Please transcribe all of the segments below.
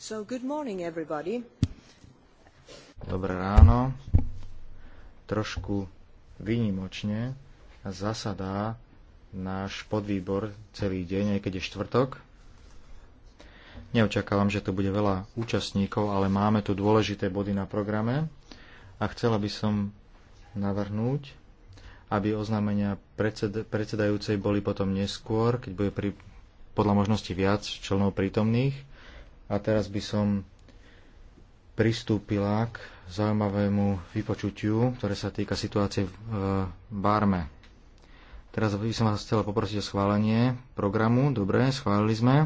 So, good morning everybody. Dobré ráno. Trošku výnimočne zasadá náš podvýbor celý deň, aj keď je štvrtok. Neočakávam, že tu bude veľa účastníkov, ale máme tu dôležité body na programe a chcela by som navrhnúť, aby oznámenia predsed- predsedajúcej boli potom neskôr, keď bude pri, podľa možnosti viac členov prítomných. A teraz by som pristúpila k zaujímavému vypočutiu, ktoré sa týka situácie e, v Barme. Teraz by som vás chcela poprosiť o schválenie programu. Dobre, schválili sme.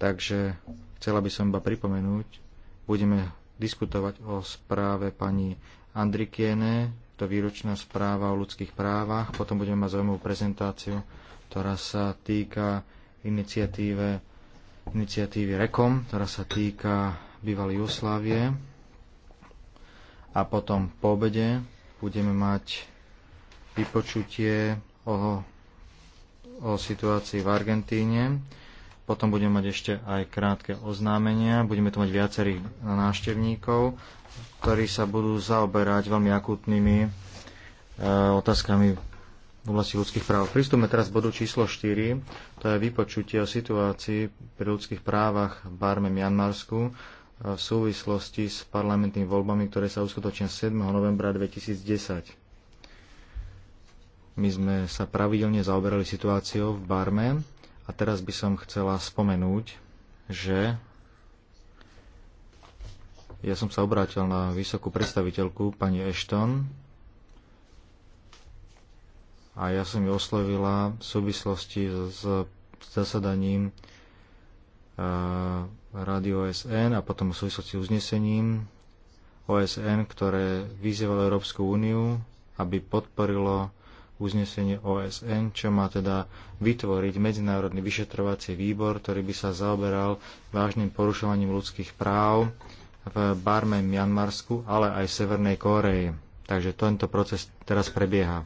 Takže chcela by som iba pripomenúť, budeme diskutovať o správe pani Andrikiene, to výročná správa o ľudských právach. Potom budeme mať zaujímavú prezentáciu, ktorá sa týka iniciatíve iniciatívy REKOM, ktorá sa týka bývalej Jugoslávie. A potom po obede budeme mať vypočutie o, o situácii v Argentíne. Potom budeme mať ešte aj krátke oznámenia. Budeme tu mať viacerých návštevníkov, ktorí sa budú zaoberať veľmi akutnými e, otázkami v oblasti ľudských práv. Pristúpme teraz bodu číslo 4, to je vypočutie o situácii pri ľudských právach v Barme Mianmarsku e, v súvislosti s parlamentnými voľbami, ktoré sa uskutočnia 7. novembra 2010. My sme sa pravidelne zaoberali situáciou v Barme a teraz by som chcela spomenúť, že ja som sa obrátil na vysokú predstaviteľku pani Ashton a ja som ju oslovila v súvislosti s, zasadaním e, Rady OSN a potom v súvislosti s uznesením OSN, ktoré vyzývalo Európsku úniu, aby podporilo uznesenie OSN, čo má teda vytvoriť medzinárodný vyšetrovací výbor, ktorý by sa zaoberal vážnym porušovaním ľudských práv v Barme, Mianmarsku, ale aj v Severnej Kóreji. Takže tento proces teraz prebieha.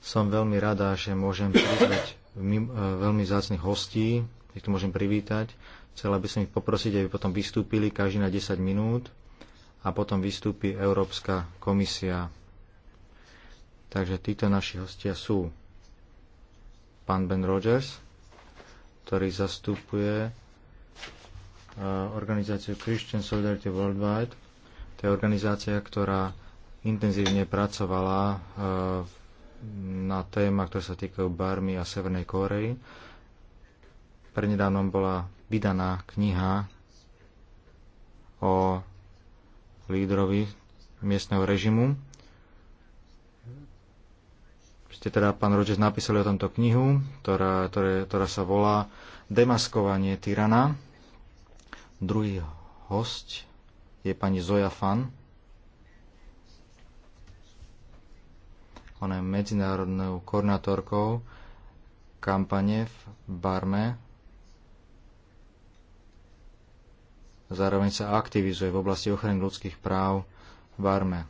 Som veľmi rada, že môžem prizvať eh, veľmi zácnych hostí, ich tu môžem privítať. Chcela by som ich poprosiť, aby potom vystúpili každý na 10 minút a potom vystúpi Európska komisia. Takže títo naši hostia sú pán Ben Rogers, ktorý zastupuje eh, organizáciu Christian Solidarity Worldwide. To je organizácia, ktorá intenzívne pracovala v eh, na téma, ktoré sa týkajú Barmy a Severnej Kórei. Prednedávnom bola vydaná kniha o lídrovi miestneho režimu. Ste teda, pán Rodžes, napísali o tomto knihu, ktorá, ktoré, ktorá sa volá Demaskovanie tyrana. Druhý host je pani Zoja Fan. ona je medzinárodnou koordinátorkou kampane v Barme. Zároveň sa aktivizuje v oblasti ochrany ľudských práv v Barme.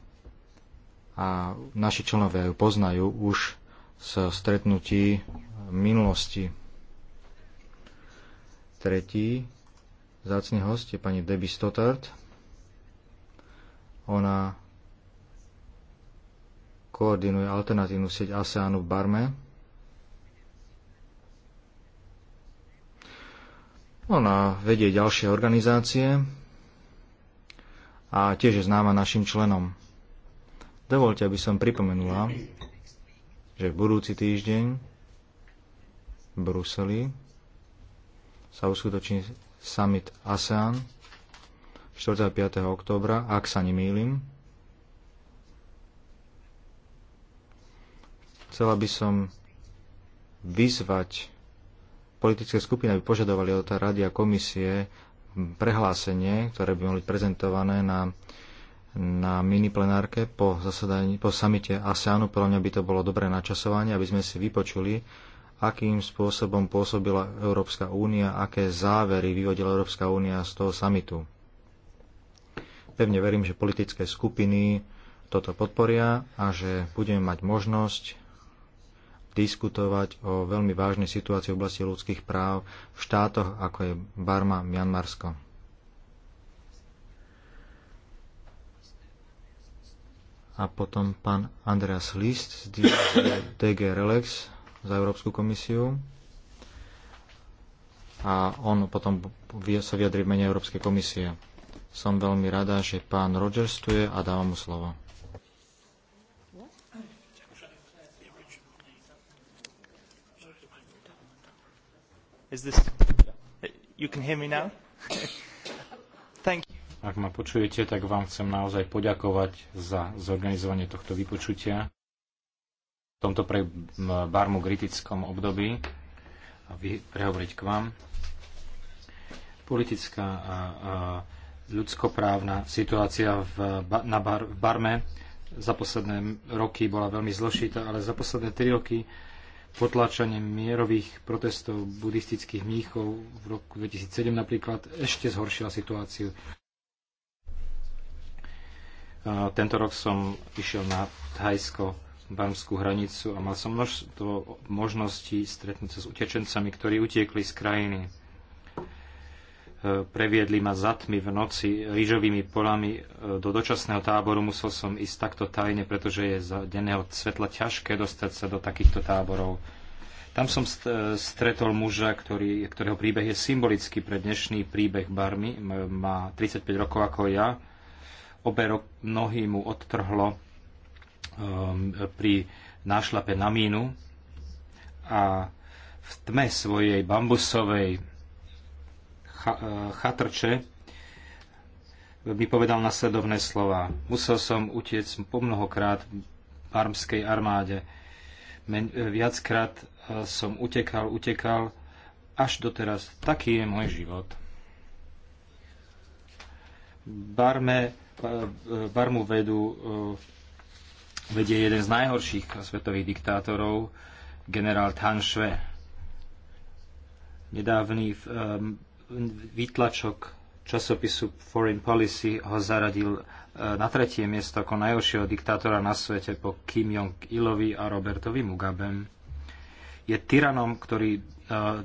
A naši členovia ju poznajú už z stretnutí minulosti. Tretí zácný host je pani Debbie Stottert. Ona koordinuje alternatívnu sieť ASEANu v Barme. Ona vedie ďalšie organizácie a tiež je známa našim členom. Dovolte, aby som pripomenula, že v budúci týždeň v Bruseli sa uskutoční summit ASEAN 4. a 5. októbra, ak sa nemýlim, Chcela by som vyzvať politické skupiny, aby požadovali od rady a komisie prehlásenie, ktoré by mohli prezentované na, na mini plenárke po, zasadaní, po samite ASEANu. Podľa mňa by to bolo dobré načasovanie, aby sme si vypočuli, akým spôsobom pôsobila Európska únia, aké závery vyvodila Európska únia z toho samitu. Pevne verím, že politické skupiny toto podporia a že budeme mať možnosť diskutovať o veľmi vážnej situácii v oblasti ľudských práv v štátoch, ako je Barma, Mianmarsko. A potom pán Andreas List z DG Relax za Európsku komisiu. A on potom sa vyjadri v mene Európskej komisie. Som veľmi rada, že pán Rogers tu je a dávam mu slovo. Is this... You can hear me now? Thank you. Ak ma počujete, tak vám chcem naozaj poďakovať za zorganizovanie tohto vypočutia v tomto pre barmu kritickom období a prehovoriť k vám. Politická a, a ľudskoprávna situácia v, na bar, v Barme za posledné roky bola veľmi zložitá, ale za posledné tri roky Potláčanie mierových protestov buddhistických mníchov v roku 2007 napríklad ešte zhoršila situáciu. Tento rok som išiel na thajsko-barmskú hranicu a mal som množstvo možností stretnúť sa s utečencami, ktorí utiekli z krajiny previedli ma za tmy v noci rýžovými polami e, do dočasného táboru. Musel som ísť takto tajne, pretože je za denného svetla ťažké dostať sa do takýchto táborov. Tam som e, stretol muža, ktorý, ktorého príbeh je symbolický pre dnešný príbeh Barmy. Má 35 rokov ako ja. Obe nohy mu odtrhlo ehm, pri nášlape na mínu a v tme svojej bambusovej E, chatrče by povedal nasledovné slova. Musel som utiec pomnohokrát v armskej armáde. E, viackrát e, som utekal, utekal, až doteraz. Taký je môj život. Barme, barmu vedú, vedie jeden z najhorších svetových diktátorov, generál Tan Shwe. Nedávny výtlačok časopisu Foreign Policy ho zaradil e, na tretie miesto ako najhoršieho diktátora na svete po Kim Jong-ilovi a Robertovi Mugabem. Je tyranom, ktorý e,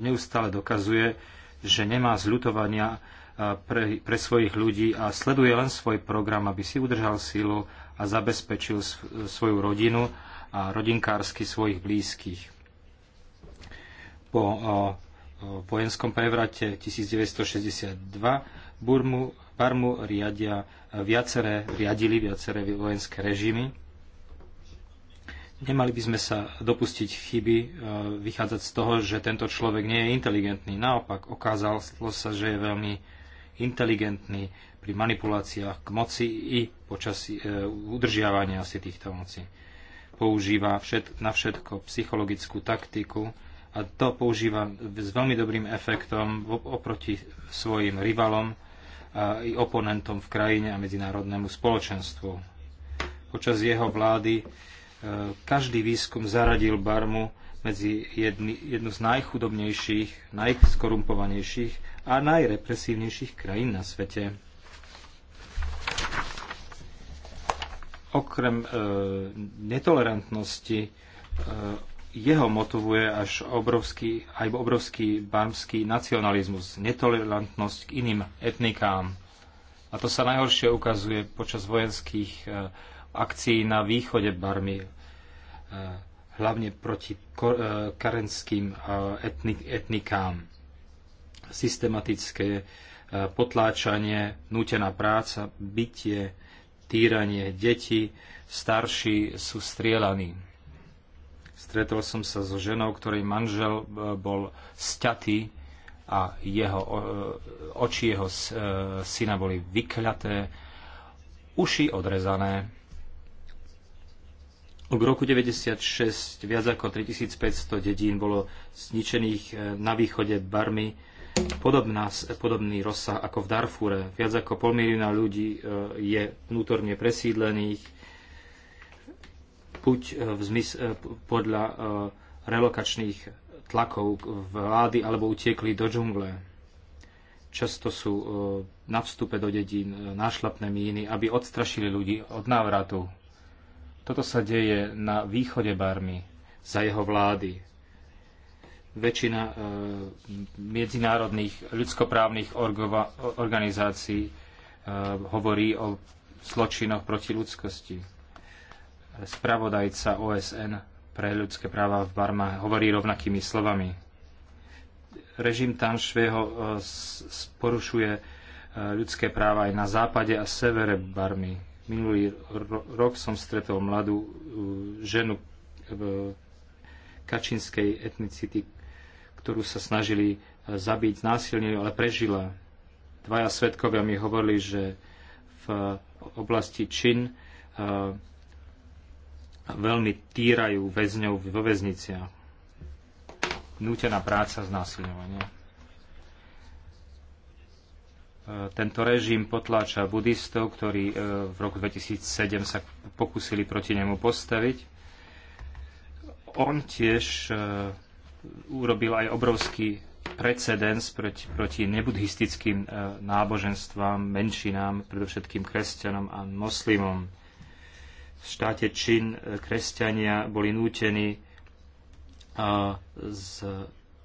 neustále dokazuje, že nemá zľutovania e, pre, pre svojich ľudí a sleduje len svoj program, aby si udržal sílu a zabezpečil svoju rodinu a rodinkársky svojich blízkych. Po vojenskom prevrate 1962 Burmu, Barmu riadia viaceré, riadili viaceré vojenské režimy. Nemali by sme sa dopustiť chyby, e, vychádzať z toho, že tento človek nie je inteligentný. Naopak, okázalo sa, že je veľmi inteligentný pri manipuláciách k moci i počas e, udržiavania si týchto moci. Používa všet, na všetko psychologickú taktiku, a to používa s veľmi dobrým efektom oproti svojim rivalom a i oponentom v krajine a medzinárodnému spoločenstvu. Počas jeho vlády e, každý výskum zaradil Barmu medzi jedny, jednu z najchudobnejších, najskorumpovanejších a najrepresívnejších krajín na svete. Okrem e, netolerantnosti e, jeho motivuje až obrovský, aj obrovský barmský nacionalizmus, netolerantnosť k iným etnikám. A to sa najhoršie ukazuje počas vojenských eh, akcií na východe Barmy, eh, hlavne proti eh, karenským etnikám. Systematické potláčanie, nútená práca, bytie, týranie detí, starší sú strielaní Stretol som sa so ženou, ktorej manžel e, bol sťatý a jeho, e, oči jeho e, syna boli vykľaté, uši odrezané. V roku 96 viac ako 3500 dedín bolo zničených na východe Barmy. Podobná, podobný rozsah ako v Darfúre. Viac ako pol milióna ľudí je vnútorne presídlených buď e, v zmys- e, podľa e, relokačných tlakov vlády alebo utiekli do džungle. Často sú na vstupe do dedín nášlapné míny, aby odstrašili ľudí od návratu. Toto sa deje na východe Barmy za jeho vlády. Väčšina medzinárodných ľudskoprávnych organizácií hovorí o zločinoch proti ľudskosti spravodajca OSN pre ľudské práva v Barma hovorí rovnakými slovami. Režim Tanšvého e, porušuje e, ľudské práva aj na západe a severe Barmy. Minulý rok som stretol mladú e, ženu kačinskej etnicity, ktorú sa snažili zabiť, násilne, ale prežila. Dvaja svetkovia mi hovorili, že v oblasti Čin veľmi týrajú väzňov vo väzniciach. Nútená práca, znásilňovanie. Tento režim potláča budistov, ktorí e, v roku 2007 sa pokusili proti nemu postaviť. On tiež e, urobil aj obrovský precedens proti, proti nebudhistickým e, náboženstvám, menšinám, predovšetkým kresťanom a moslimom v štáte Čin e, kresťania boli nútení e,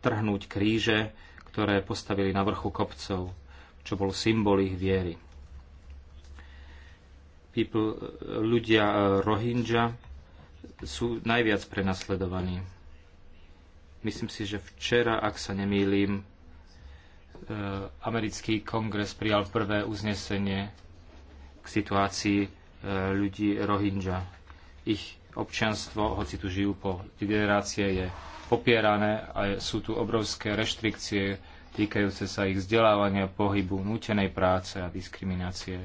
trhnúť kríže, ktoré postavili na vrchu kopcov, čo bol symbol ich viery. People, e, ľudia Rohingya sú najviac prenasledovaní. Myslím si, že včera, ak sa nemýlim, americký kongres prijal prvé uznesenie k situácii ľudí Rohingya. Ich občianstvo, hoci tu žijú po generácie, je popierané a sú tu obrovské reštrikcie týkajúce sa ich vzdelávania, pohybu, nútenej práce a diskriminácie.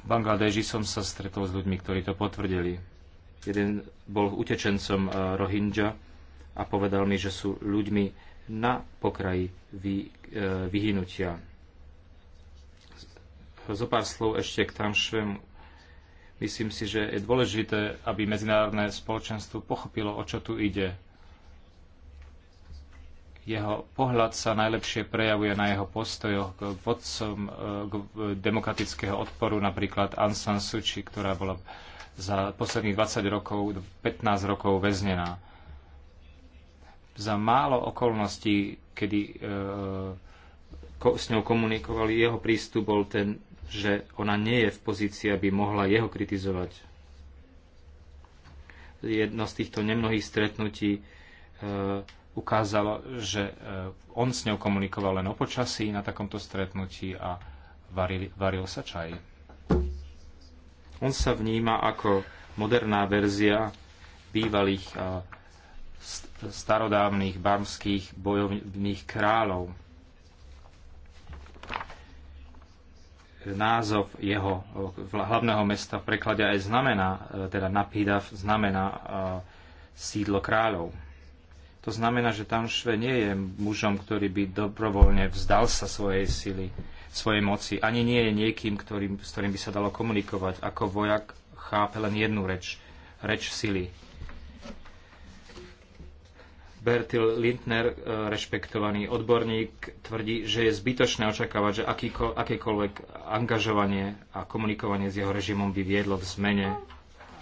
V Bangladeži som sa stretol s ľuďmi, ktorí to potvrdili. Jeden bol utečencom eh, Rohingya a povedal mi, že sú ľuďmi na pokraji eh, vyhynutia zo pár slov ešte k tamšvému. Myslím si, že je dôležité, aby medzinárodné spoločenstvo pochopilo, o čo tu ide. Jeho pohľad sa najlepšie prejavuje na jeho postojoch k vodcom e, k demokratického odporu, napríklad Aung San Suu Kyi, ktorá bola za posledných 20 rokov, 15 rokov väznená. Za málo okolností, kedy e, ko, s ňou komunikovali, jeho prístup bol ten že ona nie je v pozícii, aby mohla jeho kritizovať. Jedno z týchto nemnohých stretnutí e, ukázalo, že e, on s ňou komunikoval len o počasí na takomto stretnutí a varil, varil sa čaj. On sa vníma ako moderná verzia bývalých e, starodávnych barmských bojovných kráľov názov jeho eh, hlavného mesta v preklade aj znamená, eh, teda Napidav znamená eh, sídlo kráľov. To znamená, že Tamšve nie je mužom, ktorý by dobrovoľne vzdal sa svojej sily, svojej moci, ani nie je niekým, ktorým, s ktorým by sa dalo komunikovať. Ako vojak chápe len jednu reč, reč sily. Bertil Lindner, eh, rešpektovaný odborník, tvrdí, že je zbytočné očakávať, že akýko, akékoľvek angažovanie a komunikovanie s jeho režimom by viedlo v zmene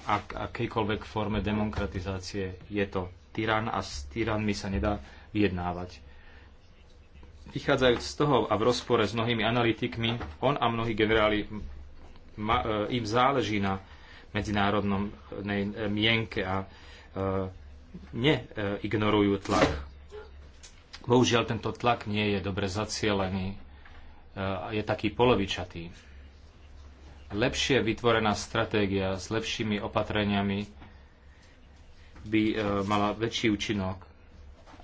ak, akejkoľvek forme demokratizácie. Je to tyran a s tyranmi sa nedá vyjednávať. Vychádzajúc z toho a v rozpore s mnohými analytikmi, on a mnohí generáli ma, eh, im záleží na medzinárodnom eh, mienke a neignorujú tlak. Bohužiaľ, tento tlak nie je dobre zacielený. Je taký polovičatý. Lepšie vytvorená stratégia s lepšími opatreniami by e, mala väčší účinok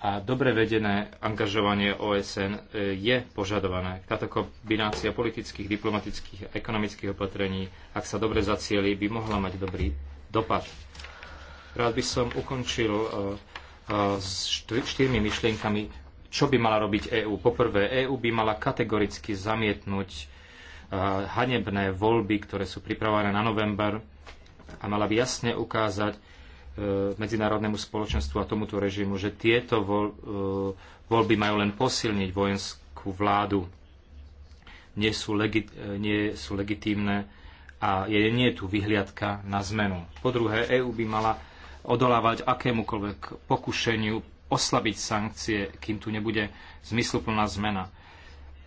a dobre vedené angažovanie OSN e, je požadované. Táto kombinácia politických, diplomatických a ekonomických opatrení, ak sa dobre zacieli, by mohla mať dobrý dopad. Rád by som ukončil e, e, s štyrmi myšlienkami, čo by mala robiť EÚ. Poprvé, EÚ by mala kategoricky zamietnúť e, hanebné voľby, ktoré sú pripravované na november a mala by jasne ukázať medzinárodnému spoločenstvu a tomuto režimu, že tieto voľby majú len posilniť vojenskú vládu. Nie sú, legit, nie sú legitímne a je, nie je tu vyhliadka na zmenu. Po druhé, EÚ by mala odolávať akémukoľvek pokušeniu oslabiť sankcie, kým tu nebude zmysluplná zmena.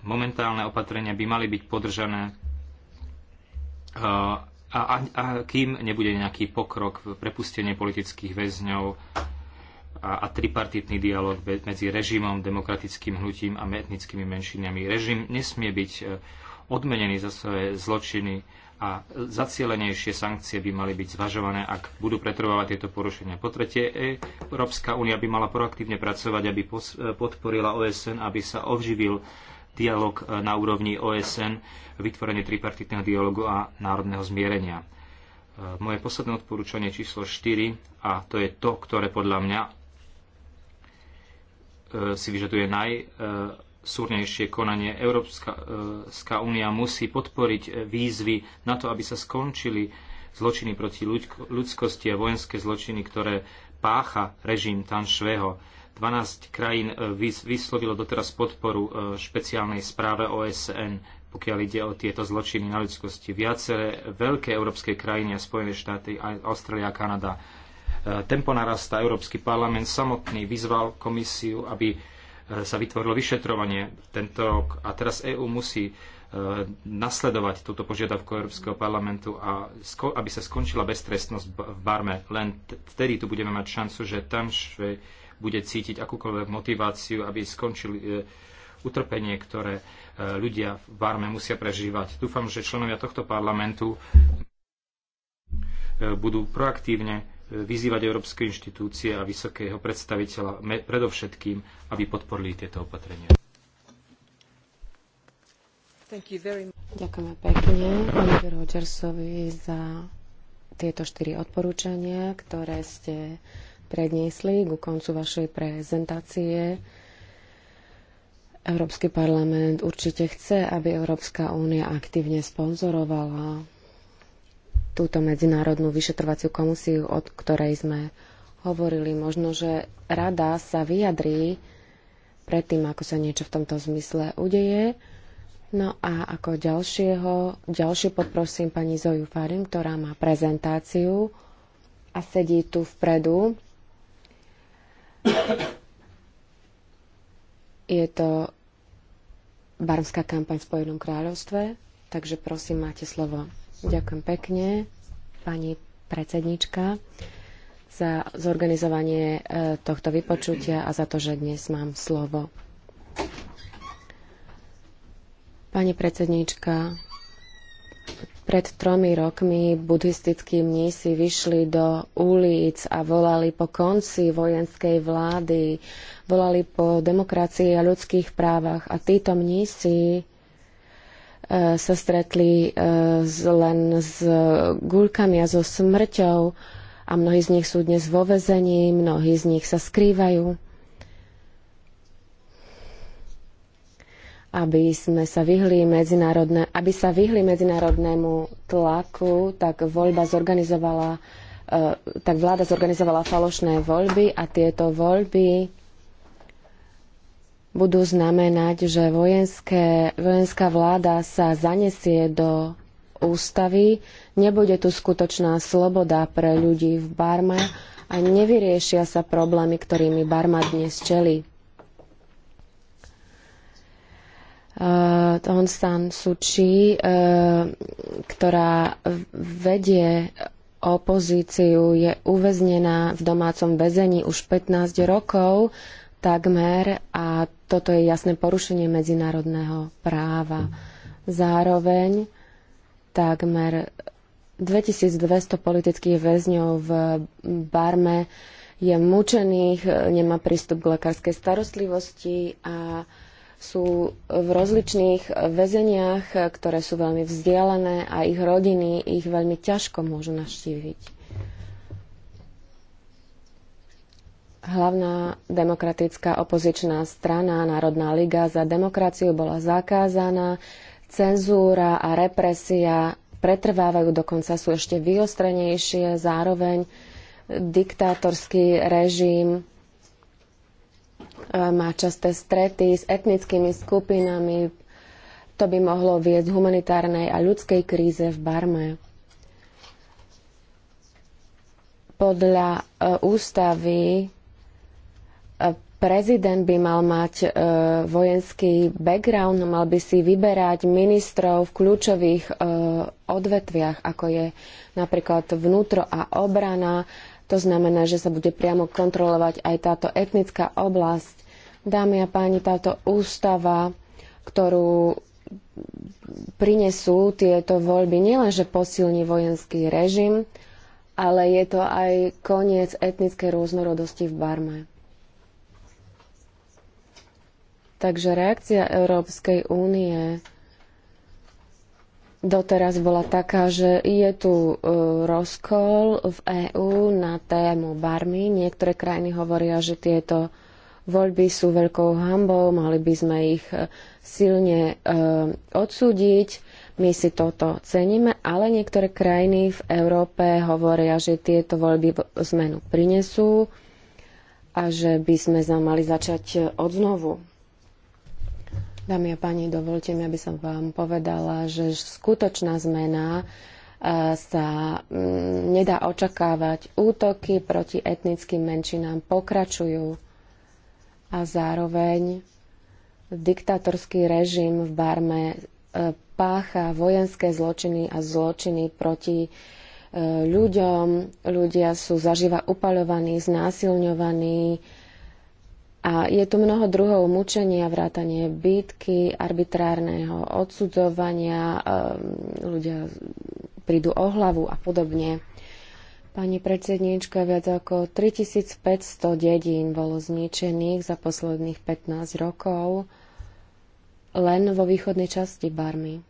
Momentálne opatrenia by mali byť podržané e, a, a, a kým nebude nejaký pokrok v prepustenie politických väzňov a, a tripartitný dialog medzi režimom, demokratickým hnutím a etnickými menšinami. Režim nesmie byť e, odmenený za svoje zločiny a zacielenejšie sankcie by mali byť zvažované, ak budú pretrvávať tieto porušenia. Po tretie, Európska únia by mala proaktívne pracovať, aby podporila OSN, aby sa ovživil dialog e, na úrovni OSN, vytvorenie tripartitného dialogu a národného zmierenia. E, moje posledné odporúčanie číslo 4, a to je to, ktoré podľa mňa e, si vyžaduje naj súrnejšie konanie. Európska únia musí podporiť výzvy na to, aby sa skončili zločiny proti ľudskosti a vojenské zločiny, ktoré pácha režim Tan Šveho. 12 krajín e, vyslovilo doteraz podporu e, špeciálnej správe OSN, pokiaľ ide o tieto zločiny na ľudskosti. Viaceré veľké európske krajiny a Spojené štáty, Austrália a Kanada. E, tempo narastá. Európsky parlament samotný vyzval komisiu, aby E, sa vytvorilo vyšetrovanie tento rok a teraz EÚ musí e, nasledovať túto požiadavku Európskeho parlamentu a aby sa skončila beztrestnosť v Barme. Len vtedy tu budeme mať šancu, že tam bude cítiť akúkoľvek motiváciu, aby skončili e, utrpenie, ktoré ľudia v Barme musia prežívať. Dúfam, že členovia tohto parlamentu budú proaktívne vyzývať európske inštitúcie a vysokého predstaviteľa predovšetkým, aby podporili tieto opatrenia. Ďakujeme pekne Oliver Rogersovi za tieto štyri odporúčania, ktoré ste predniesli ku koncu vašej prezentácie. Európsky parlament určite chce, aby Európska únia aktívne sponzorovala túto medzinárodnú vyšetrovaciu komisiu, od ktorej sme hovorili. Možno, že rada sa vyjadrí predtým, ako sa niečo v tomto zmysle udeje. No a ako ďalšieho, ďalšie podprosím pani Zoju Farin, ktorá má prezentáciu a sedí tu vpredu. Je to barmská kampaň v Spojenom kráľovstve, takže prosím, máte slovo. Ďakujem pekne, pani predsednička, za zorganizovanie e, tohto vypočutia a za to, že dnes mám slovo. Pani predsednička, pred tromi rokmi buddhistickí mnísi vyšli do ulic a volali po konci vojenskej vlády, volali po demokracii a ľudských právach. A títo mnísi E, sa stretli e, len s gulkami a so smrťou a mnohí z nich sú dnes vo vezení, mnohí z nich sa skrývajú. Aby, sme sa vyhli medzinárodne, aby sa vyhli medzinárodnému tlaku, tak voľba zorganizovala e, tak vláda zorganizovala falošné voľby a tieto voľby budú znamenať, že vojenské, vojenská vláda sa zanesie do ústavy, nebude tu skutočná sloboda pre ľudí v Barme a nevyriešia sa problémy, ktorými Barma dnes čeli. Uh, eh, Hon San Suu Kyi, uh, ktorá vedie opozíciu, je uväznená v domácom väzení už 15 rokov takmer a toto je jasné porušenie medzinárodného práva. Zároveň takmer 2200 politických väzňov v Barme je mučených, nemá prístup k lekárskej starostlivosti a sú v rozličných väzeniach, ktoré sú veľmi vzdialené a ich rodiny ich veľmi ťažko môžu navštíviť. Hlavná demokratická opozičná strana Národná liga za demokraciu bola zakázaná, cenzúra a represia pretrvávajú, dokonca sú ešte vyostrenejšie, zároveň diktátorský režim e, má časté strety s etnickými skupinami, to by mohlo viesť humanitárnej a ľudskej kríze v Barme. Podľa e, ústavy prezident by mal mať e, vojenský background, mal by si vyberať ministrov v kľúčových e, odvetviach, ako je napríklad vnútro a obrana. To znamená, že sa bude priamo kontrolovať aj táto etnická oblasť. Dámy a páni, táto ústava, ktorú prinesú tieto voľby, nielenže posilní vojenský režim, ale je to aj koniec etnickej rôznorodosti v Barme. Takže reakcia Európskej únie doteraz bola taká, že je tu e, rozkol v EÚ na tému barmy. Niektoré krajiny hovoria, že tieto voľby sú veľkou hambou, mali by sme ich e, silne e, odsúdiť. My si toto ceníme, ale niektoré krajiny v Európe hovoria, že tieto voľby zmenu prinesú a že by sme mali začať odnovu. Dámy a páni, dovolte mi, aby som vám povedala, že skutočná zmena e, sa mm, nedá očakávať. Útoky proti etnickým menšinám pokračujú a zároveň diktatorský režim v Barme e, pácha vojenské zločiny a zločiny proti e, ľuďom. Ľudia sú zaživa upaľovaní, znásilňovaní, a je tu mnoho druhov mučenia, vrátanie bytky, arbitrárneho odsudzovania, ehm, ľudia prídu o hlavu a podobne. Pani predsedníčka, viac ako 3500 dedín bolo zničených za posledných 15 rokov len vo východnej časti Barmy.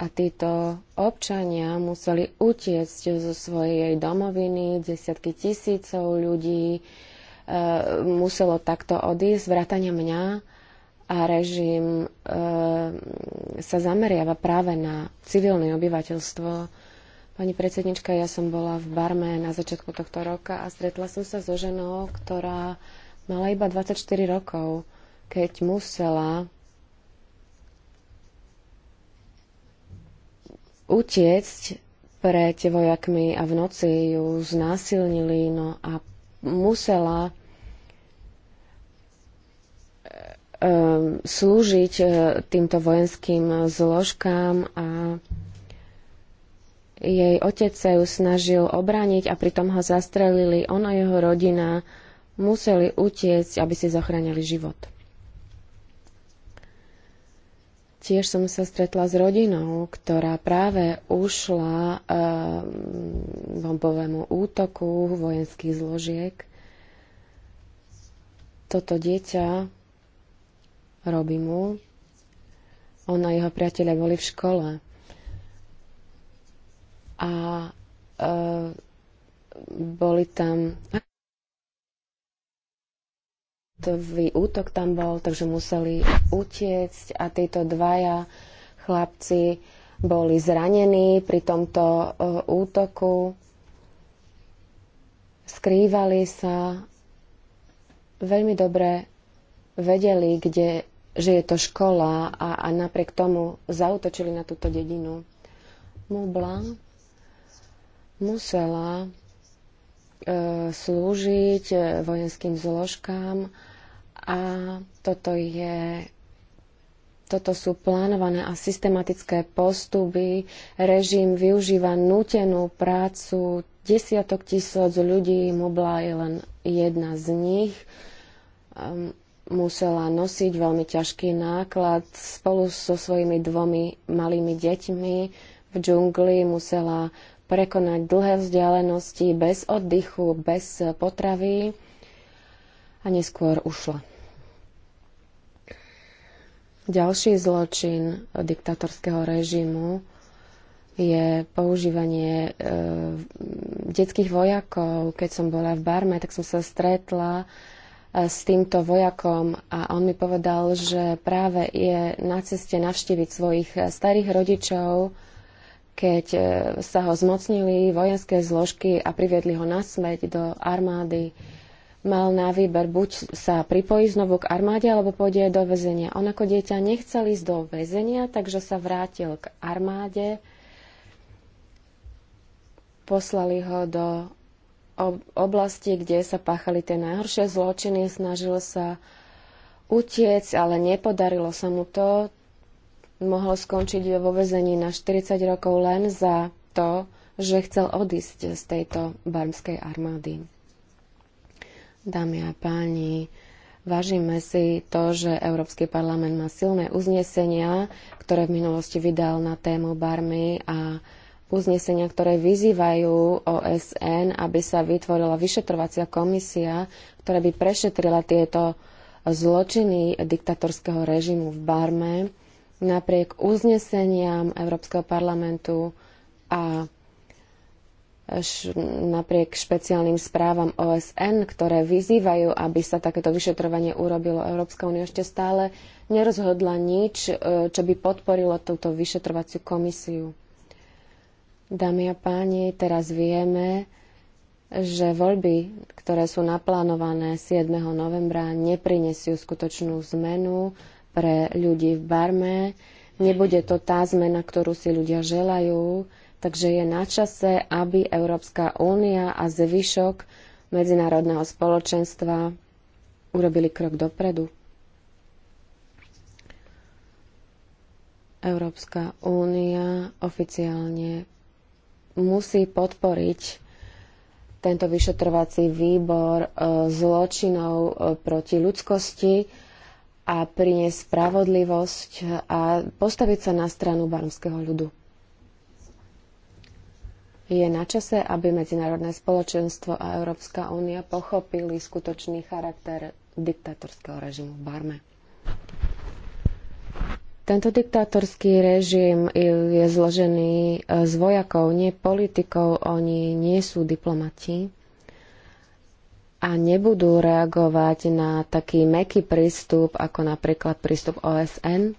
A títo občania museli utiecť zo svojej domoviny, desiatky tisícov ľudí, E, muselo takto odísť, vrátane mňa a režim e, sa zameriava práve na civilné obyvateľstvo. Pani predsednička, ja som bola v Barme na začiatku tohto roka a stretla som sa so ženou, ktorá mala iba 24 rokov, keď musela utiecť pred vojakmi a v noci ju znásilnili no a musela Um, slúžiť uh, týmto vojenským zložkám a jej otec sa ju snažil obraniť a pritom ho zastrelili. On a jeho rodina museli utiecť, aby si zachránili život. Tiež som sa stretla s rodinou, ktorá práve ušla e, bombovému útoku vojenských zložiek. Toto dieťa mu. On a jeho priatelia boli v škole. A e, boli tam... útok tam bol, takže museli utiecť a títo dvaja chlapci boli zranení pri tomto e, útoku. Skrývali sa veľmi dobre vedeli, kde že je to škola a, a napriek tomu zautočili na túto dedinu. Mubla musela e, slúžiť e, vojenským zložkám a toto je toto sú plánované a systematické postupy. Režim využíva nutenú prácu desiatok tisíc ľudí. Mubla je len jedna z nich. Um, musela nosiť veľmi ťažký náklad spolu so svojimi dvomi malými deťmi v džungli, musela prekonať dlhé vzdialenosti bez oddychu, bez potravy a neskôr ušla. Ďalší zločin diktatorského režimu je používanie e, detských vojakov. Keď som bola v Barme, tak som sa stretla E, s týmto vojakom a on mi povedal, že práve je na ceste navštíviť svojich e, starých rodičov, keď e, sa ho zmocnili vojenské zložky a priviedli ho nasmeť do armády. Mal na výber buď sa pripojí znovu k armáde, alebo pôjde do väzenia. On ako dieťa nechcel ísť do väzenia, takže sa vrátil k armáde. Poslali ho do oblasti, kde sa páchali tie najhoršie zločiny, snažil sa utiec, ale nepodarilo sa mu to. Mohol skončiť vo vezení na 40 rokov len za to, že chcel odísť z tejto barmskej armády. Dámy a páni, vážime si to, že Európsky parlament má silné uznesenia, ktoré v minulosti vydal na tému Barmy a uznesenia, ktoré vyzývajú OSN, aby sa vytvorila vyšetrovacia komisia, ktorá by prešetrila tieto zločiny diktatorského režimu v Barme. Napriek uzneseniam Európskeho parlamentu a napriek špeciálnym správam OSN, ktoré vyzývajú, aby sa takéto vyšetrovanie urobilo. Európska únia ešte stále nerozhodla nič, e, čo by podporilo túto vyšetrovaciu komisiu. Dámy a páni, teraz vieme, že voľby, ktoré sú naplánované 7. novembra, neprinesú skutočnú zmenu pre ľudí v Barme. Nebude to tá zmena, ktorú si ľudia želajú, takže je na čase, aby Európska únia a zvyšok medzinárodného spoločenstva urobili krok dopredu. Európska únia oficiálne musí podporiť tento vyšetrovací výbor e, zločinov e, proti ľudskosti a priniesť spravodlivosť a postaviť sa na stranu barmského ľudu. Je na čase, aby medzinárodné spoločenstvo a Európska únia pochopili skutočný charakter diktatorského režimu v Barme. Tento diktátorský režim je zložený eh, z vojakov, nie politikov, oni nie sú diplomati a nebudú reagovať na taký meký prístup, ako napríklad prístup OSN.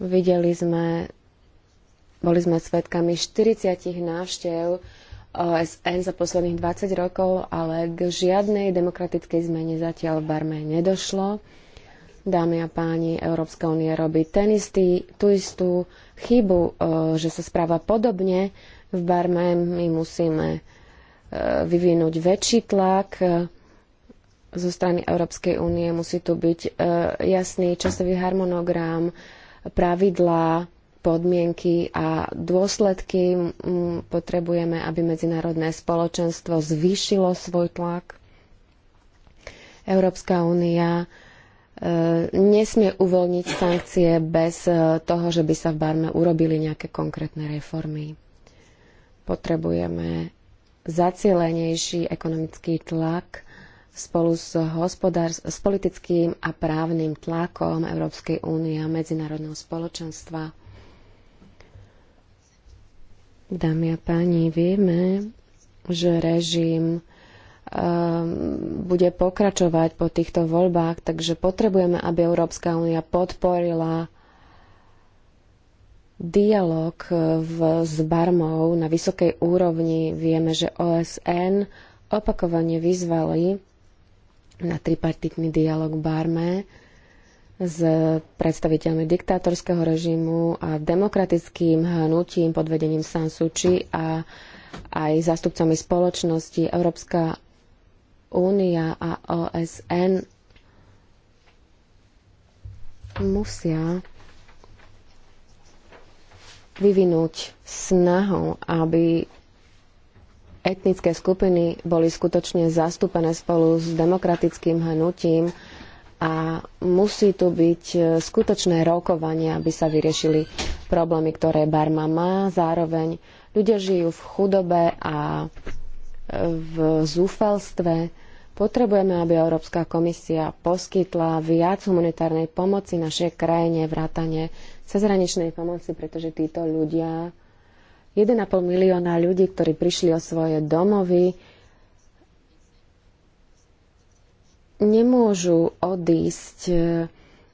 Videli sme, boli sme svetkami 40 návštev OSN za posledných 20 rokov, ale k žiadnej demokratickej zmene zatiaľ v Barme nedošlo. Dámy a páni, Európska únia robí ten istý, tú istú chybu, e, že sa správa podobne. V Barme my musíme e, vyvinúť väčší tlak e, zo strany Európskej únie. Musí tu byť jasný časový harmonogram, pravidlá, podmienky a dôsledky. Potrebujeme, aby medzinárodné spoločenstvo zvýšilo svoj tlak. Európska únia E, nesmie uvoľniť sankcie bez e, toho, že by sa v Barme urobili nejaké konkrétne reformy. Potrebujeme zacielenejší ekonomický tlak spolu s, s politickým a právnym tlakom Európskej únie a medzinárodného spoločenstva. Dámy a páni, vieme, že režim Ehm, bude pokračovať po týchto voľbách, takže potrebujeme, aby Európska únia podporila dialog eh, v, s Barmou na vysokej úrovni. Vieme, že OSN opakovane vyzvali na tripartitný dialog Barme s predstaviteľmi diktátorského režimu a demokratickým hnutím pod vedením Sansuči a aj zástupcami spoločnosti. Európska únia a OSN musia vyvinúť snahu, aby etnické skupiny boli skutočne zastúpené spolu s demokratickým hnutím a musí tu byť e, skutočné rokovanie, aby sa vyriešili problémy, ktoré Barma má. Zároveň ľudia žijú v chudobe a v zúfalstve. Potrebujeme, aby Európska komisia poskytla viac humanitárnej pomoci našej krajine, vrátane cezhraničnej pomoci, pretože títo ľudia, 1,5 milióna ľudí, ktorí prišli o svoje domovy, nemôžu odísť.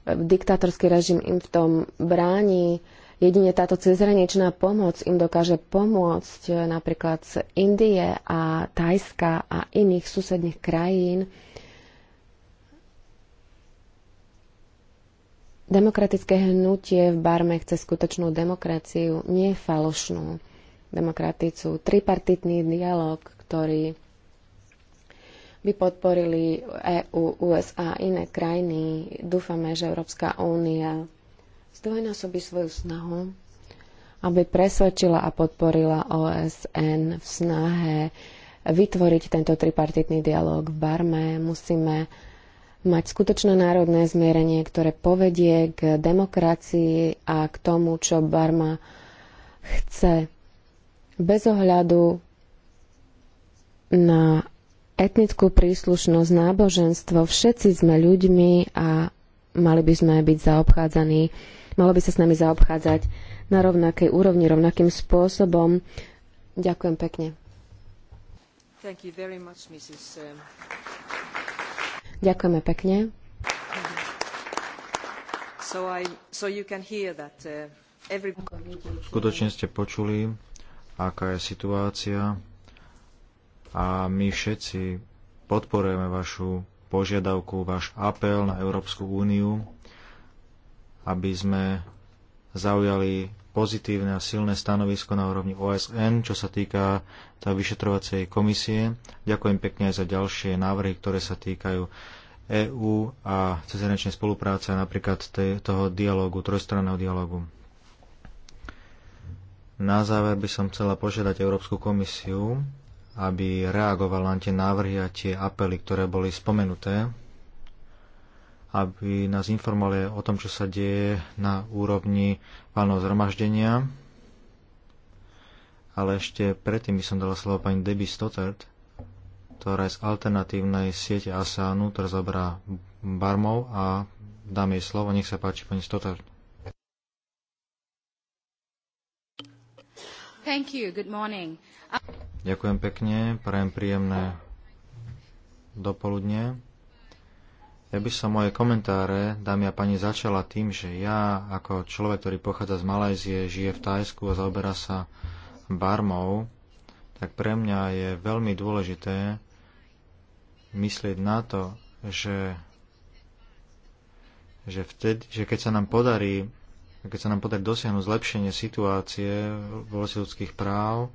Diktátorský režim im v tom bráni. Jedine táto cezhraničná pomoc im dokáže pomôcť eh, napríklad z Indie a Tajska a iných susedných krajín Demokratické hnutie v Barme chce skutočnú demokraciu, nie falošnú demokraticu. Tripartitný dialog, ktorý by podporili EU, USA a iné krajiny. Dúfame, že Európska únia zdvojnásobí svoju snahu, aby presvedčila a podporila OSN v snahe vytvoriť tento tripartitný dialog v Barme. Musíme mať skutočné národné zmierenie, ktoré povedie k demokracii a k tomu, čo Barma chce. Bez ohľadu na etnickú príslušnosť, náboženstvo, všetci sme ľuďmi a mali by sme byť zaobchádzaní malo by sa s nami zaobchádzať na rovnakej úrovni, rovnakým spôsobom. Ďakujem pekne. Much, uh, Ďakujeme pekne. So I, so that, uh, every... Skutočne ste počuli, aká je situácia a my všetci podporujeme vašu požiadavku, váš apel na Európsku úniu, aby sme zaujali pozitívne a silné stanovisko na úrovni OSN, čo sa týka tá vyšetrovacej komisie. Ďakujem pekne aj za ďalšie návrhy, ktoré sa týkajú EÚ a cezhraničnej spolupráce, napríklad toho dialogu, trojstranného dialogu. Na záver by som chcela požiadať Európsku komisiu, aby reagovala na tie návrhy a tie apely, ktoré boli spomenuté aby nás informovali o tom, čo sa deje na úrovni valného zhromaždenia. Ale ešte predtým by som dala slovo pani Debbie Stottert, ktorá je z alternatívnej siete Asánu, ktorá zabrá barmov a dám jej slovo. Nech sa páči, pani Stottert. Thank you. Good morning. Ďakujem pekne, prajem príjemné dopoludne. Ja by som moje komentáre, dámy a pani, začala tým, že ja ako človek, ktorý pochádza z Malajzie, žije v Tajsku a zaoberá sa barmou, tak pre mňa je veľmi dôležité myslieť na to, že, že, vtedy, že keď sa nám podarí keď sa nám podarí dosiahnuť zlepšenie situácie v oblasti ľudských práv,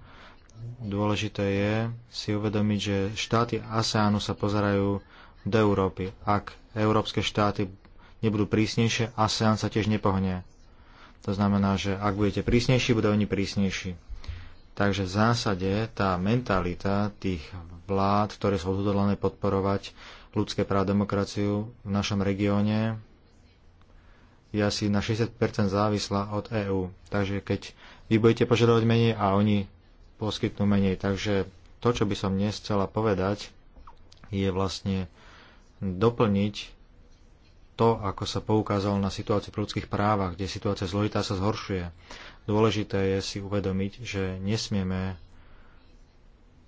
dôležité je si uvedomiť, že štáty ASEANu sa pozerajú do Európy. Ak európske štáty nebudú prísnejšie, ASEAN sa tiež nepohne. To znamená, že ak budete prísnejší, budú oni prísnejší. Takže v zásade tá mentalita tých vlád, ktoré sú odhodlané podporovať ľudské práva a demokraciu v našom regióne, je asi na 60% závislá od EÚ. Takže keď vy budete požadovať menej a oni poskytnú menej. Takže to, čo by som dnes chcela povedať, je vlastne doplniť to, ako sa poukázalo na situáciu v ľudských právach, kde situácia zložitá sa zhoršuje. Dôležité je si uvedomiť, že nesmieme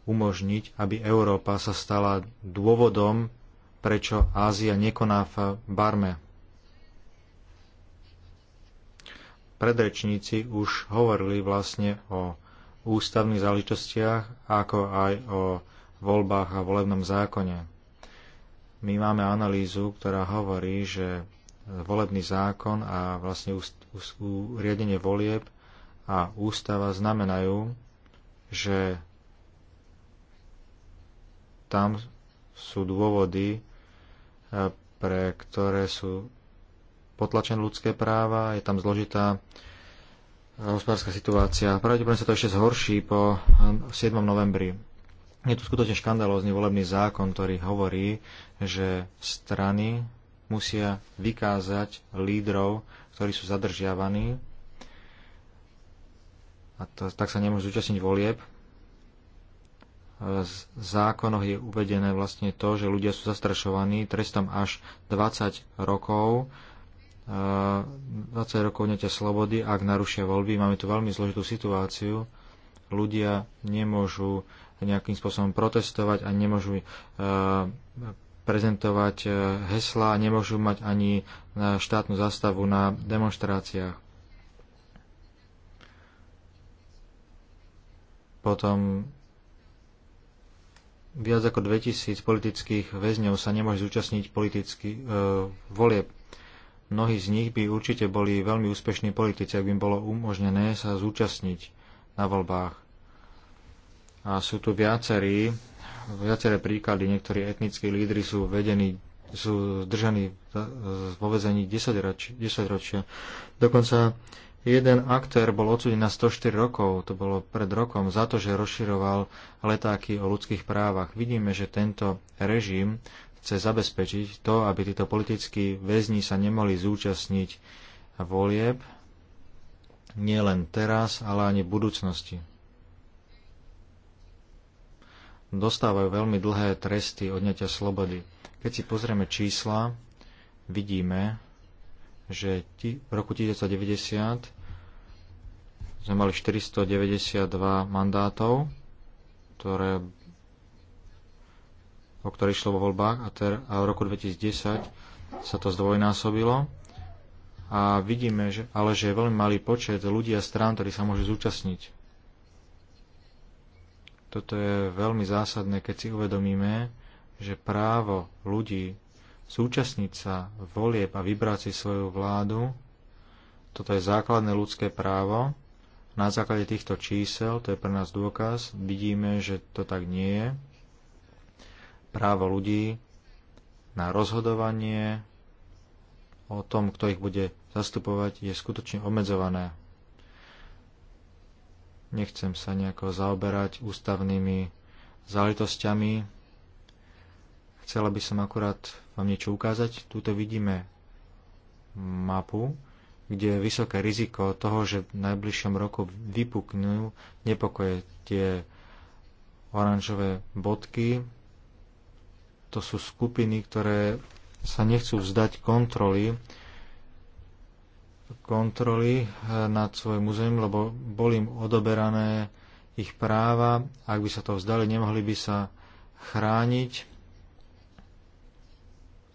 umožniť, aby Európa sa stala dôvodom, prečo Ázia nekoná v Barme. Predrečníci už hovorili vlastne o ústavných záležitostiach, ako aj o voľbách a volebnom zákone my máme analýzu, ktorá hovorí, že volebný zákon a vlastne riadenie volieb a ústava znamenajú, že tam sú dôvody, e, pre ktoré sú potlačené ľudské práva, je tam zložitá e, hospodárska situácia. Pravdepodobne sa to ešte zhorší po 7. novembri. Je tu skutočne škandalózny volebný zákon, ktorý hovorí, že strany musia vykázať lídrov, ktorí sú zadržiavaní a to, tak sa nemôžu zúčastniť volieb. V zákonoch je uvedené vlastne to, že ľudia sú zastrašovaní trestom až 20 rokov, 20 e, rokov neťa slobody, ak narušia voľby. Máme tu veľmi zložitú situáciu. Ľudia nemôžu nejakým spôsobom protestovať a nemôžu e, prezentovať e, hesla a nemôžu mať ani e, štátnu zastavu na demonstráciách. Potom viac ako 2000 politických väzňov sa nemôže zúčastniť politických e, volieb. Mnohí z nich by určite boli veľmi úspešní politici, ak by im bolo umožnené sa zúčastniť na voľbách a sú tu viacerí, viaceré príklady. Niektorí etnickí lídry sú vedení sú zdržaní vo vezení 10, roč, 10 ročia. Dokonca jeden aktér bol odsudený na 104 rokov, to bolo pred rokom, za to, že rozširoval letáky o ľudských právach. Vidíme, že tento režim chce zabezpečiť to, aby títo politickí väzni sa nemohli zúčastniť volieb nielen teraz, ale ani v budúcnosti dostávajú veľmi dlhé tresty odňatia slobody. Keď si pozrieme čísla, vidíme, že v roku 1990 sme mali 492 mandátov, ktoré, o ktorých išlo vo voľbách a, ter, a v roku 2010 sa to zdvojnásobilo. A vidíme, že, ale že je veľmi malý počet ľudí a strán, ktorí sa môžu zúčastniť toto je veľmi zásadné, keď si uvedomíme, že právo ľudí súčasniť sa volieb a vybrať si svoju vládu, toto je základné ľudské právo. Na základe týchto čísel, to je pre nás dôkaz, vidíme, že to tak nie je. Právo ľudí na rozhodovanie o tom, kto ich bude zastupovať, je skutočne obmedzované. Nechcem sa nejako zaoberať ústavnými záležitosťami. Chcela by som akurát vám niečo ukázať. Tuto vidíme mapu, kde je vysoké riziko toho, že v najbližšom roku vypuknú nepokoje tie oranžové bodky. To sú skupiny, ktoré sa nechcú vzdať kontroly kontroly eh, nad svojim územím, lebo boli im odoberané ich práva. Ak by sa to vzdali, nemohli by sa chrániť.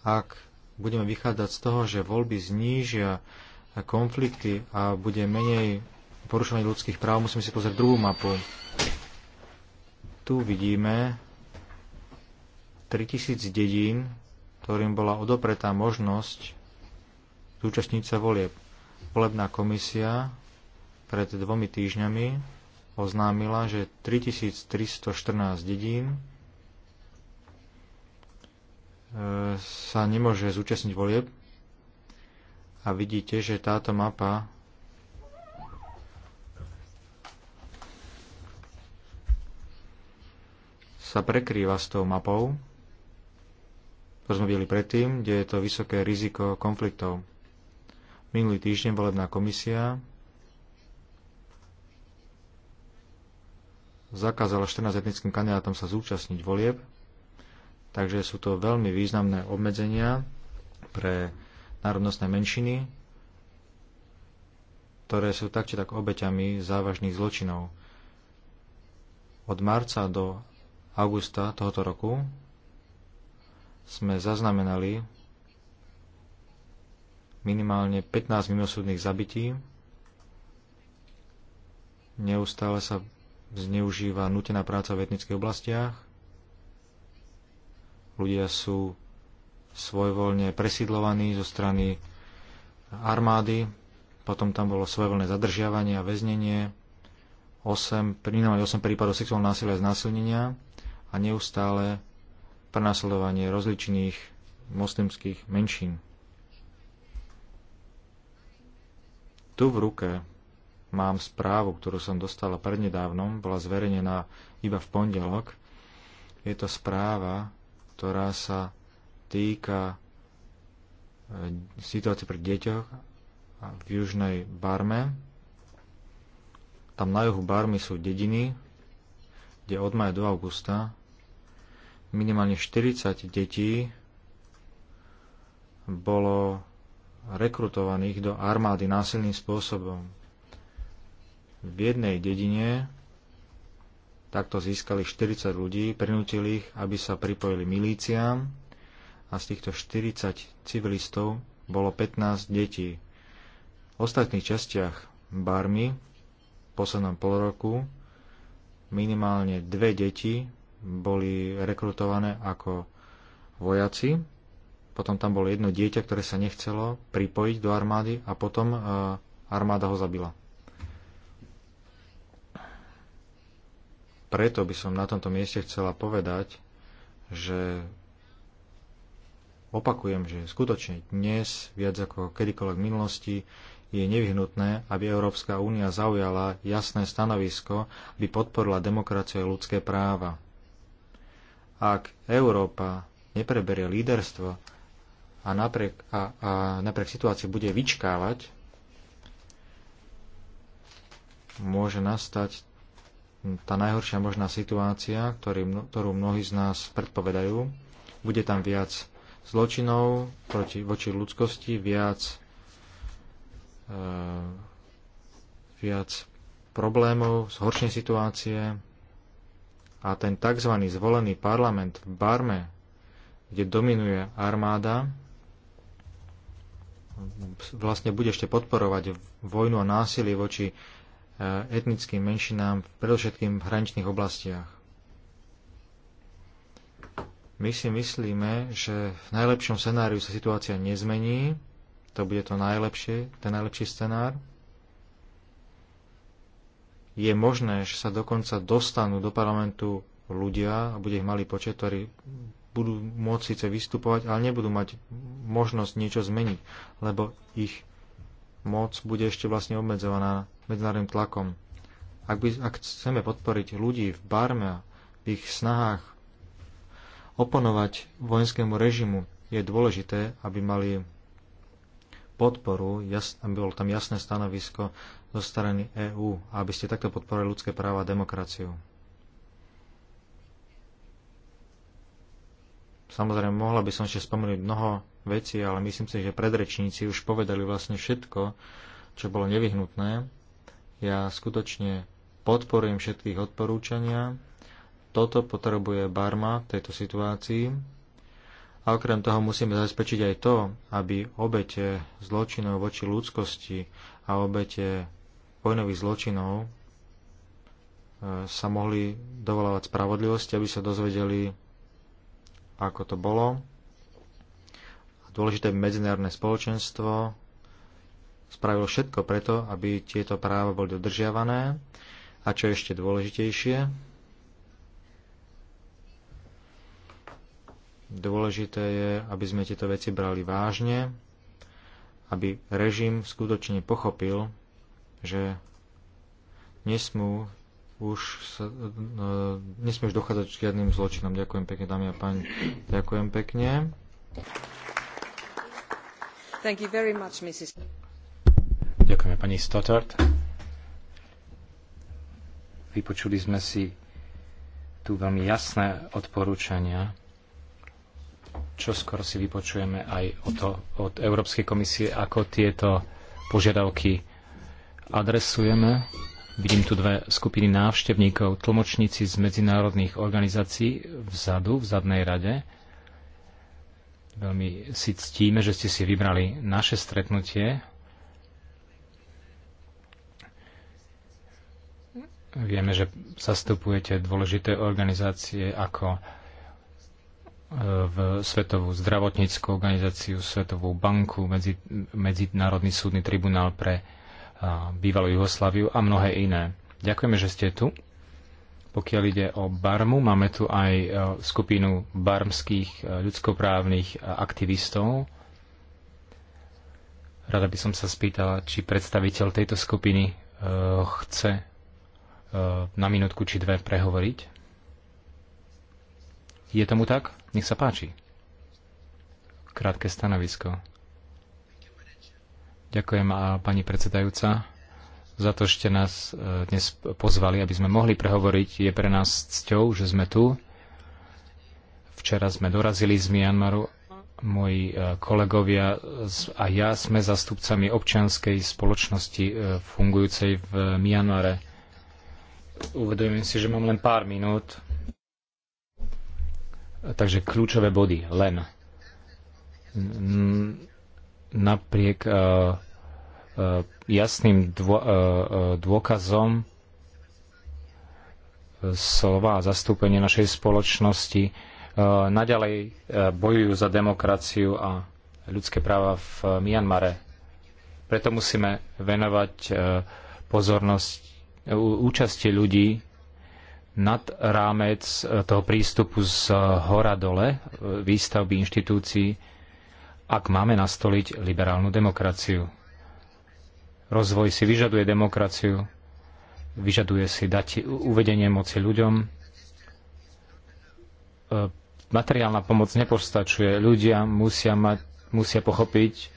Ak budeme vychádzať z toho, že voľby znížia konflikty a bude menej porušovaní ľudských práv, musíme si pozrieť druhú mapu. Tu vidíme 3000 dedín, ktorým bola odopretá možnosť zúčastniť sa volieb. Volebná komisia pred dvomi týždňami oznámila, že 3314 dedín e, sa nemôže zúčastniť volieb a vidíte, že táto mapa sa prekrýva s tou mapou, ktorú sme videli predtým, kde je to vysoké riziko konfliktov. Minulý týždeň volebná komisia zakázala 14 etnickým kandidátom sa zúčastniť volieb, takže sú to veľmi významné obmedzenia pre národnostné menšiny, ktoré sú tak či tak obeťami závažných zločinov. Od marca do augusta tohoto roku sme zaznamenali minimálne 15 mimosúdnych zabití. Neustále sa zneužíva nutená práca v etnických oblastiach. Ľudia sú svojvoľne presídlovaní zo strany armády. Potom tam bolo svojvoľné zadržiavanie a väznenie. 8, minimálne 8 prípadov sexuálneho násilia a znásilnenia a neustále prenasledovanie rozličných moslimských menšín. Tu v ruke mám správu, ktorú som dostala prednedávnom, bola zverejnená iba v pondelok. Je to správa, ktorá sa týka e, situácie pri deťoch v južnej Barme. Tam na juhu Barmy sú dediny, kde od maja do augusta minimálne 40 detí bolo rekrutovaných do armády násilným spôsobom. V jednej dedine takto získali 40 ľudí, prinútili ich, aby sa pripojili milíciám a z týchto 40 civilistov bolo 15 detí. V ostatných častiach Barmy v poslednom pol roku minimálne dve deti boli rekrutované ako vojaci potom tam bolo jedno dieťa, ktoré sa nechcelo pripojiť do armády a potom e, armáda ho zabila. Preto by som na tomto mieste chcela povedať, že opakujem, že skutočne dnes, viac ako kedykoľvek v minulosti, je nevyhnutné, aby Európska únia zaujala jasné stanovisko, aby podporila demokraciu a ľudské práva. Ak Európa nepreberie líderstvo a napriek, a, a napriek situácii bude vyčkávať, môže nastať tá najhoršia možná situácia, ktorý, ktorú mnohí z nás predpovedajú. Bude tam viac zločinov proti, voči ľudskosti, viac, e, viac problémov, zhoršenie situácie a ten tzv. zvolený parlament v Barme, kde dominuje armáda, vlastne bude ešte podporovať vojnu a násilie voči e, etnickým menšinám, predovšetkým v hraničných oblastiach. My si myslíme, že v najlepšom scenáriu sa situácia nezmení, to bude to najlepšie, ten najlepší scenár. Je možné, že sa dokonca dostanú do parlamentu ľudia, a bude ich malý počet, ktorí budú môcť síce vystupovať, ale nebudú mať možnosť niečo zmeniť, lebo ich moc bude ešte vlastne obmedzovaná medzinárodným tlakom. Ak, by, ak chceme podporiť ľudí v Barme a v ich snahách oponovať vojenskému režimu, je dôležité, aby mali podporu, jas, aby bolo tam jasné stanovisko zo strany EÚ, aby ste takto podporili ľudské práva a demokraciu. Samozrejme, mohla by som ešte spomenúť mnoho vecí, ale myslím si, že predrečníci už povedali vlastne všetko, čo bolo nevyhnutné. Ja skutočne podporujem všetkých odporúčania. Toto potrebuje Barma v tejto situácii. A okrem toho musíme zabezpečiť aj to, aby obete zločinov voči ľudskosti a obete vojnových zločinov e, sa mohli dovolávať spravodlivosti, aby sa dozvedeli ako to bolo. Dôležité medzinárodné spoločenstvo spravilo všetko preto, aby tieto práva boli dodržiavané. A čo je ešte dôležitejšie, dôležité je, aby sme tieto veci brali vážne, aby režim skutočne pochopil, že nesmú už sa, e, nesmieš dochádzať k žiadnym zločinom. Ďakujem pekne, dámy a páni. Ďakujem pekne. Thank you very much, Mrs. Ďakujeme pani Stottard. Vypočuli sme si tu veľmi jasné odporúčania. Čo skoro si vypočujeme aj o to, od Európskej komisie, ako tieto požiadavky adresujeme. Vidím tu dve skupiny návštevníkov, tlmočníci z medzinárodných organizácií vzadu, v zadnej rade. Veľmi si ctíme, že ste si vybrali naše stretnutie. Vieme, že zastupujete dôležité organizácie ako e, v Svetovú zdravotníckú organizáciu, Svetovú banku, medzi, Medzinárodný súdny tribunál pre bývalú Jugosláviu a mnohé iné. Ďakujeme, že ste tu. Pokiaľ ide o Barmu, máme tu aj e, skupinu barmských e, ľudskoprávnych e, aktivistov. Rada by som sa spýtala, či predstaviteľ tejto skupiny chce na minútku či dve prehovoriť. Je tomu tak? Nech sa páči. Krátke stanovisko. Ďakujem a pani predsedajúca za to, že ste nás e, dnes pozvali, aby sme mohli prehovoriť. Je pre nás cťou, že sme tu. Včera sme dorazili z Mianmaru. Moji e, kolegovia a ja sme zastupcami občianskej spoločnosti e, fungujúcej v Mianmare. Uvedujem si, že mám len pár minút. Takže kľúčové body len. Napriek E, jasným e, e, dôkazom slova a zastúpenie našej spoločnosti. Naďalej bojujú za demokraciu a ľudské práva v Mianmare. Preto musíme venovať pozornosť účasti ľudí nad rámec toho prístupu z hora dole výstavby inštitúcií, ak máme nastoliť liberálnu demokraciu. Rozvoj si vyžaduje demokraciu, vyžaduje si dať uvedenie moci ľuďom. E, materiálna pomoc nepostačuje. Ľudia musia, mať, musia pochopiť,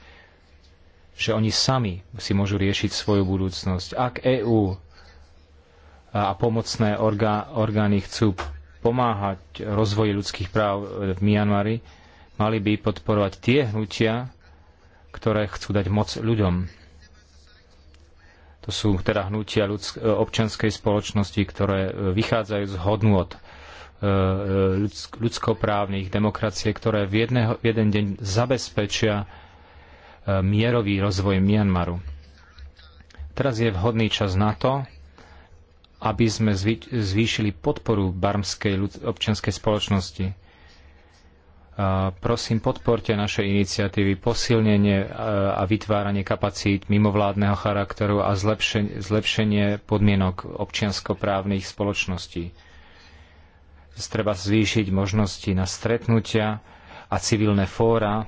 že oni sami si môžu riešiť svoju budúcnosť. Ak EÚ a pomocné orgány chcú pomáhať rozvoji ľudských práv v Mianmari, mali by podporovať tie hnutia, ktoré chcú dať moc ľuďom. To sú teda hnutia ľudsk- e, občanskej spoločnosti, ktoré e, vychádzajú z hodnôt e, ľudsk- ľudskoprávnych demokracie, ktoré v, jedného, v jeden deň zabezpečia mierový rozvoj Myanmaru. Teraz je vhodný čas na to, aby sme zvýšili podporu barmskej občianskej spoločnosti Prosím, podporte naše iniciatívy posilnenie e, a vytváranie kapacít mimovládneho charakteru a zlepšenie, zlepšenie podmienok občianskoprávnych spoločností. Treba zvýšiť možnosti na stretnutia a civilné fóra, e,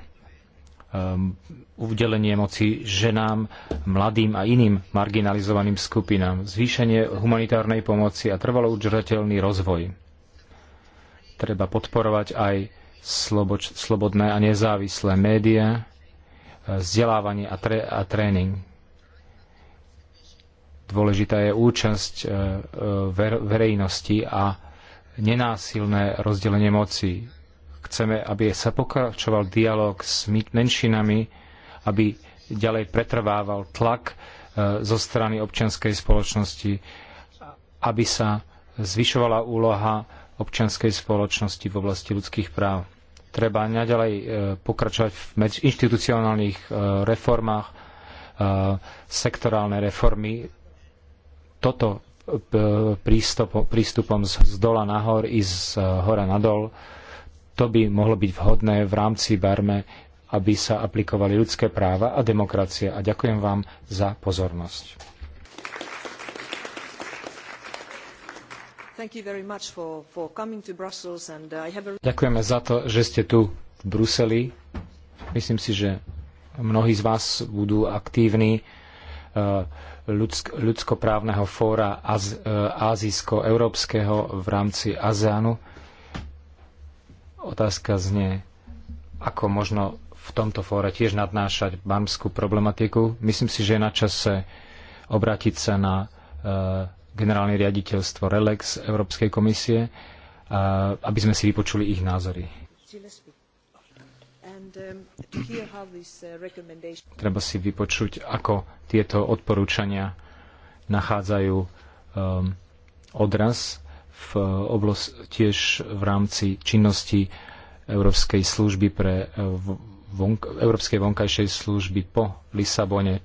udelenie moci ženám, mladým a iným marginalizovaným skupinám, zvýšenie humanitárnej pomoci a trvalo udržateľný rozvoj. Treba podporovať aj sloboč, slobodné a nezávislé médiá, e, vzdelávanie a, tre, a tréning. Dôležitá je účasť e, e, verejnosti a nenásilné rozdelenie moci. Chceme, aby sa pokračoval dialog s menšinami, aby ďalej pretrvával tlak zo strany občianskej spoločnosti, aby sa zvyšovala úloha občianskej spoločnosti v oblasti ľudských práv. Treba naďalej e, pokračovať v medziinstitucionálnych e, reformách, e, sektorálne reformy. Toto prístupom z dola nahor i z hora nadol, to by mohlo byť vhodné v rámci Barme, aby sa aplikovali ľudské práva a demokracie A ďakujem vám za pozornosť. Uh, Ďakujeme za to, že ste tu v Bruseli. Myslím si, že mnohí z vás budú aktívni uh, ľudskoprávneho fóra ázijsko uh, azijsko-európskeho v rámci ASEANu. Otázka znie, ako možno v tomto fóre tiež nadnášať barmskú problematiku. Myslím si, že je na čase obrátiť sa na generálne riaditeľstvo RELEX Európskej komisie, aby sme si vypočuli ich názory. Treba si vypočuť, ako tieto odporúčania nachádzajú um, odraz v oblos, tiež v rámci činnosti Európskej služby pre uh, vonk, Európskej vonkajšej služby po Lisabone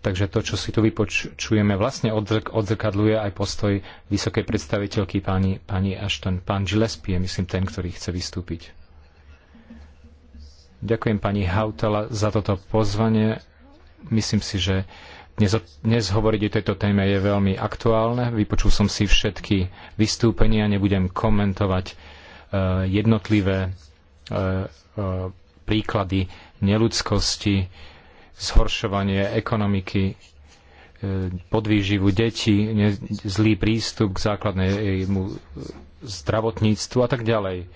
Takže to, čo si tu vypočujeme, vlastne odzrkadluje aj postoj vysokej predstaviteľky pani, pani Ashton. Pán Gillespie je, myslím, ten, ktorý chce vystúpiť. Ďakujem pani Hautala za toto pozvanie. Myslím si, že dnes, dnes hovoriť o tejto téme je veľmi aktuálne. Vypočul som si všetky vystúpenia, nebudem komentovať e, jednotlivé e, e, príklady neludskosti, zhoršovanie ekonomiky, e, podvýživu detí, zlý prístup k základnému zdravotníctvu a tak ďalej.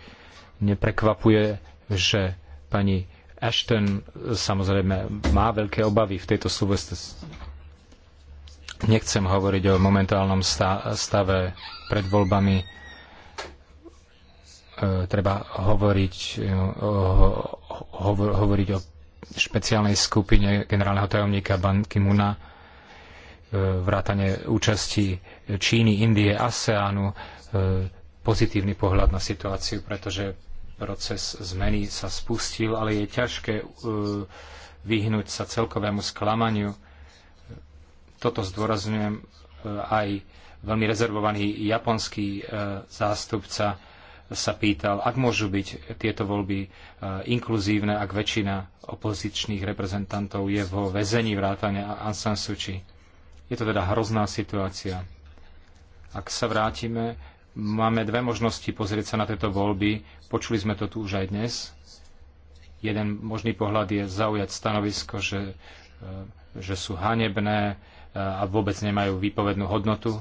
Neprekvapuje, že pani Ashton samozrejme má veľké obavy v tejto súvislosti. Nechcem hovoriť o momentálnom stave pred voľbami. E, treba hovoriť, e, hovor, hovoriť o špeciálnej skupine generálneho tajomníka Ban Ki-muna e, vrátane účasti Číny, Indie, ASEANu e, pozitívny pohľad na situáciu, pretože proces zmeny sa spustil, ale je ťažké e, vyhnúť sa celkovému sklamaniu. Toto zdôrazňujem aj veľmi rezervovaný japonský zástupca sa pýtal, ak môžu byť tieto voľby e, inkluzívne, ak väčšina opozičných reprezentantov je vo väzení vrátane Aung San Suu Kyi. Je to teda hrozná situácia. Ak sa vrátime, máme dve možnosti pozrieť sa na tieto voľby. Počuli sme to tu už aj dnes. Jeden možný pohľad je zaujať stanovisko, že, e, že sú hanebné e, a vôbec nemajú výpovednú hodnotu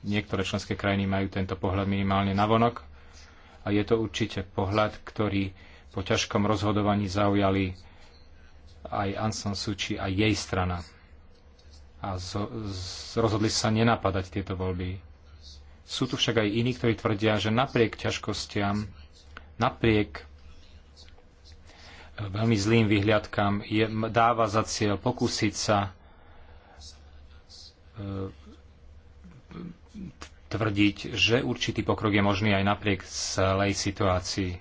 niektoré členské krajiny majú tento pohľad minimálne navonok je to určite pohľad, ktorý po ťažkom rozhodovaní zaujali aj Anson Suči a jej strana. A z, z, rozhodli sa nenapadať tieto voľby. Sú tu však aj iní, ktorí tvrdia, že napriek ťažkostiam, napriek e, veľmi zlým vyhliadkám je, dáva za cieľ pokúsiť sa e, tvrdiť, že určitý pokrok je možný aj napriek celej situácii.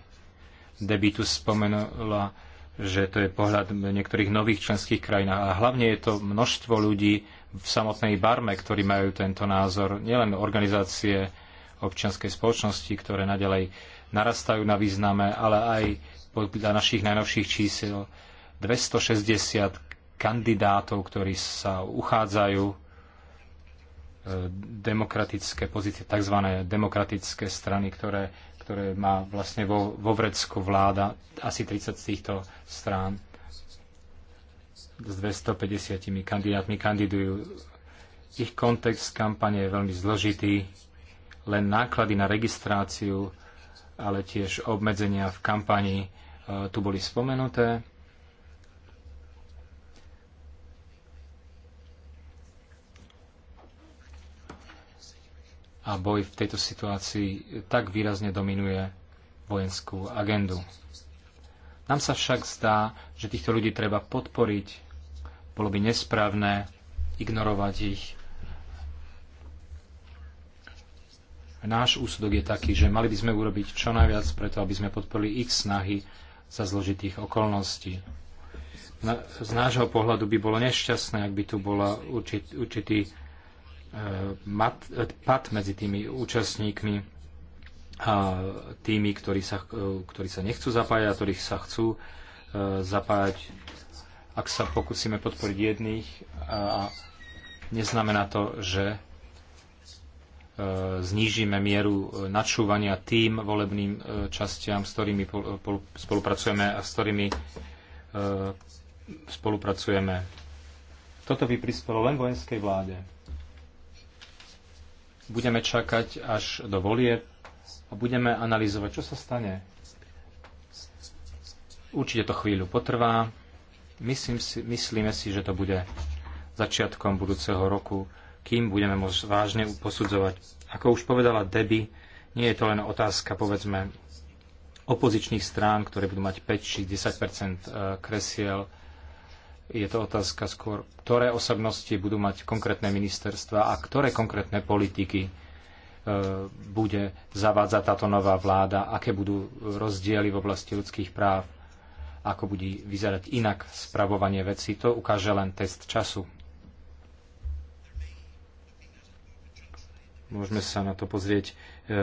Deby tu spomenula, že to je pohľad niektorých nových členských krajinách. a hlavne je to množstvo ľudí v samotnej barme, ktorí majú tento názor, nielen organizácie občianskej spoločnosti, ktoré nadalej narastajú na význame, ale aj podľa našich najnovších čísel 260 kandidátov, ktorí sa uchádzajú E, demokratické pozície, tzv. demokratické strany, ktoré, ktoré má vlastne vo, vo Vrecku vláda, asi 30 z týchto strán s 250 kandidátmi kandidujú. Ich kontext kampane je veľmi zložitý, len náklady na registráciu, ale tiež obmedzenia v kampani e, tu boli spomenuté. a boj v tejto situácii tak výrazne dominuje vojenskú agendu. Nám sa však zdá, že týchto ľudí treba podporiť. Bolo by nesprávne ignorovať ich. Náš úsudok je taký, že mali by sme urobiť čo najviac preto, aby sme podporili ich snahy za zložitých okolností. Na, z nášho pohľadu by bolo nešťastné, ak by tu bola určit, určitý E, mat, e, pad medzi tými účastníkmi a tými, ktorí sa, e, ktorí sa nechcú zapájať a ktorých sa chcú zapájať. Ak sa pokúsime podporiť jedných, a neznamená to, že znížime mieru načúvania tým volebným častiam, s ktorými spolupracujeme a s ktorými spolupracujeme. Toto by prispelo len vojenskej vláde budeme čakať až do volie a budeme analyzovať, čo sa stane. Určite to chvíľu potrvá. Myslím si, myslíme si, že to bude začiatkom budúceho roku, kým budeme môcť vážne posudzovať. Ako už povedala Debbie, nie je to len otázka, povedzme, opozičných strán, ktoré budú mať 5 či 10 eh, kresiel je to otázka skôr, ktoré osobnosti budú mať konkrétne ministerstva a ktoré konkrétne politiky e, bude zavádzať táto nová vláda, aké budú rozdiely v oblasti ľudských práv, ako bude vyzerať inak spravovanie vecí. To ukáže len test času. Môžeme sa na to pozrieť e, e,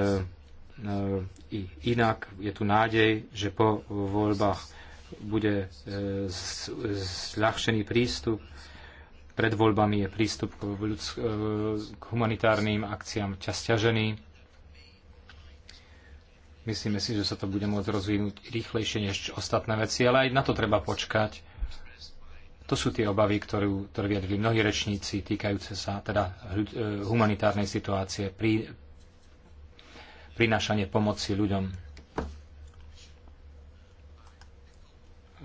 inak. Je tu nádej, že po voľbách bude e, e, zľahčený prístup. Pred voľbami je prístup k, ľudsk- e, k humanitárnym akciám čas ťažený. Myslíme si, že sa to bude môcť rozvinúť rýchlejšie než ostatné veci, ale aj na to treba počkať. To sú tie obavy, ktorú, ktoré viedli mnohí rečníci týkajúce sa teda humanitárnej situácie pri prinášanie pomoci ľuďom.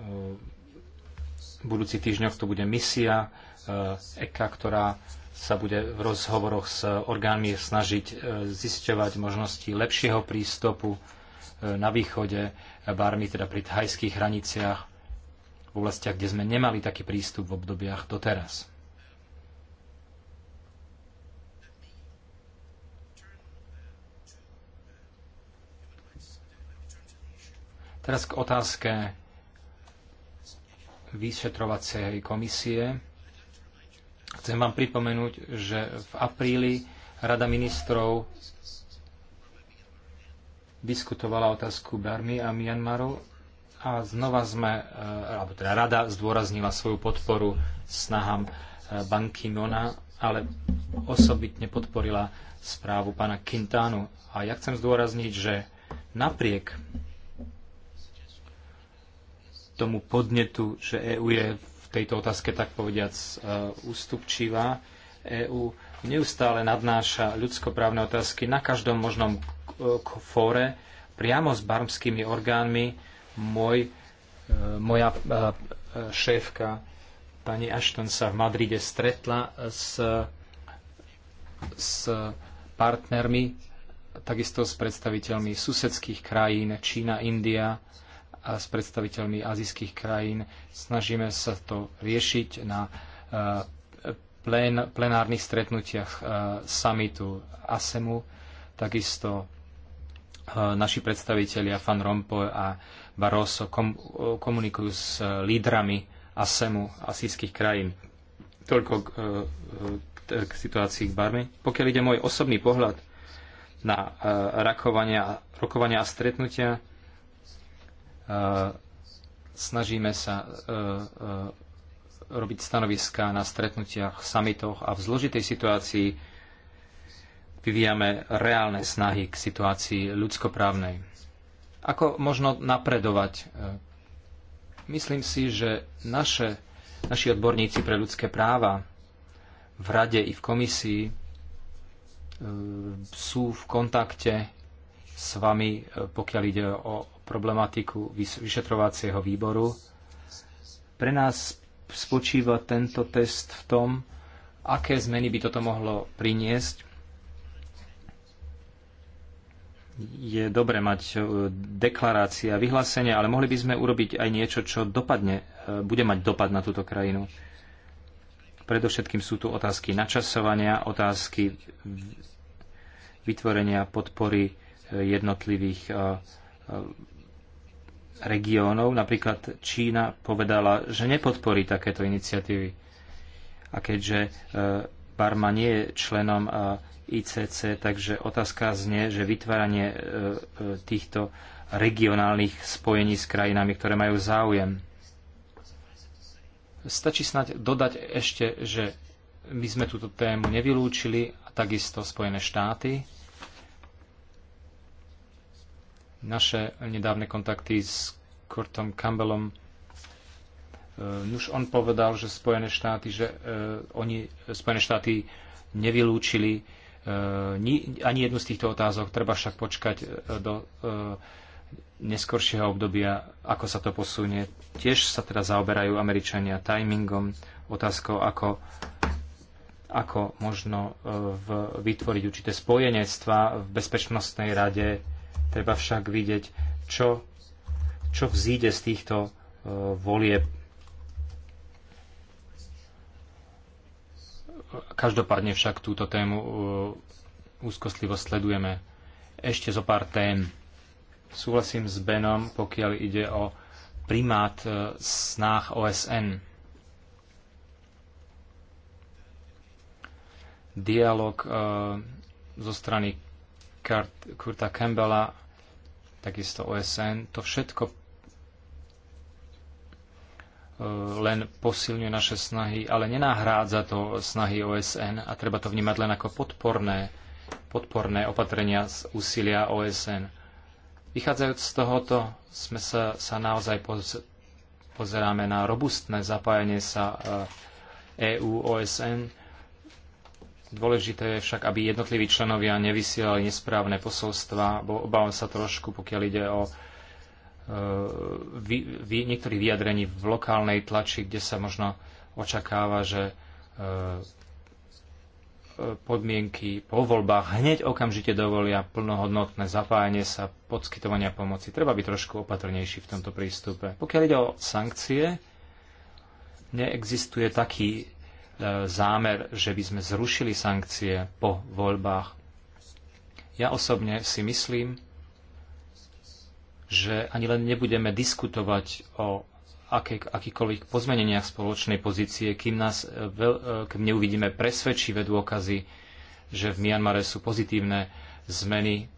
v budúcich týždňoch to bude misia eh, EKA, ktorá sa bude v rozhovoroch s orgánmi snažiť eh, zisťovať možnosti lepšieho prístupu eh, na východe barmi, teda pri thajských hraniciach, v oblastiach, kde sme nemali taký prístup v obdobiach doteraz. Teraz k otázke vyšetrovacej komisie. Chcem vám pripomenúť, že v apríli Rada ministrov diskutovala otázku Barmy a Myanmaru a znova sme, e, alebo teda Rada zdôraznila svoju podporu snahám e, banky Mona, ale osobitne podporila správu pána Quintánu. A ja chcem zdôrazniť, že napriek tomu podnetu, že EÚ je v tejto otázke tak povediac ústupčivá. E, EÚ neustále nadnáša ľudskoprávne otázky na každom možnom fóre priamo s barmskými orgánmi. Môj, e, moja e, šéfka pani Ashton sa v Madride stretla s, s partnermi, takisto s predstaviteľmi susedských krajín Čína, India, a s predstaviteľmi azijských krajín. Snažíme sa to riešiť na eh, plen, plenárnych stretnutiach eh, summitu ASEMu. Takisto eh, naši predstavitelia Fan Rompuy a Barroso kom, komunikujú s lídrami ASEMu azijských krajín. Toľko k, k situácii k barmi. Pokiaľ ide môj osobný pohľad na rakovania, rokovania a stretnutia, Snažíme sa e, e, robiť stanoviska na stretnutiach, samitoch a v zložitej situácii vyvíjame reálne snahy k situácii ľudskoprávnej. Ako možno napredovať? E, myslím si, že naše, naši odborníci pre ľudské práva v rade i v komisii sú v kontakte s vami, pokiaľ ide o problematiku vyšetrovacieho výboru. Pre nás spočíva tento test v tom, aké zmeny by toto mohlo priniesť. Je dobre mať e, deklarácie a vyhlásenie, ale mohli by sme urobiť aj niečo, čo dopadne, e, bude mať dopad na túto krajinu. Predovšetkým sú tu otázky načasovania, otázky vytvorenia podpory e, jednotlivých regiónov, napríklad Čína, povedala, že nepodporí takéto iniciatívy. A keďže e, Barma nie je členom e, ICC, takže otázka znie, že vytváranie e, týchto regionálnych spojení s krajinami, ktoré majú záujem. Stačí snať dodať ešte, že my sme túto tému nevylúčili a takisto Spojené štáty naše nedávne kontakty s Kurtom Campbellom e, už on povedal, že Spojené štáty, že e, oni, Spojené štáty nevylúčili e, ani jednu z týchto otázok. Treba však počkať do neskoršieho obdobia, ako sa to posunie. Tiež sa teda zaoberajú Američania timingom, otázkou, ako, ako možno v, vytvoriť určité spojenectva v Bezpečnostnej rade Treba však vidieť, čo, čo vzíde z týchto e, volieb. Každopádne však túto tému e, úzkostlivo sledujeme. Ešte zo pár tém. Súhlasím s Benom, pokiaľ ide o primát e, snách OSN. Dialóg zo strany Kurta Campbella takisto OSN. To všetko e, len posilňuje naše snahy, ale nenahrádza to snahy OSN a treba to vnímať len ako podporné, podporné opatrenia z úsilia OSN. Vychádzajúc z tohoto, sme sa, sa naozaj poz, pozeráme na robustné zapájanie sa EU e OSN, Dôležité je však, aby jednotliví členovia nevysielali nesprávne posolstva, bo obávam sa trošku, pokiaľ ide o e, vy, vy, niektorých vyjadrení v lokálnej tlači, kde sa možno očakáva, že e, e, podmienky po voľbách hneď okamžite dovolia plnohodnotné zapájanie sa podskytovania pomoci. Treba byť trošku opatrnejší v tomto prístupe. Pokiaľ ide o sankcie, neexistuje taký E, zámer, že by sme zrušili sankcie po voľbách. Ja osobne si myslím, že ani len nebudeme diskutovať o aké, akýkoľvek pozmeneniach spoločnej pozície, kým, nás, e, e, kým neuvidíme presvedčivé dôkazy, že v Mianmare sú pozitívne zmeny.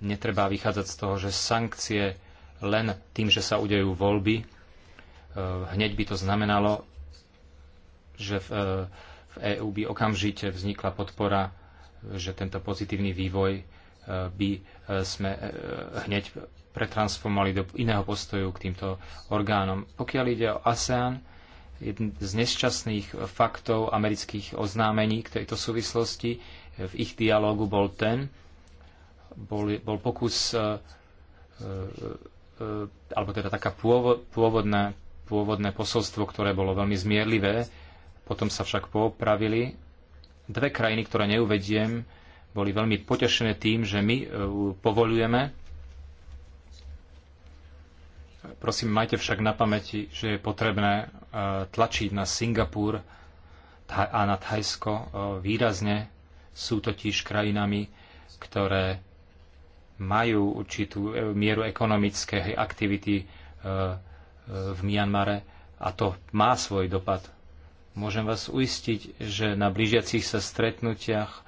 Netreba vychádzať z toho, že sankcie len tým, že sa udejú voľby, hneď by to znamenalo, že v, v EÚ by okamžite vznikla podpora, že tento pozitívny vývoj e, by e, sme e, hneď pretransformovali do iného postoju k týmto orgánom. Pokiaľ ide o ASEAN, jeden z nešťastných faktov amerických oznámení k tejto súvislosti v ich dialógu bol ten, bol, bol pokus, alebo teda taká pôvod, pôvodné, pôvodné posolstvo, ktoré bolo veľmi zmierlivé, potom sa však popravili. Dve krajiny, ktoré neuvediem, boli veľmi potešené tým, že my e, povolujeme. Prosím, majte však na pamäti, že je potrebné e, tlačiť na Singapur a na Thajsko e, výrazne. Sú totiž krajinami, ktoré majú určitú mieru ekonomickej aktivity v Mianmare a to má svoj dopad Môžem vás uistiť, že na blížiacich sa stretnutiach e,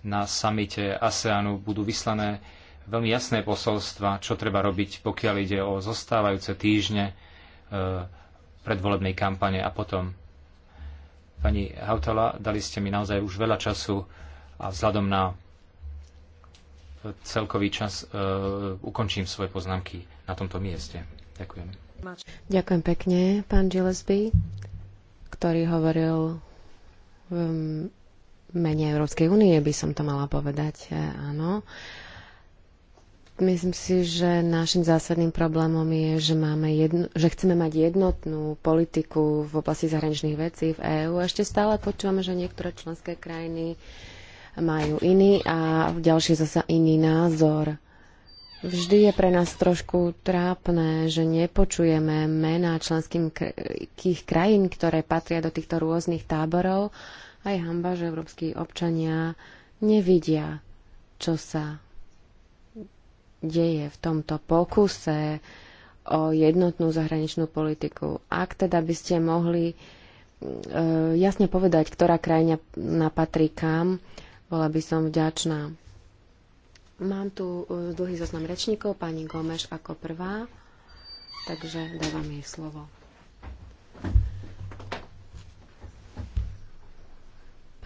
na samite ASEANu budú vyslané veľmi jasné posolstva, čo treba robiť, pokiaľ ide o zostávajúce týždne e, predvolebnej kampane a potom. Pani Hautala, dali ste mi naozaj už veľa času a vzhľadom na celkový čas e, ukončím svoje poznámky na tomto mieste. Ďakujem. Ďakujem pekne, pán Gillespie ktorý hovoril v mene Európskej únie, by som to mala povedať, e, áno. Myslím si, že našim zásadným problémom je, že, máme jedno, že chceme mať jednotnú politiku v oblasti zahraničných vecí v EÚ. Ešte stále počúvame, že niektoré členské krajiny majú iný a ďalšie zase iný názor. Vždy je pre nás trošku trápne, že nepočujeme mená členských krajín, ktoré patria do týchto rôznych táborov. aj hamba, že európsky občania nevidia, čo sa deje v tomto pokuse o jednotnú zahraničnú politiku. Ak teda by ste mohli e, jasne povedať, ktorá krajina napatrí kam, bola by som vďačná. Mám tu e, dlhý zoznam rečníkov, pani Gomeš ako prvá, takže dávam jej slovo.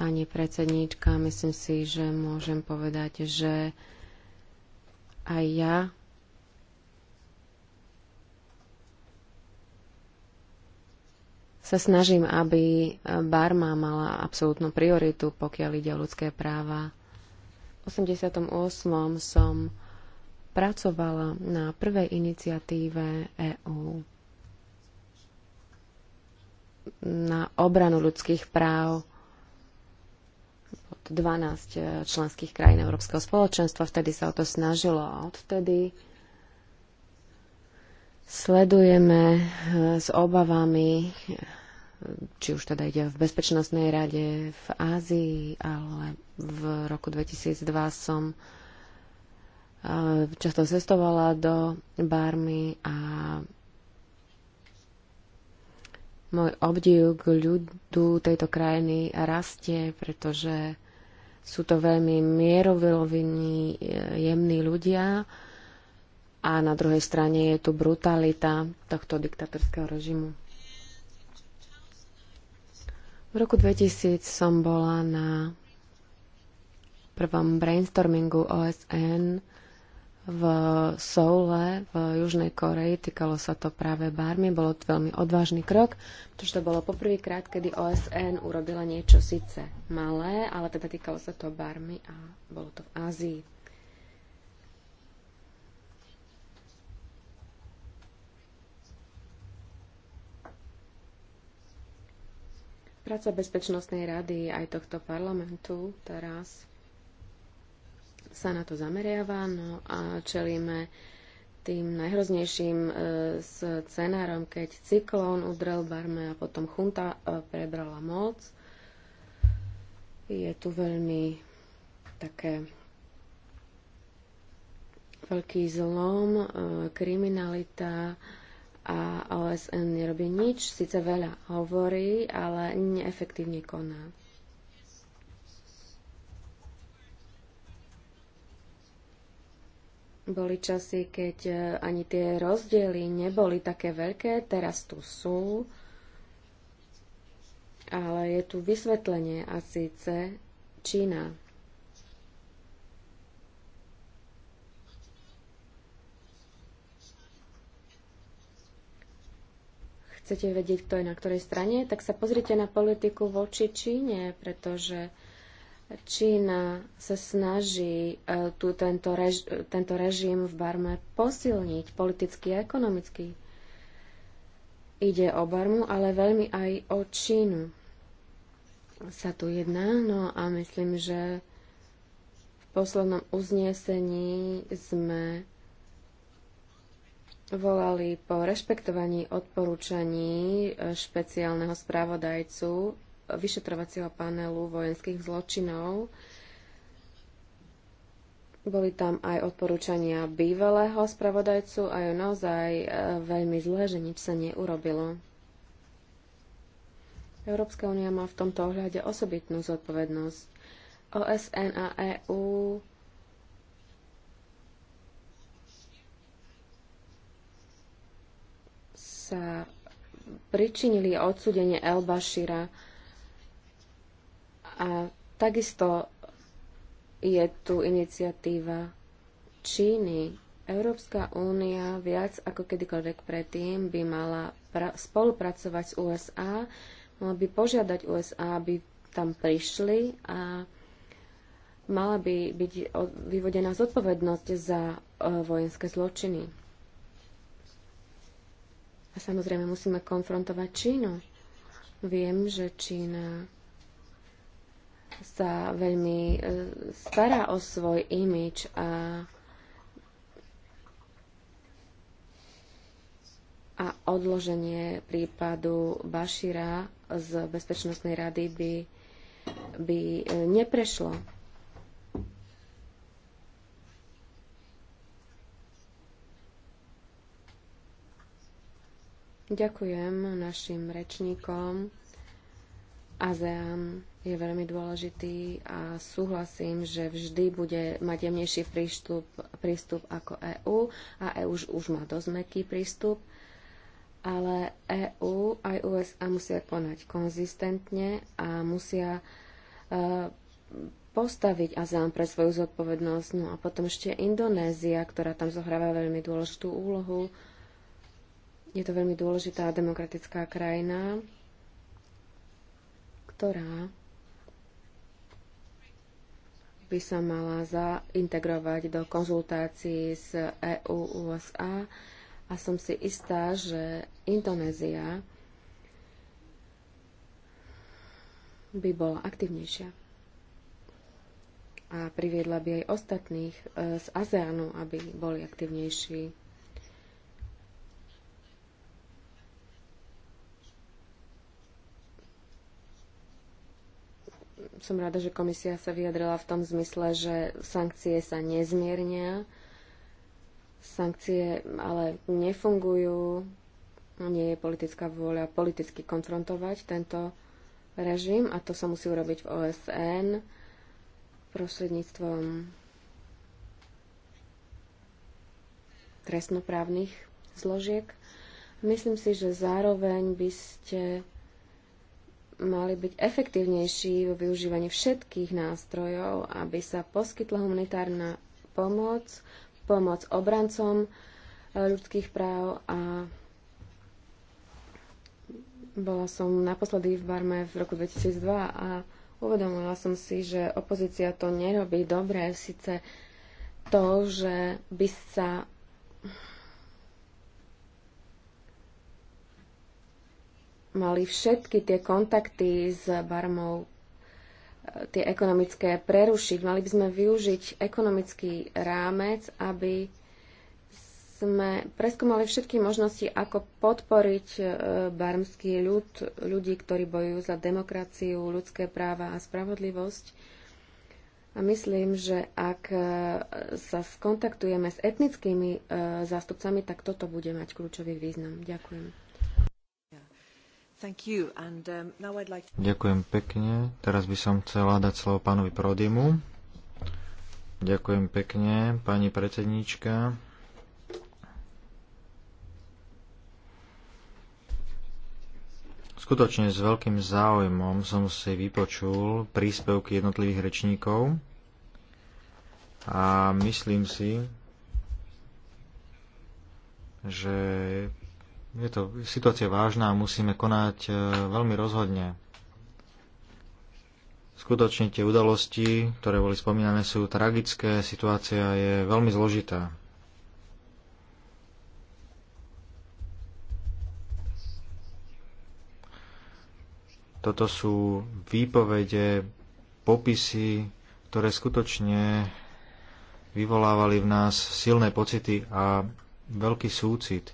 Pani predsedníčka, myslím si, že môžem povedať, že aj ja sa snažím, aby barma mala absolútnu prioritu, pokiaľ ide o ľudské práva 88. som pracovala na prvej iniciatíve EÚ na obranu ľudských práv od 12 eh, členských krajín Európskeho spoločenstva. Vtedy sa o to snažilo a odtedy sledujeme eh, s obavami či už teda ide v Bezpečnostnej rade v Ázii, ale v roku 2002 som eh, často cestovala do Barmy a môj obdiv k ľudu tejto krajiny rastie, pretože sú to veľmi mierovilovní, eh, jemní ľudia a na druhej strane je tu brutalita tohto diktatorského režimu. V roku 2000 som bola na prvom brainstormingu OSN v Soule v Južnej Koreji. Týkalo sa to práve barmy. Bolo to veľmi odvážny krok, pretože to bolo poprvýkrát, kedy OSN urobila niečo síce malé, ale teda týkalo sa to barmy a bolo to v Ázii. Práca Bezpečnostnej rady aj tohto parlamentu teraz sa na to zameriava no a čelíme tým najhroznejším e, scenárom, keď cyklón udrel Barme a potom chunta e, prebrala moc. Je tu veľmi také veľký zlom, e, kriminalita, e, a OSN nerobí nič, síce veľa hovorí, ale neefektívne koná. Boli časy, keď e, ani tie rozdiely neboli také veľké, teraz tu sú, ale je tu vysvetlenie a síce Čína. chcete vedieť, kto je na ktorej strane, tak sa pozrite na politiku voči Číne, pretože Čína sa snaží e, tu tento, rež, e, tento režim v Barme posilniť politicky a ekonomicky. Ide o Barmu, ale veľmi aj o Čínu sa tu jedná. No a myslím, že v poslednom uznesení sme volali po rešpektovaní odporúčaní e, špeciálneho správodajcu vyšetrovacieho panelu vojenských zločinov. Boli tam aj odporúčania bývalého spravodajcu a je naozaj e, veľmi zlé, že nič sa neurobilo. Európska únia má v tomto ohľade osobitnú zodpovednosť. OSN a EÚ sa pričinili odsudenie El Bashira. A takisto je tu iniciatíva Číny. Európska únia viac ako kedykoľvek predtým by mala spolupracovať s USA, mala by požiadať USA, aby tam prišli a mala by byť vyvodená zodpovednosť za e, vojenské zločiny. A samozrejme musíme konfrontovať Čínu. Viem, že Čína sa veľmi e, stará o svoj imič a a odloženie prípadu Bašira z Bezpečnostnej rady by, by e, neprešlo. Ďakujem našim rečníkom. ASEAN je veľmi dôležitý a súhlasím, že vždy bude mať jemnejší prístup, prístup ako EÚ a EÚ už, už má dosť meký prístup, ale EÚ aj USA musia konať konzistentne a musia uh, postaviť ASEAN pre svoju zodpovednosť. No a potom ešte Indonézia, ktorá tam zohráva veľmi dôležitú úlohu. Je to veľmi dôležitá demokratická krajina, ktorá by sa mala zaintegrovať do konzultácií s EU, USA a som si istá, že Indonézia by bola aktívnejšia a priviedla by aj ostatných eh, z ASEANu, aby boli aktívnejší som rada, že komisia sa vyjadrila v tom zmysle, že sankcie sa nezmiernia, sankcie ale nefungujú, nie je politická vôľa politicky konfrontovať tento režim a to sa musí urobiť v OSN prostredníctvom trestnoprávnych zložiek. Myslím si, že zároveň by ste mali byť efektívnejší vo využívaní všetkých nástrojov, aby sa poskytla humanitárna pomoc, pomoc obrancom e, ľudských práv a bola som naposledy v Barme v roku 2002 a uvedomila som si, že opozícia to nerobí dobre, síce to, že by sa mali všetky tie kontakty s Barmou, e, tie ekonomické prerušiť. Mali by sme využiť ekonomický rámec, aby sme preskúmali všetky možnosti, ako podporiť e, barmský ľud, ľudí, ktorí bojujú za demokraciu, ľudské práva a spravodlivosť. A myslím, že ak e, sa skontaktujeme s etnickými zástupcami, tak toto bude mať kľúčový význam. Ďakujem. Um, Ďakujem pekne. Teraz by som chcela dať slovo pánovi Prodimu. Ďakujem pekne, pani predsedníčka. Skutočne s veľkým záujmom som si vypočul príspevky jednotlivých rečníkov a myslím si, že je to situácia vážna a musíme konať e, veľmi rozhodne. Skutočne tie udalosti, ktoré boli spomínané, sú tragické, situácia je veľmi zložitá. Toto sú výpovede, popisy, ktoré skutočne vyvolávali v nás silné pocity a veľký súcit.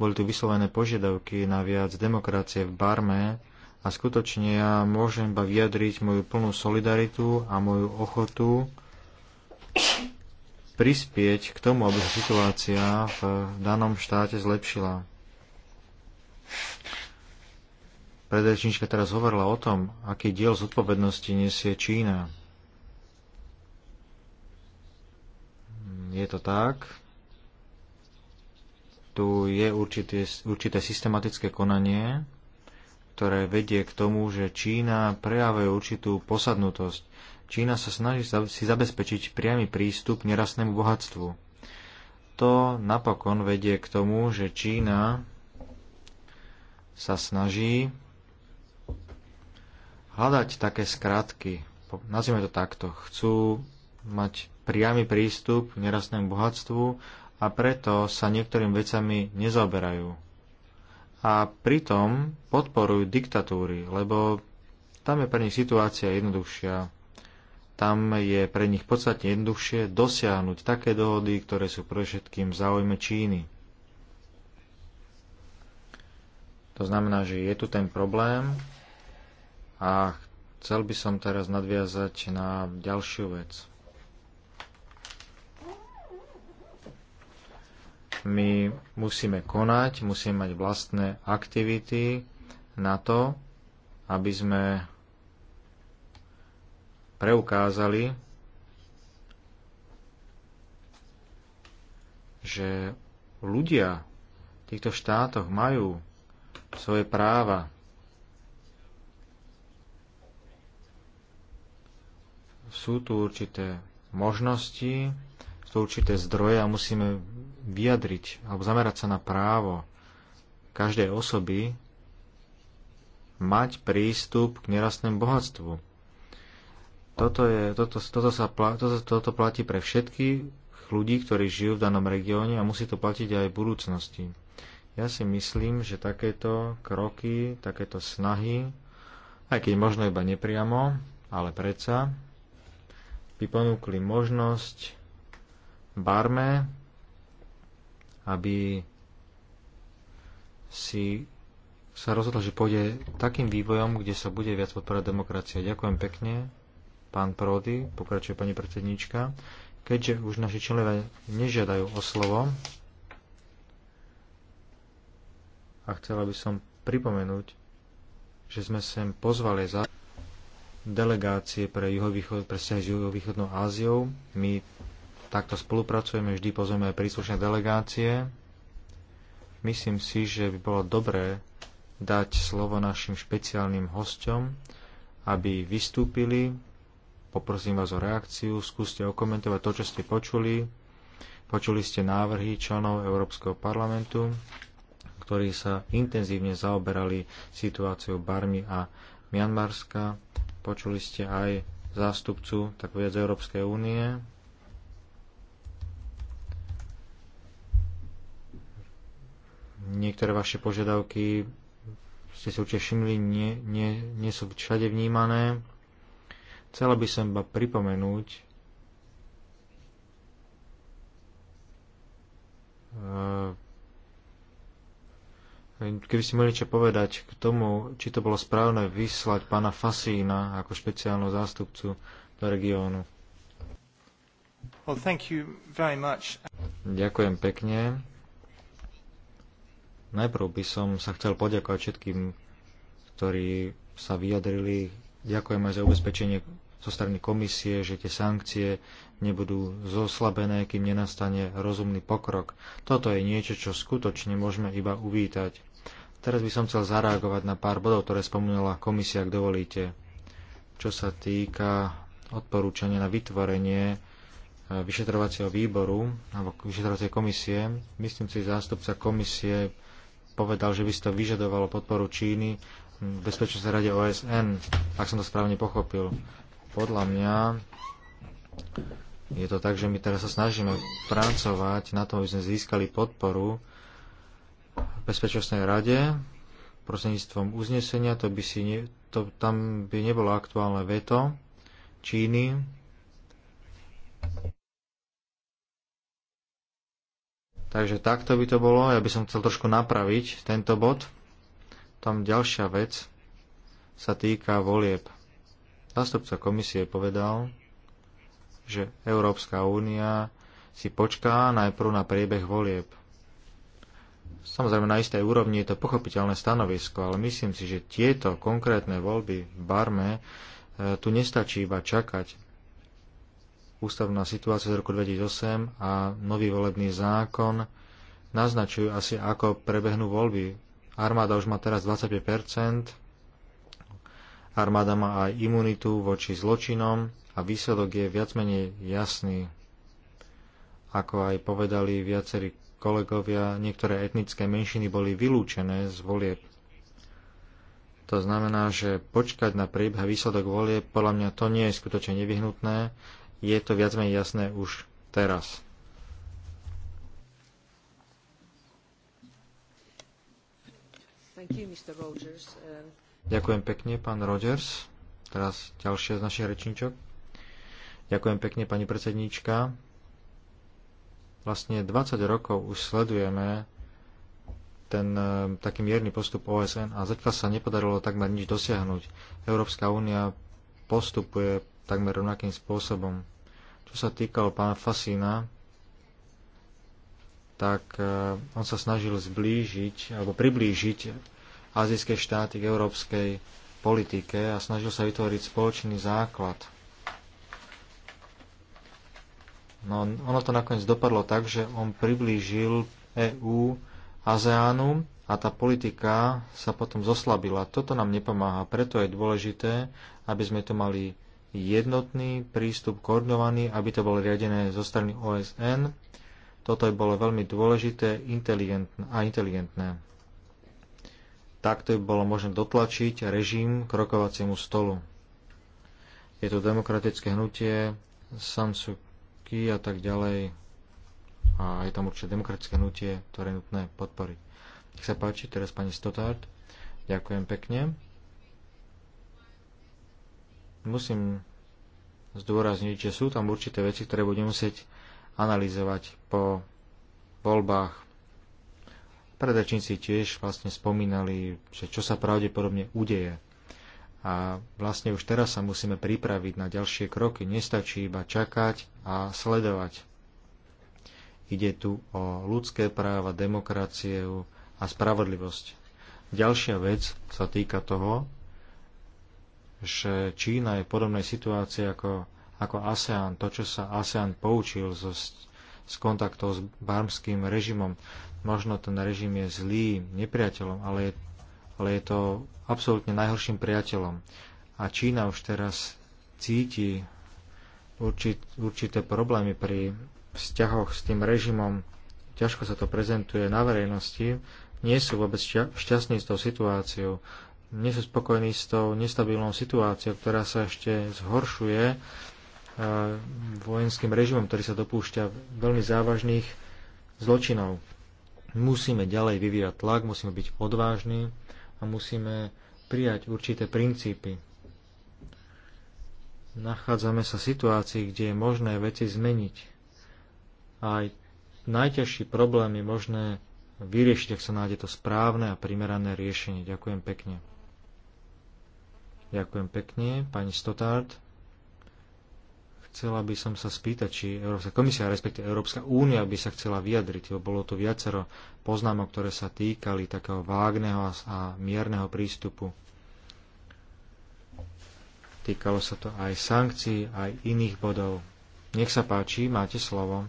Boli tu vyslovené požiadavky na viac demokracie v Barme a skutočne ja môžem iba vyjadriť moju plnú solidaritu a moju ochotu prispieť k tomu, aby sa situácia v danom štáte zlepšila. Predrečnička teraz hovorila o tom, aký diel zodpovednosti nesie Čína. Je to tak tu je určité, určité systematické konanie, ktoré vedie k tomu, že Čína prejavuje určitú posadnutosť. Čína sa snaží si zabezpečiť priamy prístup k nerastnému bohatstvu. To napokon vedie k tomu, že Čína sa snaží hľadať také skratky. Nazvime to takto. Chcú mať priamy prístup k nerastnému bohatstvu a preto sa niektorým vecami nezaoberajú. A pritom podporujú diktatúry, lebo tam je pre nich situácia jednoduchšia. Tam je pre nich podstatne jednoduchšie dosiahnuť také dohody, ktoré sú pre všetkým v záujme Číny. To znamená, že je tu ten problém a chcel by som teraz nadviazať na ďalšiu vec. My musíme konať, musíme mať vlastné aktivity na to, aby sme preukázali, že ľudia v týchto štátoch majú svoje práva. Sú tu určité možnosti, takto určité zdroje a musíme vyjadriť alebo zamerať sa na právo každej osoby mať prístup k nerastnému bohatstvu. Toto, je, toto, toto, sa, toto, toto platí pre všetkých ľudí, ktorí žijú v danom regióne a musí to platiť aj v budúcnosti. Ja si myslím, že takéto kroky, takéto snahy, aj keď možno iba nepriamo, ale predsa, by ponúkli možnosť Barme, aby si sa rozhodol, že pôjde takým vývojom, kde sa bude viac podporať demokracia. Ďakujem pekne, pán Prody, pokračuje pani predsedníčka. Keďže už naši členovia nežiadajú o slovo, a chcela by som pripomenúť, že sme sem pozvali za delegácie pre, juhovýchod, pre s juhovýchodnou Áziou. My Takto spolupracujeme, vždy pozveme príslušné delegácie. Myslím si, že by bolo dobré dať slovo našim špeciálnym hostom, aby vystúpili. Poprosím vás o reakciu, skúste okomentovať to, čo ste počuli. Počuli ste návrhy členov Európskeho parlamentu, ktorí sa intenzívne zaoberali situáciou Barmy a Mianmarska. Počuli ste aj zástupcu tak viac Európskej únie, niektoré vaše požiadavky ste si určite všimli, nie, nie, nie sú všade vnímané. Chcela by som iba pripomenúť e, keby ste mohli čo povedať k tomu, či to bolo správne vyslať pána Fasína ako špeciálnu zástupcu do regiónu. Well, Ďakujem pekne. Najprv by som sa chcel poďakovať všetkým, ktorí sa vyjadrili. Ďakujem aj za ubezpečenie zo strany komisie, že tie sankcie nebudú zoslabené, kým nenastane rozumný pokrok. Toto je niečo, čo skutočne môžeme iba uvítať. Teraz by som chcel zareagovať na pár bodov, ktoré spomínala komisia, ak dovolíte. Čo sa týka odporúčania na vytvorenie e, vyšetrovacieho výboru alebo vyšetrovacej komisie, myslím si, zástupca komisie povedal, že by si to vyžadovalo podporu Číny v Bezpečnostnej rade OSN, ak som to správne pochopil. Podľa mňa je to tak, že my teraz sa snažíme pracovať na tom, aby sme získali podporu v Bezpečnostnej rade prostredníctvom uznesenia, to by si ne, to, tam by nebolo aktuálne veto Číny, Takže takto by to bolo. Ja by som chcel trošku napraviť tento bod. Tam ďalšia vec sa týka volieb. Zástupca komisie povedal, že Európska únia si počká najprv na priebeh volieb. Samozrejme, na istej úrovni je to pochopiteľné stanovisko, ale myslím si, že tieto konkrétne voľby v Barme eh, tu nestačí iba čakať ústavná situácia z roku 2008 a nový volebný zákon naznačujú asi, ako prebehnú voľby. Armáda už má teraz 25 armáda má aj imunitu voči zločinom a výsledok je viac menej jasný. Ako aj povedali viacerí kolegovia, niektoré etnické menšiny boli vylúčené z volieb. To znamená, že počkať na priebeh výsledok volie, podľa mňa to nie je skutočne nevyhnutné je to viac menej jasné už teraz. Um, Ďakujem pekne, pán Rogers. Teraz ďalšia z našich rečníčok. Ďakujem pekne, pani predsedníčka. Vlastne 20 rokov už sledujeme ten um, taký mierny postup OSN a zatiaľ sa nepodarilo takmer nič dosiahnuť. Európska únia postupuje takmer rovnakým spôsobom čo sa týkalo pána Fasína, tak e, on sa snažil zblížiť alebo priblížiť azijské štáty k európskej politike a snažil sa vytvoriť spoločný základ. No, ono to nakoniec dopadlo tak, že on priblížil EÚ ASEANu a tá politika sa potom zoslabila. Toto nám nepomáha, preto je dôležité, aby sme to mali jednotný prístup, koordinovaný, aby to bolo riadené zo strany OSN. Toto je bolo veľmi dôležité inteligentné a inteligentné. Takto by bolo možné dotlačiť režim k rokovaciemu stolu. Je to demokratické hnutie, Sansuki a tak ďalej. A je tam určite demokratické hnutie, ktoré je nutné podporiť. Nech sa páči, teraz pani Stotard. Ďakujem pekne. Musím zdôrazniť, že sú tam určité veci, ktoré budeme musieť analyzovať po voľbách. Predačníci tiež vlastne spomínali, že čo sa pravdepodobne udeje. A vlastne už teraz sa musíme pripraviť na ďalšie kroky. Nestačí iba čakať a sledovať. Ide tu o ľudské práva, demokraciu a spravodlivosť. Ďalšia vec sa týka toho, že Čína je v podobnej situácii ako, ako ASEAN. To, čo sa ASEAN poučil so z kontaktov s barmským režimom, možno ten režim je zlý nepriateľom, ale je, ale je to absolútne najhorším priateľom. A Čína už teraz cíti určit, určité problémy pri vzťahoch s tým režimom. Ťažko sa to prezentuje na verejnosti. Nie sú vôbec šťastní s tou situáciou nie sú spokojní s tou nestabilnou situáciou, ktorá sa ešte zhoršuje e, vojenským režimom, ktorý sa dopúšťa veľmi závažných zločinov. Musíme ďalej vyvíjať tlak, musíme byť odvážni a musíme prijať určité princípy. Nachádzame sa v situácii, kde je možné veci zmeniť. Aj najťažší problém je možné vyriešiť, ak sa nájde to správne a primerané riešenie. Ďakujem pekne. Ďakujem pekne. Pani Stotard, chcela by som sa spýtať, či Európska komisia, respektíve Európska únia by sa chcela vyjadriť, lebo bolo tu viacero poznámok, ktoré sa týkali takého vágneho a mierneho prístupu. Týkalo sa to aj sankcií, aj iných bodov. Nech sa páči, máte slovo.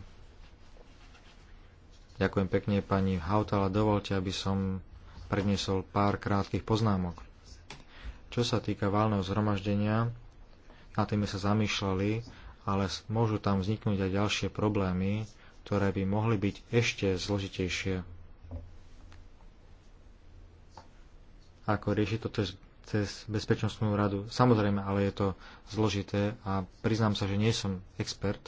Ďakujem pekne, pani Hautala. Dovolte, aby som predniesol pár krátkých poznámok. Čo sa týka valného zhromaždenia, na tým sa zamýšľali, ale môžu tam vzniknúť aj ďalšie problémy, ktoré by mohli byť ešte zložitejšie. Ako riešiť to cez, cez Bezpečnostnú radu? Samozrejme, ale je to zložité a priznám sa, že nie som expert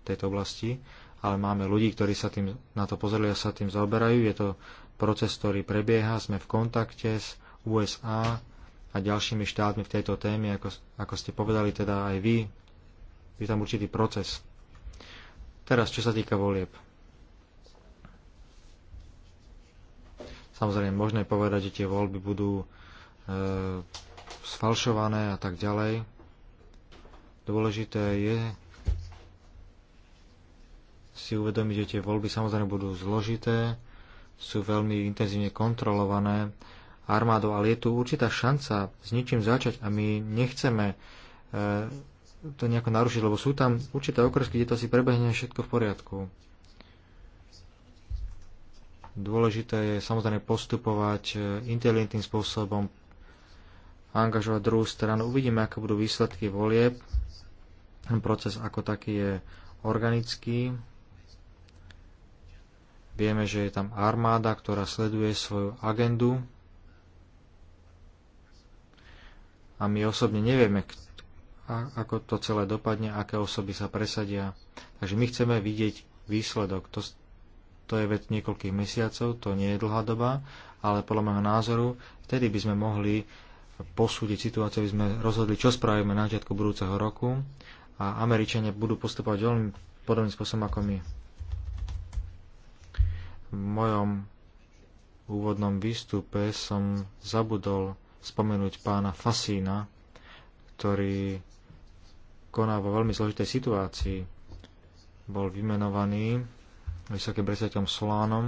v tejto oblasti, ale máme ľudí, ktorí sa tým, na to pozreli a sa tým zaoberajú. Je to proces, ktorý prebieha, sme v kontakte s USA, a ďalšími štátmi v tejto téme, ako, ako ste povedali teda aj vy. Je tam určitý proces. Teraz, čo sa týka volieb. Samozrejme, možné povedať, že tie voľby budú e, sfalšované a tak ďalej. Dôležité je si uvedomiť, že tie voľby samozrejme budú zložité, sú veľmi intenzívne kontrolované armádou, ale je tu určitá šanca s ničím začať a my nechceme eh, to nejako narušiť, lebo sú tam určité okresky, kde to si prebehne všetko v poriadku. Dôležité je samozrejme postupovať eh, inteligentným spôsobom, angažovať druhú stranu. Uvidíme, aké budú výsledky volieb. Ten proces ako taký je organický. Vieme, že je tam armáda, ktorá sleduje svoju agendu a my osobne nevieme, ako to celé dopadne, aké osoby sa presadia. Takže my chceme vidieť výsledok. To, to je vec niekoľkých mesiacov, to nie je dlhá doba, ale podľa môjho názoru vtedy by sme mohli posúdiť situáciu, aby sme rozhodli, čo spravíme na začiatku budúceho roku a Američania budú postupovať veľmi podobným spôsobom ako my. V mojom úvodnom výstupe som zabudol spomenúť pána Fasína, ktorý koná vo veľmi zložitej situácii. Bol vymenovaný vysokým predstaviteľom Solánom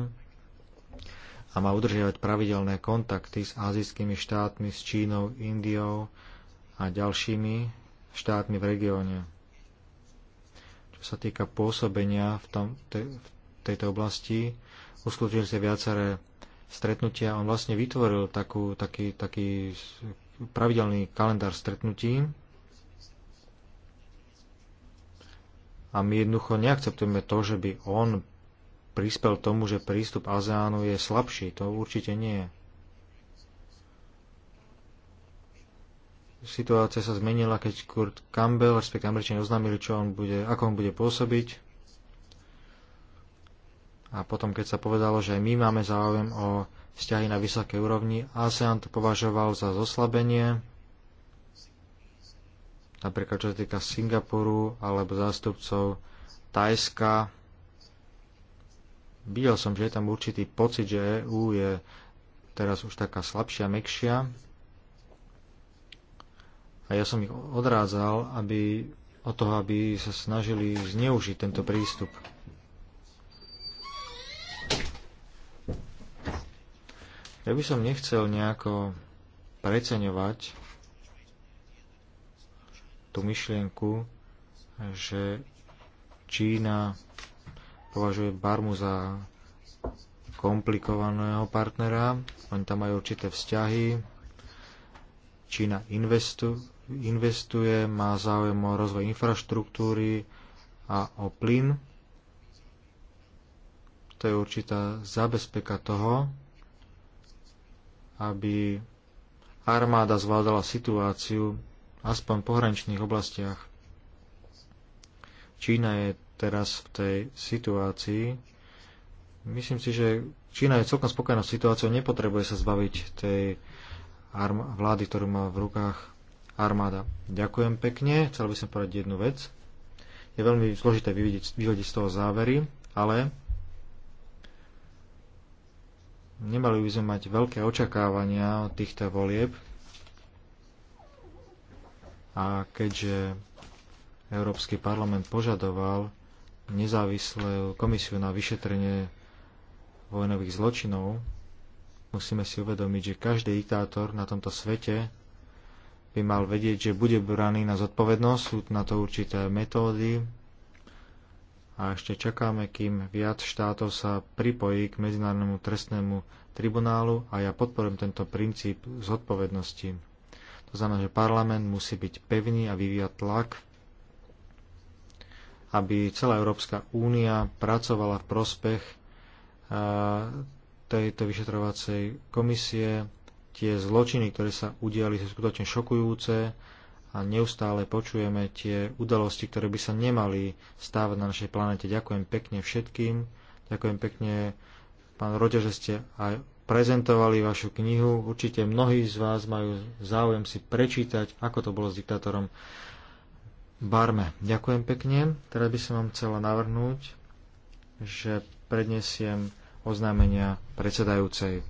a má udržiavať pravidelné kontakty s azijskými štátmi, s Čínou, Indiou a ďalšími štátmi v regióne. Čo sa týka pôsobenia v, tom, te, v tejto oblasti, uskutočili sa viaceré stretnutia. On vlastne vytvoril takú, taký, taký pravidelný kalendár stretnutí. A my jednoducho neakceptujeme to, že by on prispel tomu, že prístup ASEANu je slabší. To určite nie je. situácia sa zmenila, keď Kurt Campbell, respektive Američania oznámili, čo on bude, ako on bude pôsobiť. A potom, keď sa povedalo, že my máme záujem o vzťahy na vysokej úrovni, ASEAN to považoval za zoslabenie, napríklad čo sa týka Singapuru alebo zástupcov Tajska. Videl som, že je tam určitý pocit, že EÚ je teraz už taká slabšia, mekšia. A ja som ich odrádzal aby, od toho, aby sa snažili zneužiť tento prístup. Ja by som nechcel nejako preceňovať tú myšlienku, že Čína považuje Barmu za komplikovaného partnera. Oni tam majú určité vzťahy. Čína investu, investuje, má záujem o rozvoj infraštruktúry a o plyn. To je určitá zabezpeka toho, aby armáda zvládala situáciu aspoň v pohraničných oblastiach. Čína je teraz v tej situácii. Myslím si, že Čína je celkom spokojná s situáciou, nepotrebuje sa zbaviť tej vlády, ktorú má v rukách armáda. Ďakujem pekne. Chcel by som povedať jednu vec. Je veľmi zložité vyvodiť z toho závery, ale Nemali by sme mať veľké očakávania od týchto volieb. A keďže Európsky parlament požadoval nezávislú komisiu na vyšetrenie vojnových zločinov, musíme si uvedomiť, že každý diktátor na tomto svete by mal vedieť, že bude braný na zodpovednosť, sú na to určité metódy, a ešte čakáme, kým viac štátov sa pripojí k Medzinárodnému trestnému tribunálu a ja podporujem tento princíp zodpovednosti. To znamená, že parlament musí byť pevný a vyvíjať tlak, aby celá Európska únia pracovala v prospech eh, tejto vyšetrovacej komisie. Tie zločiny, ktoré sa udiali, sú skutočne šokujúce a neustále počujeme tie udalosti, ktoré by sa nemali stávať na našej planete. Ďakujem pekne všetkým, ďakujem pekne pán Rode, že ste aj prezentovali vašu knihu. Určite mnohí z vás majú záujem si prečítať, ako to bolo s diktátorom Barme. Ďakujem pekne. Teraz by som vám chcela navrhnúť, že prednesiem oznámenia predsedajúcej.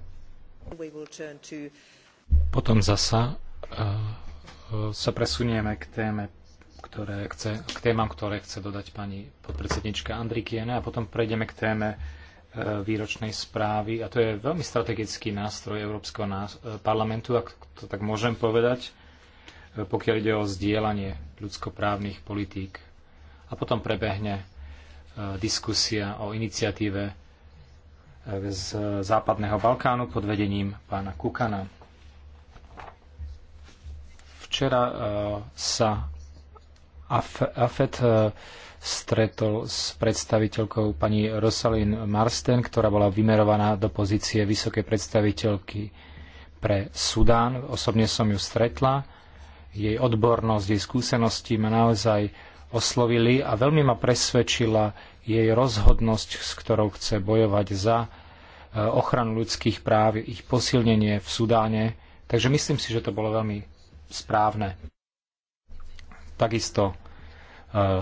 Potom zasa uh sa presunieme k, téme, ktoré chce, k témam, ktoré chce dodať pani podpredsednička Andrikiene a potom prejdeme k téme e, výročnej správy a to je veľmi strategický nástroj Európskeho e, parlamentu, ak to tak môžem povedať, e, pokiaľ ide o zdieľanie ľudskoprávnych politík. A potom prebehne diskusia o iniciatíve z Západného Balkánu pod vedením pána Kukana. Včera eh, sa AFET eh, stretol s predstaviteľkou pani Rosalind Marsten, ktorá bola vymerovaná do pozície vysokej predstaviteľky pre Sudán. Osobne som ju stretla. Jej odbornosť, jej skúsenosti ma naozaj oslovili a veľmi ma presvedčila jej rozhodnosť, s ktorou chce bojovať za eh, ochranu ľudských práv, ich posilnenie v Sudáne. Takže myslím si, že to bolo veľmi správne. Takisto e,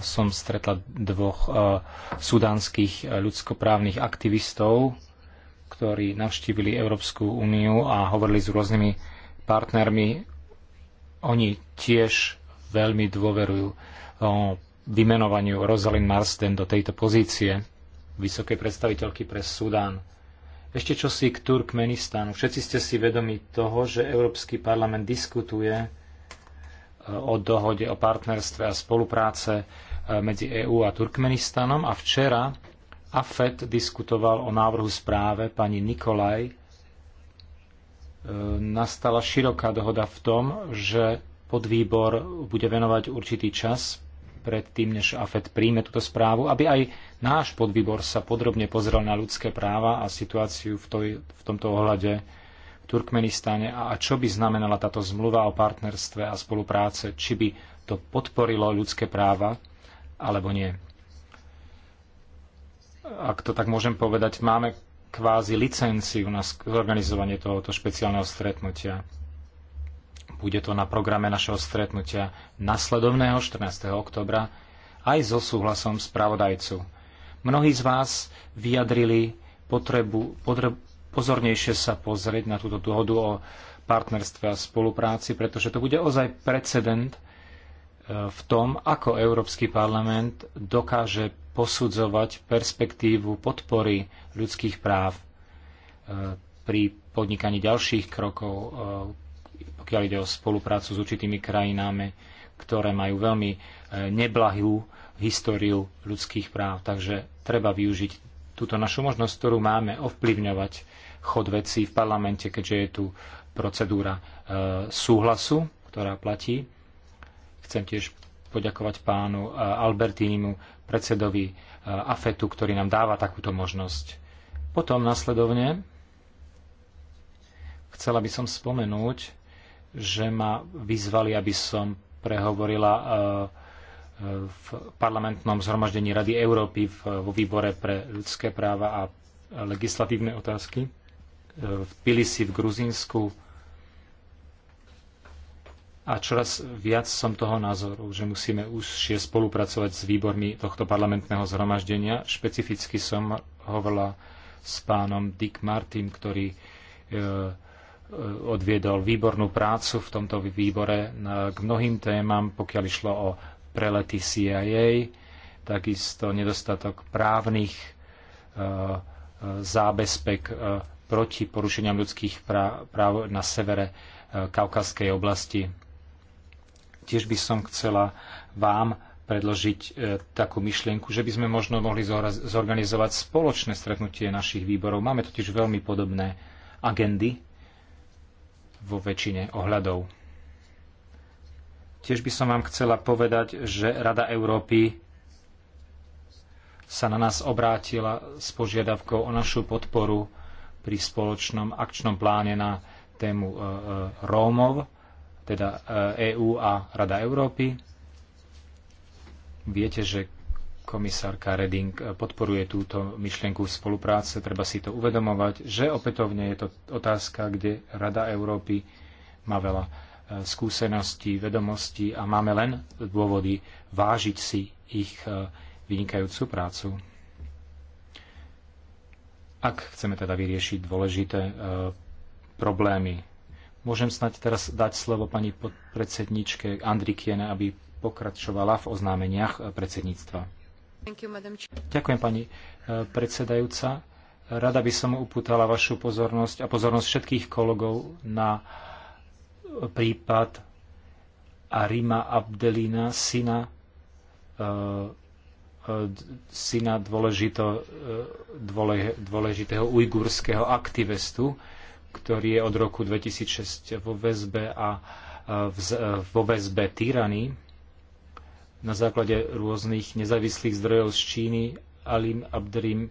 som stretla dvoch e, sudánskych e, ľudskoprávnych aktivistov, ktorí navštívili Európsku úniu a hovorili s rôznymi partnermi. Oni tiež veľmi dôverujú vymenovaniu Rosalind Marsden do tejto pozície vysokej predstaviteľky pre Sudán. Ešte čo si k Turkmenistanu. Všetci ste si vedomi toho, že Európsky parlament diskutuje e, o dohode o partnerstve a spolupráce e, medzi EÚ a Turkmenistanom a včera AFET diskutoval o návrhu správe pani Nikolaj. E, nastala široká dohoda v tom, že podvýbor bude venovať určitý čas predtým, než AFED príjme túto správu, aby aj náš podvýbor sa podrobne pozrel na ľudské práva a situáciu v, toj, v tomto ohľade v Turkmenistane a, a čo by znamenala táto zmluva o partnerstve a spolupráce, či by to podporilo ľudské práva alebo nie. Ak to tak môžem povedať, máme kvázi licenciu na zorganizovanie tohoto špeciálneho stretnutia. Bude to na programe našeho stretnutia nasledovného 14. oktobra aj so súhlasom spravodajcu. Mnohí z vás vyjadrili potrebu, podre, pozornejšie sa pozrieť na túto dohodu o partnerstve a spolupráci, pretože to bude ozaj precedent e, v tom, ako Európsky parlament dokáže posudzovať perspektívu podpory ľudských práv e, pri podnikaní ďalších krokov e, pokiaľ ide o spoluprácu s určitými krajinami, ktoré majú veľmi e, neblahú históriu ľudských práv. Takže treba využiť túto našu možnosť, ktorú máme ovplyvňovať chod vecí v parlamente, keďže je tu procedúra e, súhlasu, ktorá platí. Chcem tiež poďakovať pánu e, Albertínimu, predsedovi e, AFETu, ktorý nám dáva takúto možnosť. Potom nasledovne chcela by som spomenúť že ma vyzvali, aby som prehovorila e, e, v parlamentnom zhromaždení Rady Európy vo výbore pre ľudské práva a legislatívne otázky e, v Pilisi v Gruzínsku. A čoraz viac som toho názoru, že musíme užšie spolupracovať s výbormi tohto parlamentného zhromaždenia. Špecificky som hovorila s pánom Dick Martin, ktorý e, Eh, odviedol výbornú prácu v tomto výbore eh, k mnohým témam, pokiaľ išlo o prelety CIA, takisto nedostatok právnych eh, zábezpek proti porušeniam ľudských práv na severe Kaukazskej oblasti. Tiež by som chcela vám predložiť takú myšlienku, že by sme možno mohli zorganizovať spoločné stretnutie našich výborov. Máme totiž veľmi podobné agendy vo väčšine ohľadov. Tiež by som vám chcela povedať, že Rada Európy sa na nás obrátila s požiadavkou o našu podporu pri spoločnom akčnom pláne na tému e, e, Rómov, teda EÚ e a Rada Európy. Viete, že komisárka Reding podporuje túto myšlienku spolupráce. Treba si to uvedomovať, že opätovne je to otázka, kde Rada Európy má veľa e, skúseností, vedomostí a máme len dôvody vážiť si ich e, vynikajúcu prácu. Ak chceme teda vyriešiť dôležité e, problémy, môžem snať teraz dať slovo pani podpredsedničke Andrikiene, aby pokračovala v oznámeniach predsedníctva. Ďakujem, pani eh, predsedajúca. Rada by som upútala vašu pozornosť a pozornosť všetkých kolegov na eh, prípad Arima Abdelina, syna, eh, syna dôležito, dôle, dôležitého ujgurského aktivistu, ktorý je od roku 2006 vo väzbe a v, vo väzbe tyrany na základe rôznych nezávislých zdrojov z Číny Alim Abdrim e,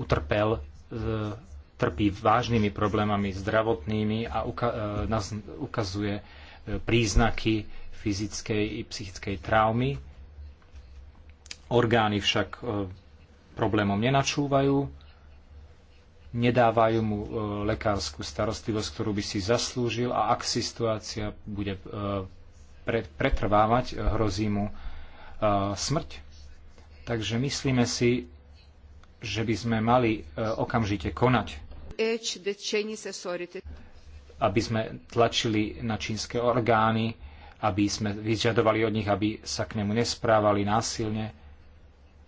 utrpel, e, trpí vážnymi problémami zdravotnými a uka, e, nás ukazuje príznaky fyzickej i psychickej traumy. Orgány však problémom nenačúvajú, nedávajú mu lekárskú starostlivosť, ktorú by si zaslúžil a ak si situácia bude pretrvávať, e, hrozí mu e, smrť. Takže myslíme si, že by sme mali e, okamžite konať, aby sme tlačili na čínske orgány, aby sme vyžadovali od nich, aby sa k nemu nesprávali násilne,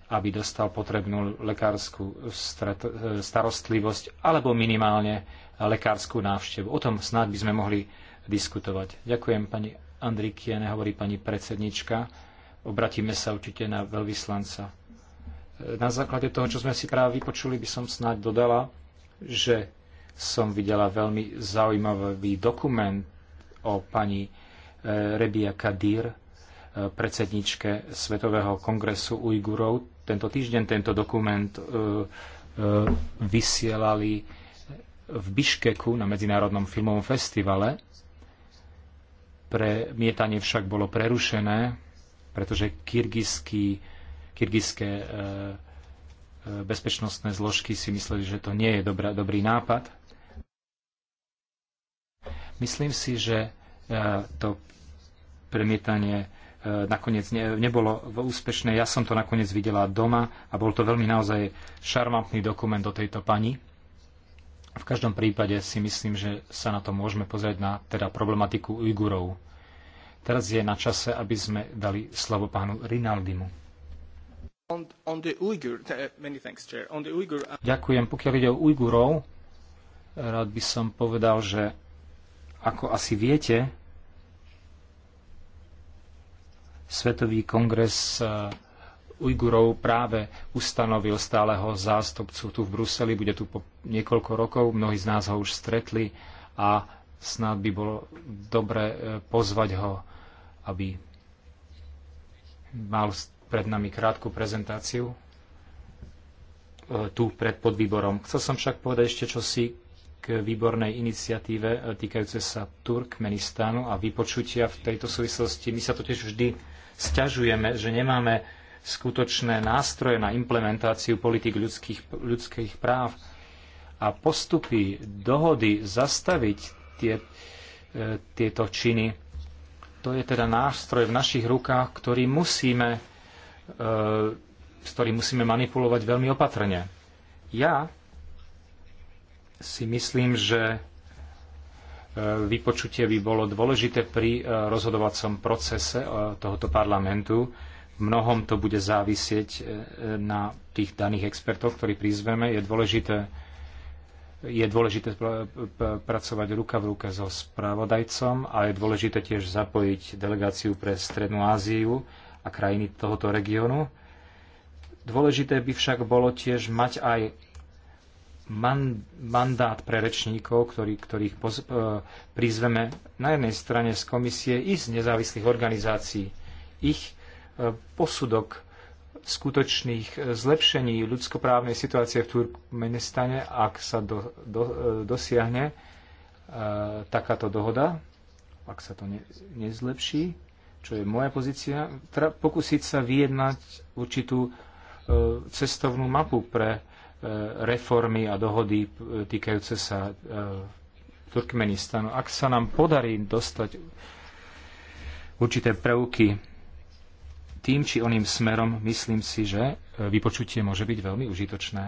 aby dostal potrebnú lekárskú starostlivosť alebo minimálne lekárskú návštevu. O tom snáď by sme mohli diskutovať. Ďakujem pani Andrikiene, hovorí pani predsednička. Obratíme sa určite na veľvyslanca. Na základe toho, čo sme si práve vypočuli, by som snáď dodala, že som videla veľmi zaujímavý dokument o pani e, Rebia Kadir, e, predsedničke Svetového kongresu Ujgurov. Tento týždeň tento dokument e, vysielali v Biškeku na Medzinárodnom filmovom festivale Premietanie však bolo prerušené, pretože kyrgyzské e, e, bezpečnostné zložky si mysleli, že to nie je dobrá, dobrý nápad. Myslím si, že e, to premietanie nakoniec nebolo úspešné. Ja som to nakoniec videla doma a bol to veľmi naozaj šarmantný dokument do tejto pani. V každom prípade si myslím, že sa na to môžeme pozrieť na teda problematiku Ujgurov. Teraz je na čase, aby sme dali slovo pánu Rinaldimu. On, on Uyghur, uh, thanks, Uyghur... Uh, Ďakujem. Pokiaľ ide o Ujgurov, rád by som povedal, že ako asi viete, Svetový kongres uh, Ujgurov práve ustanovil stáleho zástupcu tu v Bruseli, bude tu po niekoľko rokov, mnohí z nás ho už stretli a snad by bolo dobre e, pozvať ho, aby mal pred nami krátku prezentáciu e, tu pred podvýborom. Chcel som však povedať ešte čosi k výbornej iniciatíve e, týkajúce sa Turkmenistánu a vypočutia v tejto súvislosti. My sa totiž vždy sťažujeme, že nemáme skutočné nástroje na implementáciu politik ľudských, ľudských práv a postupy, dohody zastaviť tie, e, tieto činy. To je teda nástroj v našich rukách, ktorý musíme, e, s ktorým musíme manipulovať veľmi opatrne. Ja si myslím, že e, vypočutie by bolo dôležité pri e, rozhodovacom procese e, tohoto parlamentu mnohom to bude závisieť e, na tých daných expertov, ktorí prizveme. Je dôležité, je dôležité pracovať ruka v ruke so spravodajcom a je dôležité tiež zapojiť delegáciu pre Strednú Áziu a krajiny tohoto regiónu. Dôležité by však bolo tiež mať aj man, mandát pre rečníkov, ktorý, ktorých poz, e, prizveme na jednej strane z komisie i z nezávislých organizácií. Ich posudok skutočných zlepšení ľudskoprávnej situácie v Turkmenistane, ak sa do, do, dosiahne e, takáto dohoda, ak sa to ne, nezlepší, čo je moja pozícia, pokúsiť sa vyjednať určitú e, cestovnú mapu pre e, reformy a dohody e, týkajúce sa e, Turkmenistanu. Ak sa nám podarí dostať určité prvky tým či oným smerom, myslím si, že e, vypočutie môže byť veľmi užitočné.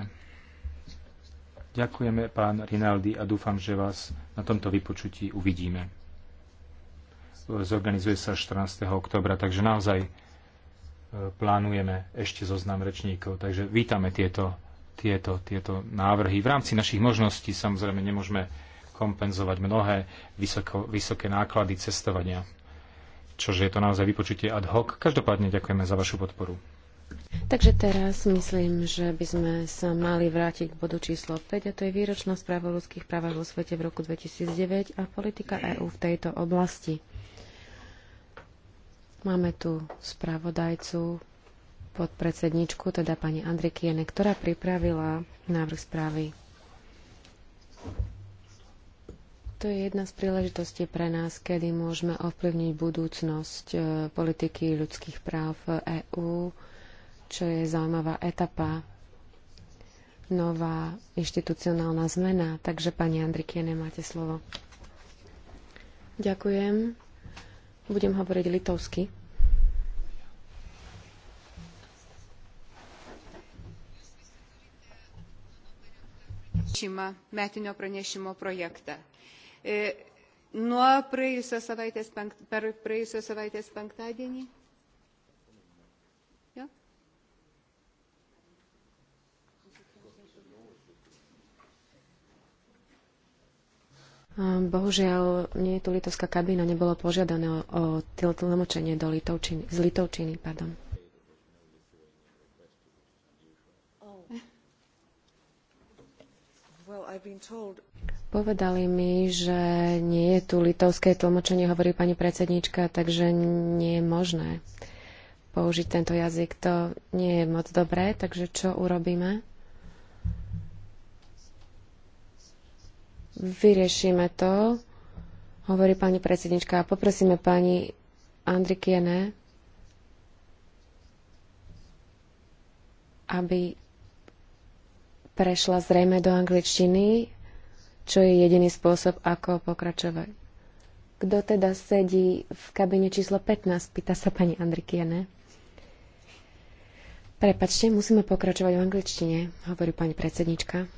Ďakujeme, pán Rinaldi, a dúfam, že vás na tomto vypočutí uvidíme. E, zorganizuje sa 14. oktobra, takže naozaj e, plánujeme ešte zoznam rečníkov. Takže vítame tieto, tieto, tieto návrhy. V rámci našich možností samozrejme nemôžeme kompenzovať mnohé vysoko, vysoké náklady cestovania čože je to naozaj vypočutie ad hoc. Každopádne ďakujeme za vašu podporu. Takže teraz myslím, že by sme sa mali vrátiť k bodu číslo 5 a to je výročná správa o ľudských právach vo svete v roku 2009 a politika EÚ v tejto oblasti. Máme tu spravodajcu predsedničku, teda pani Andrikiene, ktorá pripravila návrh správy. To je jedna z príležitostí pre nás, kedy môžeme ovplyvniť budúcnosť e, politiky ľudských práv v EÚ, čo je zaujímavá etapa, nová inštitucionálna zmena. Takže, pani Andrikiene, máte slovo. Ďakujem. Budem hovoriť litovsky. metinio pranešimo projektą. E, Nuo praėjusios savaitės, penkt, per praėjusios savaitės penktadienį. Bohužiaľ, nie je tu litovská kabína, nebolo požiadané o tlmočenie do Litovčiny, z Litovčiny. Pardon. Povedali mi, že nie je tu litovské tlmočenie, hovorí pani predsednička, takže nie je možné použiť tento jazyk. To nie je moc dobré, takže čo urobíme? Vyriešime to, hovorí pani predsednička. Poprosíme pani Andrikiene, aby prešla zrejme do angličtiny, čo je jediný spôsob, ako pokračovať. Kto teda sedí v kabine číslo 15, pýta sa pani Andrikiene. Prepačte, musíme pokračovať v angličtine, hovorí pani predsednička.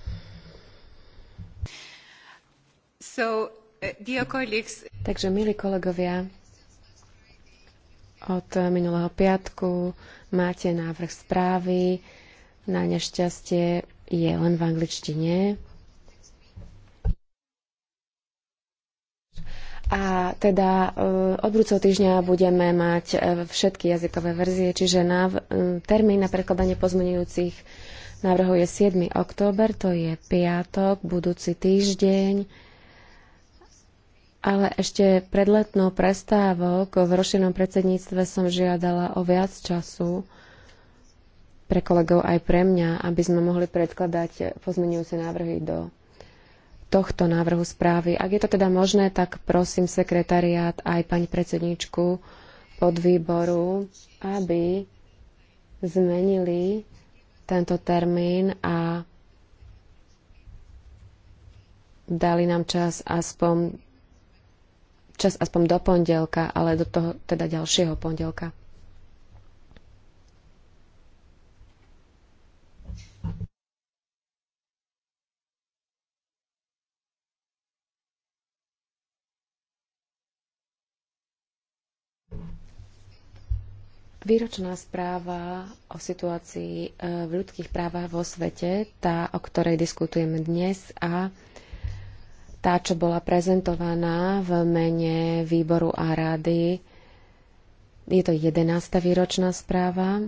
So, eh, dear colleagues... Takže, milí kolegovia, od minulého piatku máte návrh správy. Na nešťastie je len v angličtine. A teda e, od budúceho týždňa budeme mať e, všetky jazykové verzie, čiže na, e, termín na prekladanie pozmenujúcich návrhov je 7. október, to je piatok, budúci týždeň. Ale ešte pred letnou prestávok v rošenom predsedníctve som žiadala o viac času pre kolegov aj pre mňa, aby sme mohli predkladať pozmenujúce návrhy do tohto návrhu správy. Ak je to teda možné, tak prosím sekretariát aj pani predsedničku pod výboru, aby zmenili tento termín a dali nám čas aspoň čas aspoň do pondelka, ale do toho teda ďalšieho pondelka. Výročná správa o situácii e, v ľudských právach vo svete, tá, o ktorej diskutujeme dnes a tá, čo bola prezentovaná v mene výboru a rady, je to 11. výročná správa.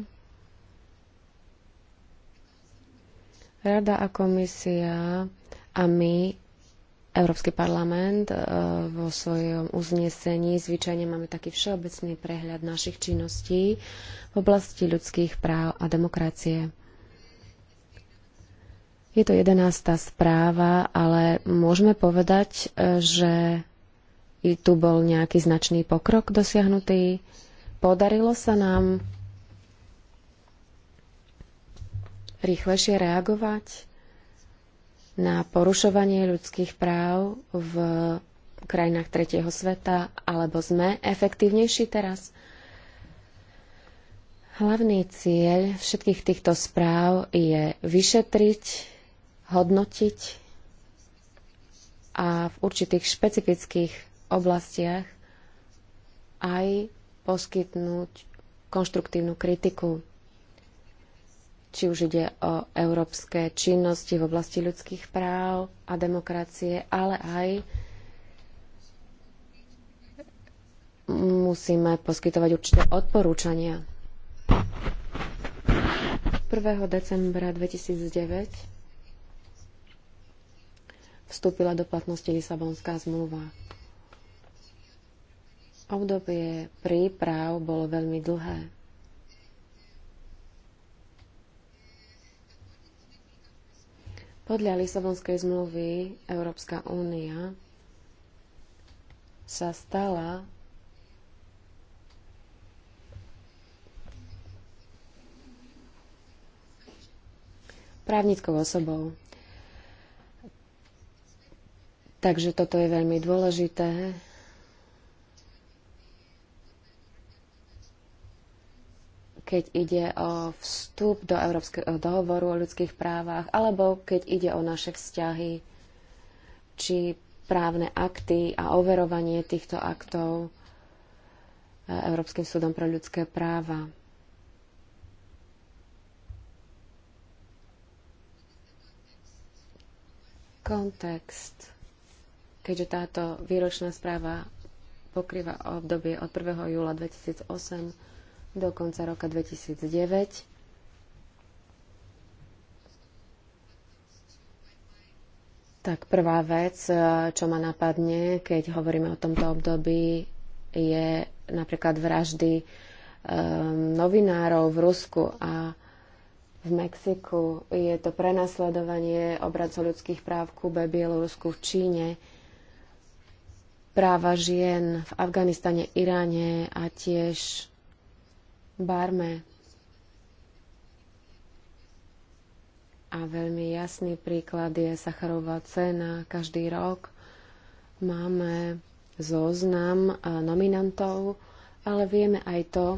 Rada a komisia a my Európsky parlament e, vo svojom uznesení zvyčajne máme taký všeobecný prehľad našich činností v oblasti ľudských práv a demokracie. Je to jedenásta správa, ale môžeme povedať, e, že i tu bol nejaký značný pokrok dosiahnutý. Podarilo sa nám rýchlejšie reagovať na porušovanie ľudských práv v krajinách tretieho sveta, alebo sme efektívnejší teraz? Hlavný cieľ všetkých týchto správ je vyšetriť, hodnotiť a v určitých špecifických oblastiach aj poskytnúť konštruktívnu kritiku či už ide o európske činnosti v oblasti ľudských práv a demokracie, ale aj musíme poskytovať určité odporúčania. 1. decembra 2009 vstúpila do platnosti Lisabonská zmluva. Obdobie príprav bolo veľmi dlhé. Podľa Lisabonskej zmluvy Európska únia sa stala právnickou osobou. Takže toto je veľmi dôležité keď ide o vstup do Európskeho dohovoru o ľudských právach, alebo keď ide o naše vzťahy, či právne akty a overovanie týchto aktov e, Európskym súdom pre ľudské práva. Kontext. Keďže táto výročná správa pokrýva obdobie od 1. júla 2008 do konca roka 2009. Tak prvá vec, e, čo ma napadne, keď hovoríme o tomto období, je napríklad vraždy um, novinárov v Rusku a v Mexiku. Je to prenasledovanie obradcov ľudských práv v Kube, Bielorusku, v Číne, práva žien v Afganistane, Iráne a tiež Barme. A veľmi jasný príklad je Sacharová cena. Každý rok máme zoznam nominantov, ale vieme aj to,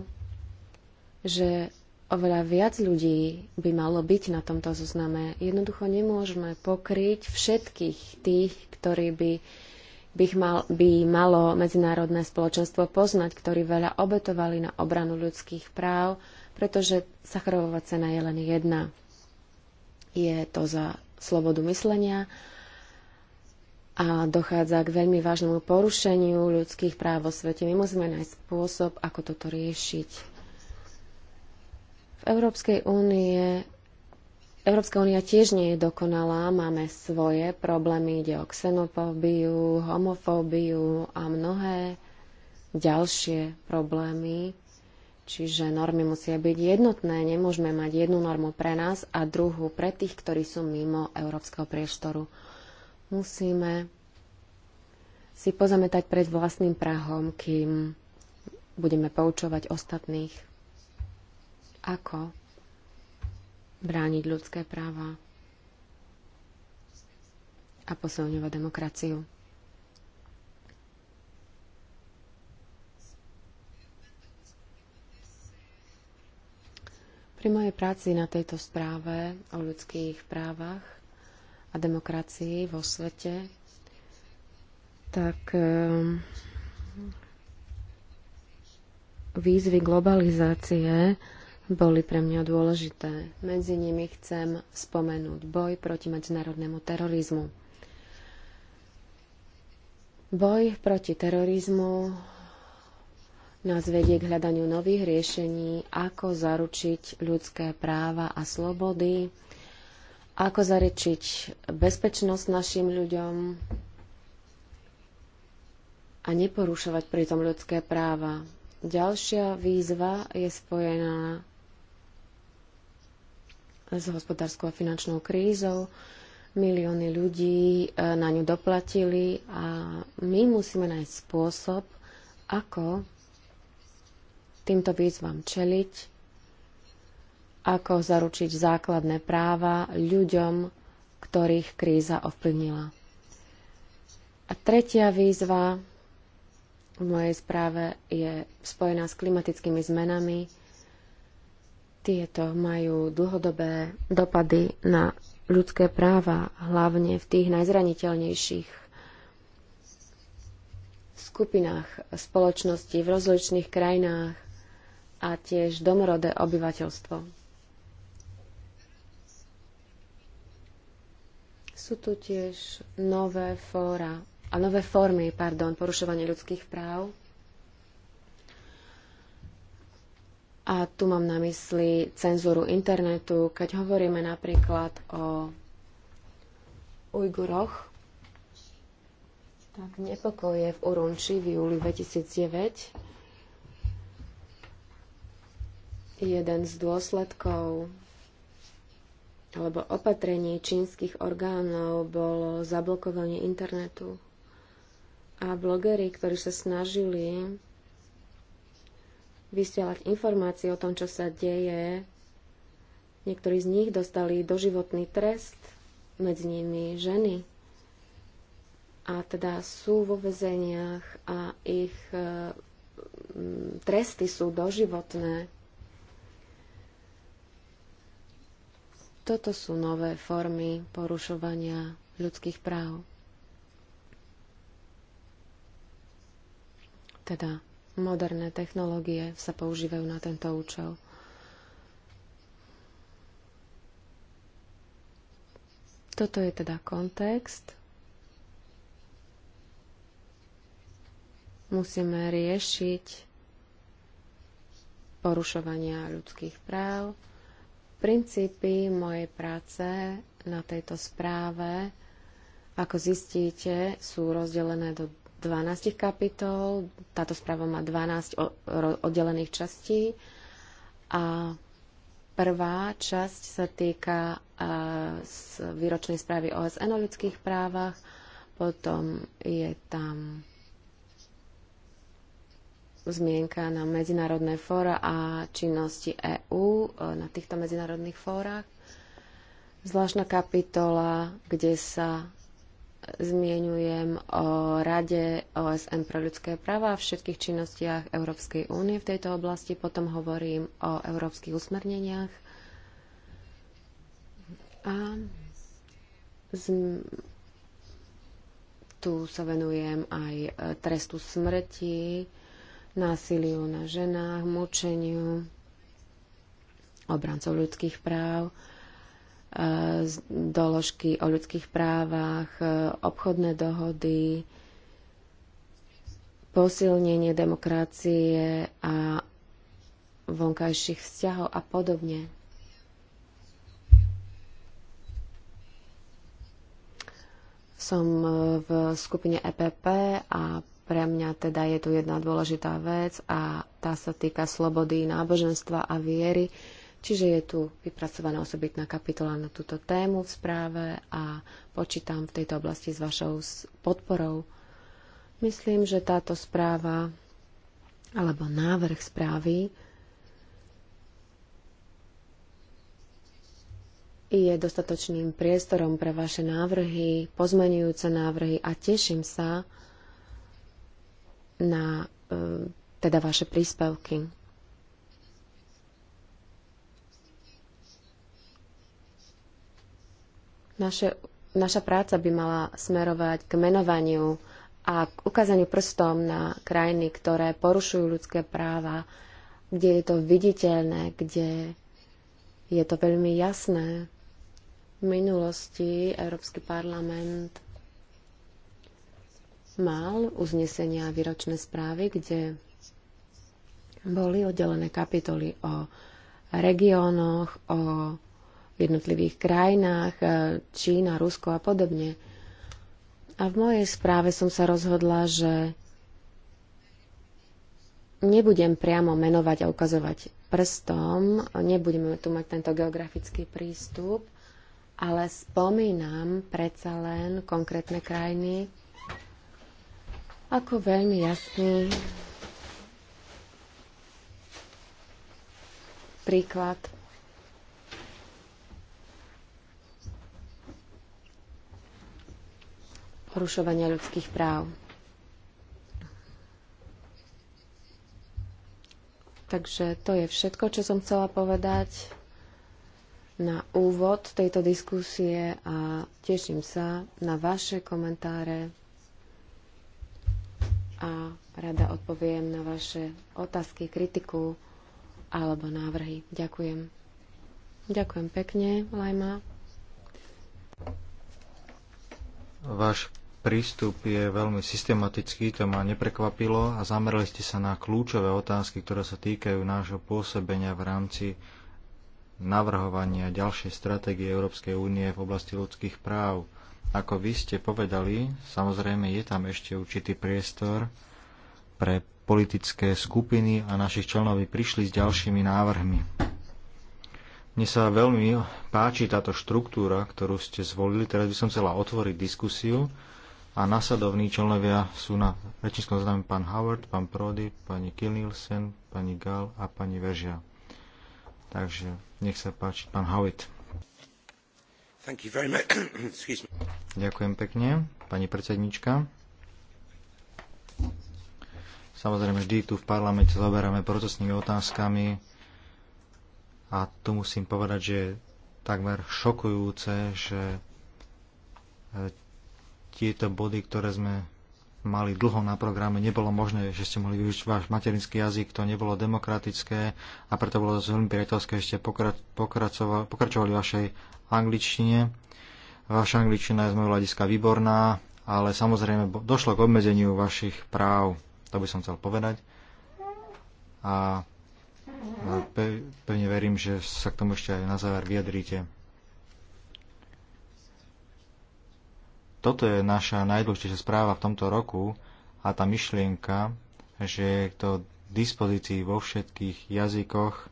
že oveľa viac ľudí by malo byť na tomto zozname. Jednoducho nemôžeme pokryť všetkých tých, ktorí by by, mal, by malo medzinárodné spoločenstvo poznať, ktorí veľa obetovali na obranu ľudských práv, pretože Sacharovová cena je len jedna. Je to za slobodu myslenia a dochádza k veľmi vážnemu porušeniu ľudských práv vo svete. My musíme nájsť spôsob, ako toto riešiť. V Európskej únie Európska únia tiež nie je dokonalá, máme svoje problémy, ide o xenofóbiu, homofóbiu a mnohé ďalšie problémy. Čiže normy musia byť jednotné, nemôžeme mať jednu normu pre nás a druhú pre tých, ktorí sú mimo európskeho priestoru. Musíme si pozametať pred vlastným prahom, kým budeme poučovať ostatných. Ako brániť ľudské práva a posilňovať demokraciu. Pri mojej práci na tejto správe o ľudských právach a demokracii vo svete, tak eh, výzvy globalizácie boli pre mňa dôležité. Medzi nimi chcem spomenúť boj proti medzinárodnému terorizmu. Boj proti terorizmu nás vedie k hľadaniu nových riešení, ako zaručiť ľudské práva a slobody, ako zaručiť bezpečnosť našim ľuďom a neporušovať pritom ľudské práva. Ďalšia výzva je spojená s hospodárskou a finančnou krízou. Milióny ľudí e, na ňu doplatili a my musíme nájsť spôsob, ako týmto výzvam čeliť, ako zaručiť základné práva ľuďom, ktorých kríza ovplyvnila. A tretia výzva v mojej správe je spojená s klimatickými zmenami, tieto majú dlhodobé dopady na ľudské práva, hlavne v tých najzraniteľnejších skupinách spoločnosti v rozličných krajinách a tiež domorodé obyvateľstvo. Sú tu tiež nové fóra a nové formy pardon, porušovania ľudských práv A tu mám na mysli cenzúru internetu, keď hovoríme napríklad o Ujguroch, tak nepokoje v Urunči v júli 2009 jeden z dôsledkov alebo opatrení čínskych orgánov bolo zablokovanie internetu. A blogeri, ktorí sa snažili vysielať informácie o tom, čo sa deje. Niektorí z nich dostali doživotný trest, medzi nimi ženy. A teda sú vo vezeniach a ich e, tresty sú doživotné. Toto sú nové formy porušovania ľudských práv. Teda Moderné technológie sa používajú na tento účel. Toto je teda kontext. Musíme riešiť porušovania ľudských práv. Princípy mojej práce na tejto správe, ako zistíte, sú rozdelené do 12 kapitol, táto správa má 12 oddelených častí a prvá časť sa týka výročnej správy OSN o ľudských právach, potom je tam zmienka na medzinárodné fóra a činnosti EÚ e, na týchto medzinárodných fórach. Zvláštna kapitola, kde sa zmienujem o Rade OSN pro ľudské práva a všetkých činnostiach Európskej únie v tejto oblasti. Potom hovorím o európskych usmerneniach. A z... tu sa venujem aj e, trestu smrti, násiliu na ženách, mučeniu, obrancov ľudských práv doložky o ľudských právach, e, obchodné dohody, posilnenie demokracie a vonkajších vzťahov a podobne. Som e, v skupine EPP a pre mňa teda je tu jedna dôležitá vec a tá sa týka slobody náboženstva a viery. Čiže je tu vypracovaná osobitná kapitola na túto tému v správe a počítam v tejto oblasti s vašou podporou. Myslím, že táto správa alebo návrh správy je dostatočným priestorom pre vaše návrhy, pozmenujúce návrhy a teším sa na e, teda vaše príspevky. Naše, naša práca by mala smerovať k menovaniu a k ukázaniu prstom na krajiny, ktoré porušujú ľudské práva, kde je to viditeľné, kde je to veľmi jasné. V minulosti Európsky parlament mal uznesenia a výročné správy, kde boli oddelené kapitoly o regiónoch, o v jednotlivých krajinách, e, Čína, Rusko a podobne. A v mojej správe som sa rozhodla, že nebudem priamo menovať a ukazovať prstom, nebudeme tu mať tento geografický prístup, ale spomínam predsa len konkrétne krajiny ako veľmi jasný príklad porušovania ľudských práv. Takže to je všetko, čo som chcela povedať na úvod tejto diskusie a teším sa na vaše komentáre a rada odpoviem na vaše otázky, kritiku alebo návrhy. Ďakujem. Ďakujem pekne, Lajma. Váš prístup je veľmi systematický, to ma neprekvapilo a zamerali ste sa na kľúčové otázky, ktoré sa týkajú nášho pôsobenia v rámci navrhovania ďalšej stratégie Európskej únie v oblasti ľudských práv. Ako vy ste povedali, samozrejme je tam ešte určitý priestor pre politické skupiny a našich členov by prišli s ďalšími návrhmi. Mne sa veľmi páči táto štruktúra, ktorú ste zvolili. Teraz by som chcela otvoriť diskusiu a nasledovní členovia sú na väčšinskom zozname pán Howard, pán Prody, pani Kilnielsen, pani Gal a pani Vežia. Takže nech sa páči, pán me. Ďakujem pekne, pani predsednička. Samozrejme, vždy tu v parlamente zaoberáme procesnými otázkami a tu musím povedať, že je takmer šokujúce, že e, tieto body, ktoré sme mali dlho na programe, nebolo možné, že ste mohli využiť váš materinský jazyk, to nebolo demokratické a preto bolo veľmi priateľské, že ste pokračovali, pokračovali vašej angličtine. Vaša angličtina je z môjho hľadiska výborná, ale samozrejme došlo k obmedzeniu vašich práv, to by som chcel povedať. A pevne verím, že sa k tomu ešte aj na záver vyjadríte. Toto je naša najdôležitejšia správa v tomto roku a tá myšlienka, že je to dispozícii vo všetkých jazykoch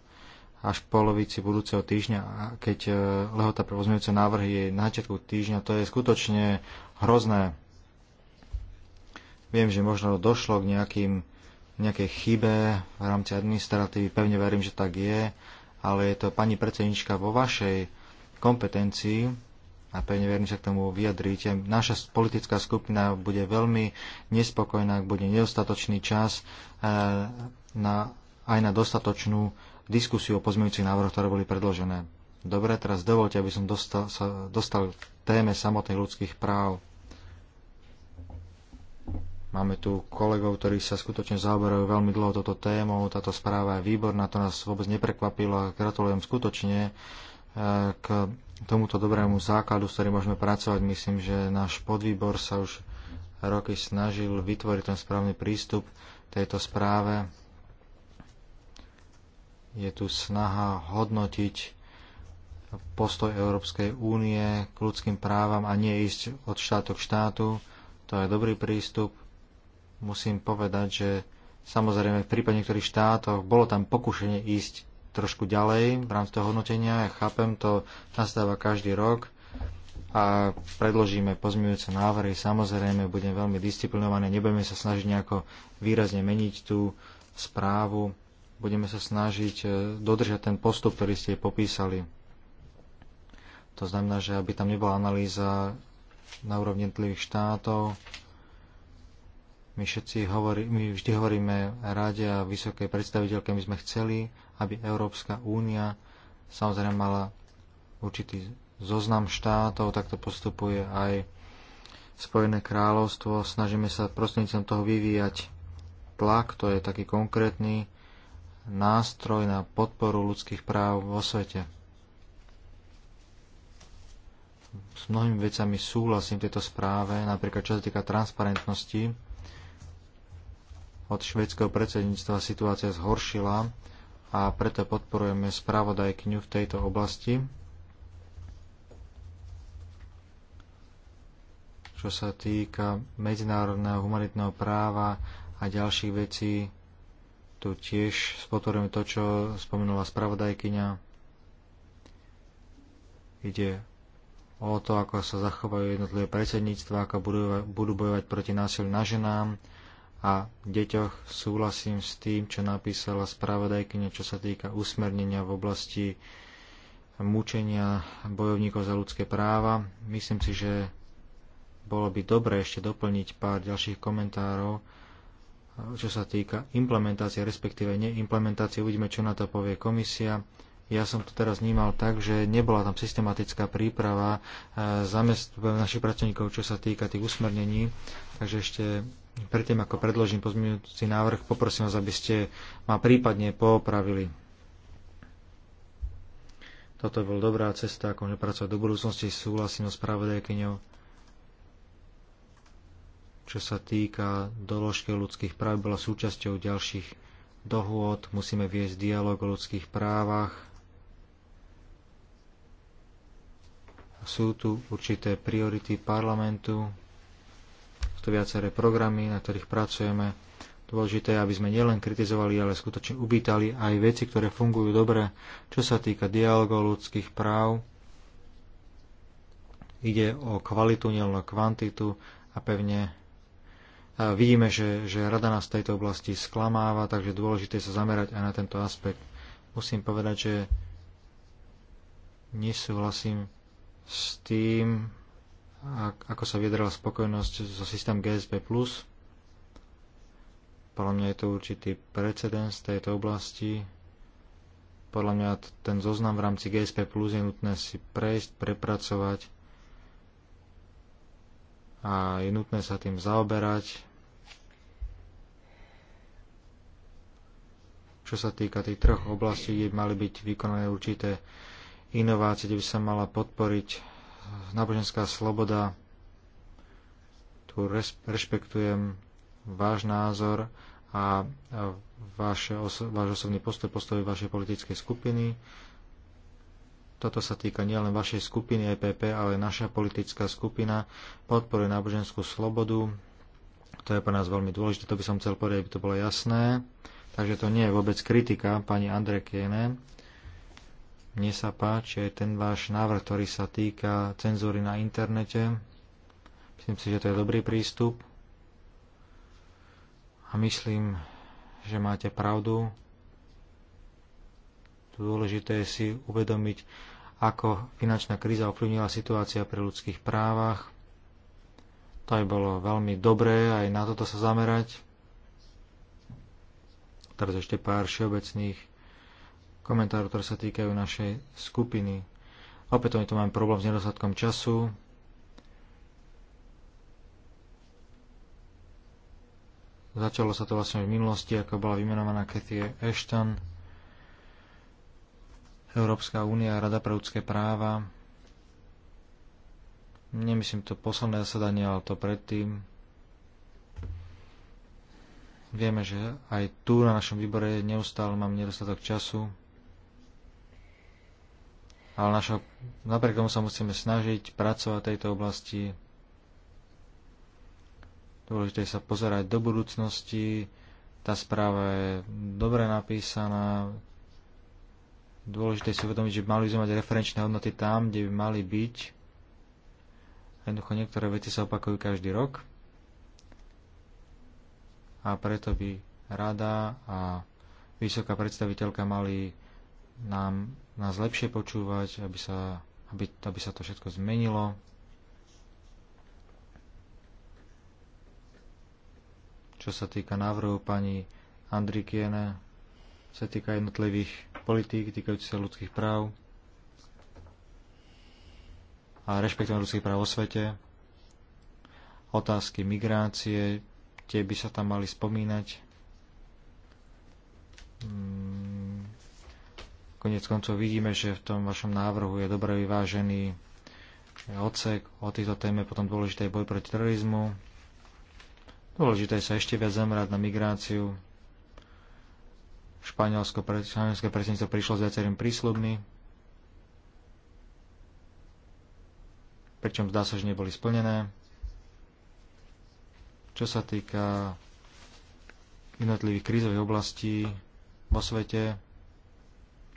až v polovici budúceho týždňa, keď e, lehota pre pozmeňujúce návrhy je na začiatku týždňa, to je skutočne hrozné. Viem, že možno došlo k nejakým, nejakej chybe v rámci administratívy, pevne verím, že tak je, ale je to pani predsednička vo vašej kompetencii a pevne verím, že k tomu vyjadríte. Naša politická skupina bude veľmi nespokojná, ak bude nedostatočný čas eh, na, aj na dostatočnú diskusiu o pozmeňujúcich návrhoch, ktoré boli predložené. Dobre, teraz dovolte, aby som dostal, sa dostal téme samotných ľudských práv. Máme tu kolegov, ktorí sa skutočne zaoberajú veľmi dlho toto tému. Táto správa je výborná, to nás vôbec neprekvapilo a gratulujem skutočne eh, k tomuto dobrému základu, s ktorým môžeme pracovať. Myslím, že náš podvýbor sa už roky snažil vytvoriť ten správny prístup tejto správe. Je tu snaha hodnotiť postoj Európskej únie k ľudským právam a nie ísť od štátu k štátu. To je dobrý prístup. Musím povedať, že samozrejme v prípade niektorých štátoch bolo tam pokušenie ísť trošku ďalej v rámci toho hodnotenia. Ja chápem, to nastáva každý rok a predložíme pozmeňujúce návrhy. Samozrejme, budem veľmi disciplinovaný, nebudeme sa snažiť nejako výrazne meniť tú správu, budeme sa snažiť e, dodržať ten postup, ktorý ste popísali. To znamená, že aby tam nebola analýza na úrovni jednotlivých štátov. My, všetci hovorí, my vždy hovoríme rade a vysokej predstaviteľke, my sme chceli, aby Európska únia samozrejme mala určitý zoznam štátov, takto postupuje aj Spojené kráľovstvo. Snažíme sa prostredníctvom toho vyvíjať tlak, to je taký konkrétny nástroj na podporu ľudských práv vo svete. S mnohými vecami súhlasím v tejto správe, napríklad čo sa týka transparentnosti. Od švedského predsedníctva situácia zhoršila a preto podporujeme spravodajkyňu v tejto oblasti. Čo sa týka medzinárodného humanitného práva a ďalších vecí, tu tiež podporujeme to, čo spomenula spravodajkyňa. Ide o to, ako sa zachovajú jednotlivé predsedníctva, ako budú, budú bojovať proti násiliu na ženám, a v deťoch súhlasím s tým, čo napísala spravodajkyňa, čo sa týka usmernenia v oblasti mučenia bojovníkov za ľudské práva. Myslím si, že bolo by dobre ešte doplniť pár ďalších komentárov, čo sa týka implementácie, respektíve neimplementácie. Uvidíme, čo na to povie komisia. Ja som to teraz vnímal tak, že nebola tam systematická príprava eh, našich pracovníkov, čo sa týka tých usmernení. Takže ešte predtým, ako predložím pozmeňujúci návrh, poprosím vás, aby ste ma prípadne poopravili. Toto je bol dobrá cesta, ako nepracovať pracovať do budúcnosti, súhlasím s pravodajkyňou, čo sa týka doložky ľudských práv, bola súčasťou ďalších dohôd, musíme viesť dialog o ľudských právach. Sú tu určité priority parlamentu, takto viaceré programy, na ktorých pracujeme. Dôležité je, aby sme nielen kritizovali, ale skutočne ubítali aj veci, ktoré fungujú dobre, čo sa týka dialogov ľudských práv. Ide o kvalitu, nielen o kvantitu a pevne a vidíme, že, že rada nás v tejto oblasti sklamáva, takže dôležité sa zamerať aj na tento aspekt. Musím povedať, že nesúhlasím s tým, ako sa vyjadrala spokojnosť so systém GSP+. Podľa mňa je to určitý precedens tejto oblasti. Podľa mňa ten zoznam v rámci GSP Plus je nutné si prejsť, prepracovať a je nutné sa tým zaoberať. Čo sa týka tých troch oblastí, kde mali byť vykonané určité inovácie, kde by sa mala podporiť náboženská sloboda. Tu rešpektujem váš názor a váš, oso- váš osobný postoj, postoj vašej politickej skupiny. Toto sa týka nielen vašej skupiny EPP, ale naša politická skupina podporuje náboženskú slobodu. To je pre nás veľmi dôležité, to by som chcel povedať, aby to bolo jasné. Takže to nie je vôbec kritika pani Andrekiene. Mne sa páči aj ten váš návrh, ktorý sa týka cenzúry na internete. Myslím si, že to je dobrý prístup. A myslím, že máte pravdu. Dôležité je si uvedomiť, ako finančná kríza ovplyvnila situácia pri ľudských právach. To aj bolo veľmi dobré aj na toto sa zamerať. Teraz ešte pár všeobecných komentárov, ktoré sa týkajú našej skupiny. Opätovne tu máme problém s nedostatkom času. Začalo sa to vlastne v minulosti, ako bola vymenovaná Cathy Ashton, Európska únia, Rada pre ľudské práva. Nemyslím to posledné zasadanie, ale to predtým. Vieme, že aj tu na našom výbore neustále mám nedostatok času ale našo, napriek tomu sa musíme snažiť pracovať v tejto oblasti. Dôležité je sa pozerať do budúcnosti. Tá správa je dobre napísaná. Dôležité si uvedomiť, že mali sme mať referenčné hodnoty tam, kde by mali byť. Jednoducho niektoré veci sa opakujú každý rok. A preto by rada a vysoká predstaviteľka mali nám nás lepšie počúvať, aby sa, aby, aby sa to všetko zmenilo. Čo sa týka návrhu pani Andrikiene, sa týka jednotlivých politík týkajúcich sa ľudských práv a rešpektovania ľudských práv vo svete, otázky migrácie, tie by sa tam mali spomínať. Hmm Konec koncov vidíme, že v tom vašom návrhu je dobre vyvážený odsek o tejto téme, potom dôležité je boj proti terorizmu, dôležité je sa ešte viac zamerať na migráciu. Španielsko, španielské predsednictvo prišlo s viacerými prísľubmi, pričom zdá sa, že neboli splnené. Čo sa týka jednotlivých krízových oblastí vo svete,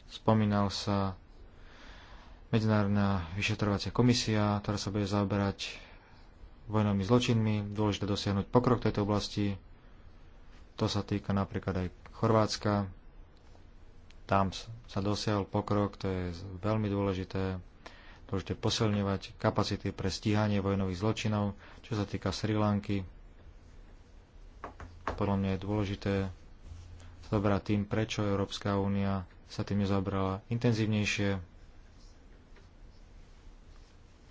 Spomínal sa Medzinárodná vyšetrovacia komisia, ktorá sa bude zaoberať vojnovými zločinmi. Dôležité dosiahnuť pokrok v tejto oblasti. To sa týka napríklad aj Chorvátska. Tam sa dosiahol pokrok, to je veľmi dôležité. Dôležité posilňovať kapacity pre stíhanie vojnových zločinov. Čo sa týka Sri Lanky, podľa mňa je dôležité sa tým, prečo Európska únia sa tým nezabrala intenzívnejšie.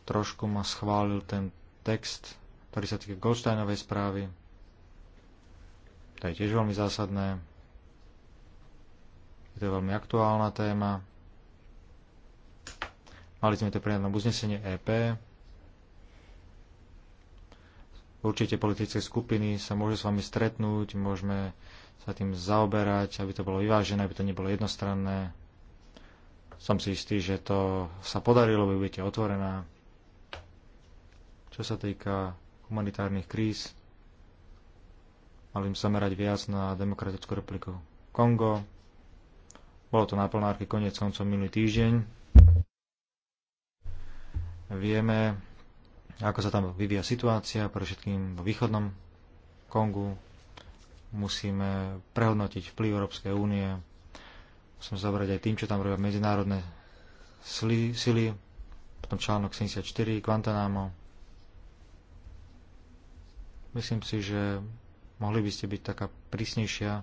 Trošku ma schválil ten text, ktorý sa týka Goldsteinovej správy. To je tiež veľmi zásadné. Je to veľmi aktuálna téma. Mali sme to prijať na uznesenie EP. Určite politické skupiny sa môžu s vami stretnúť, môžeme sa tým zaoberať, aby to bolo vyvážené, aby to nebolo jednostranné. Som si istý, že to sa podarilo, vy budete otvorená. Čo sa týka humanitárnych kríz, mali sa zamerať viac na Demokratickú republiku Kongo. Bolo to na plnárke koniec koncom minulý týždeň. Vieme, ako sa tam vyvíja situácia, pre všetkým vo východnom Kongu, musíme prehodnotiť vplyv Európskej únie, musíme zabrať aj tým, čo tam robia medzinárodné sily, potom článok 74, Guantanamo. Myslím si, že mohli by ste byť taká prísnejšia,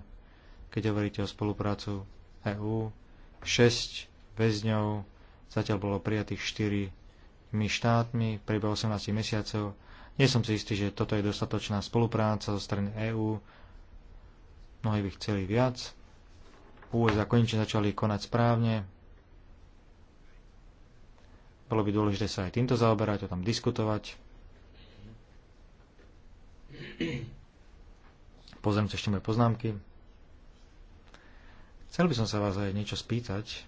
keď hovoríte o spoluprácu EÚ. 6 väzňov zatiaľ bolo prijatých 4 štátmi, preba 18 mesiacov. Nie som si istý, že toto je dostatočná spolupráca zo strany EÚ Mnohí by chceli viac. USA konečne začali konať správne. Bolo by dôležité sa aj týmto zaoberať, o tom diskutovať. Pozriem sa ešte moje poznámky. Chcel by som sa vás aj niečo spýtať.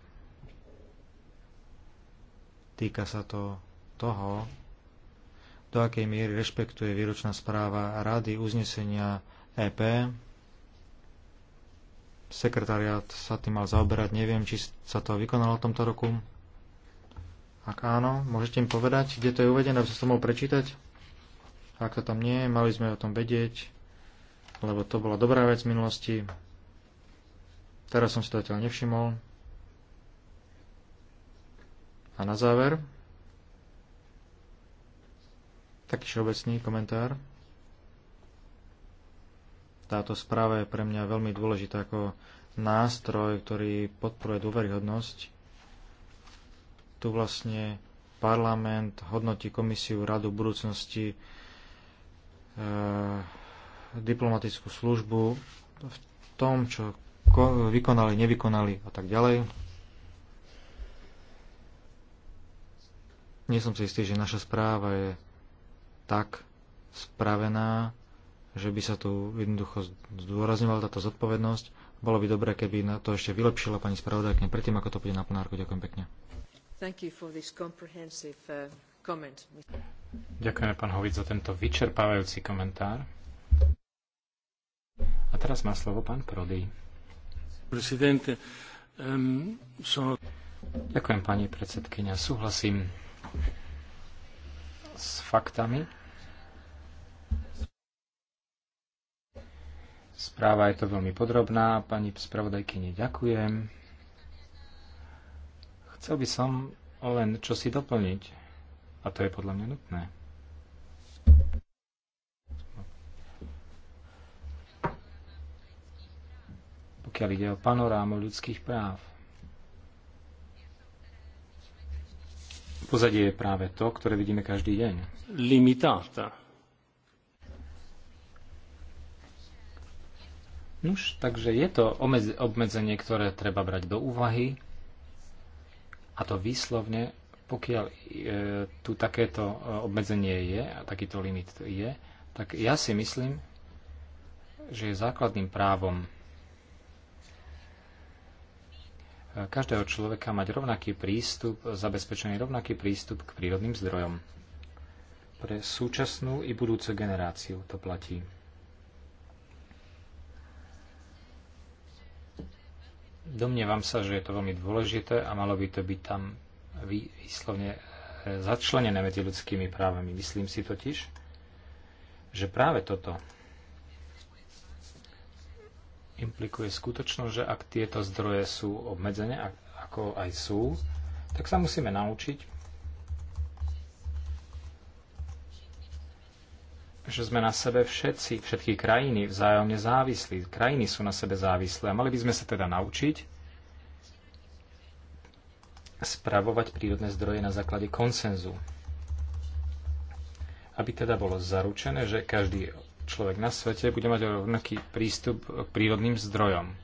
Týka sa to toho, do akej miery rešpektuje výročná správa Rady uznesenia EP sekretariat sa tým mal zaoberať. Neviem, či sa to vykonalo v tomto roku. Ak áno, môžete im povedať, kde to je uvedené, aby som to mohol prečítať. Ak to tam nie, mali sme o tom vedieť, lebo to bola dobrá vec v minulosti. Teraz som si to zatiaľ nevšimol. A na záver, taký všeobecný komentár. Táto správa je pre mňa veľmi dôležitá ako nástroj, ktorý podporuje dôveryhodnosť. Tu vlastne parlament hodnotí komisiu radu budúcnosti, e, diplomatickú službu v tom, čo vykonali, nevykonali a tak ďalej. Nie som si istý, že naša správa je tak spravená, že by sa tu jednoducho zdôrazňovala táto zodpovednosť. Bolo by dobré, keby na to ešte vylepšila pani spravodajkňa predtým, ako to bude na plenárku. Ďakujem pekne. Uh, Ďakujeme, pán Hovic, za tento vyčerpávajúci komentár. A teraz má slovo pán Prody. Um, ehm, so... Ďakujem, pani predsedkynia. Súhlasím s faktami, Správa je to veľmi podrobná. Pani spravodajkyni ďakujem. Chcel by som len čo si doplniť. A to je podľa mňa nutné. Pokiaľ ide o panorámu ľudských práv. Pozadie je práve to, ktoré vidíme každý deň. Limitáta Nuž, takže je to obmedzenie, ktoré treba brať do úvahy a to výslovne, pokiaľ e, tu takéto e, obmedzenie je a takýto limit je, tak ja si myslím, že je základným právom e, každého človeka mať rovnaký prístup, zabezpečený rovnaký prístup k prírodným zdrojom. Pre súčasnú i budúcu generáciu to platí. Domnievam sa, že je to veľmi dôležité a malo by to byť tam výslovne e, začlenené medzi ľudskými právami. Myslím si totiž, že práve toto implikuje skutočnosť, že ak tieto zdroje sú obmedzené, ako aj sú, tak sa musíme naučiť že sme na sebe všetci, všetky krajiny vzájomne závislí. Krajiny sú na sebe závislé a mali by sme sa teda naučiť spravovať prírodné zdroje na základe konsenzu. Aby teda bolo zaručené, že každý človek na svete bude mať rovnaký prístup k prírodným zdrojom.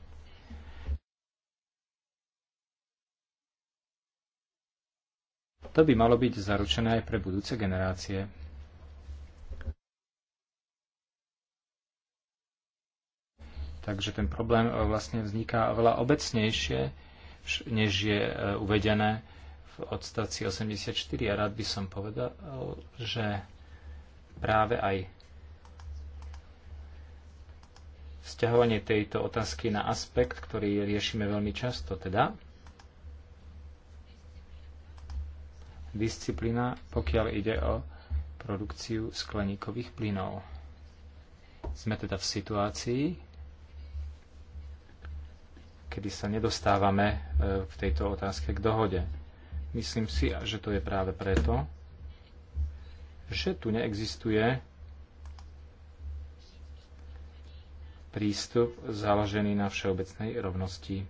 To by malo byť zaručené aj pre budúce generácie. Takže ten problém e, vlastne vzniká veľa obecnejšie, než je e, uvedené v odstaci 84. A rád by som povedal, že práve aj vzťahovanie tejto otázky na aspekt, ktorý riešime veľmi často, teda disciplína, pokiaľ ide o produkciu skleníkových plynov. Sme teda v situácii, kedy sa nedostávame e, v tejto otázke k dohode. Myslím si, že to je práve preto, že tu neexistuje prístup založený na všeobecnej rovnosti.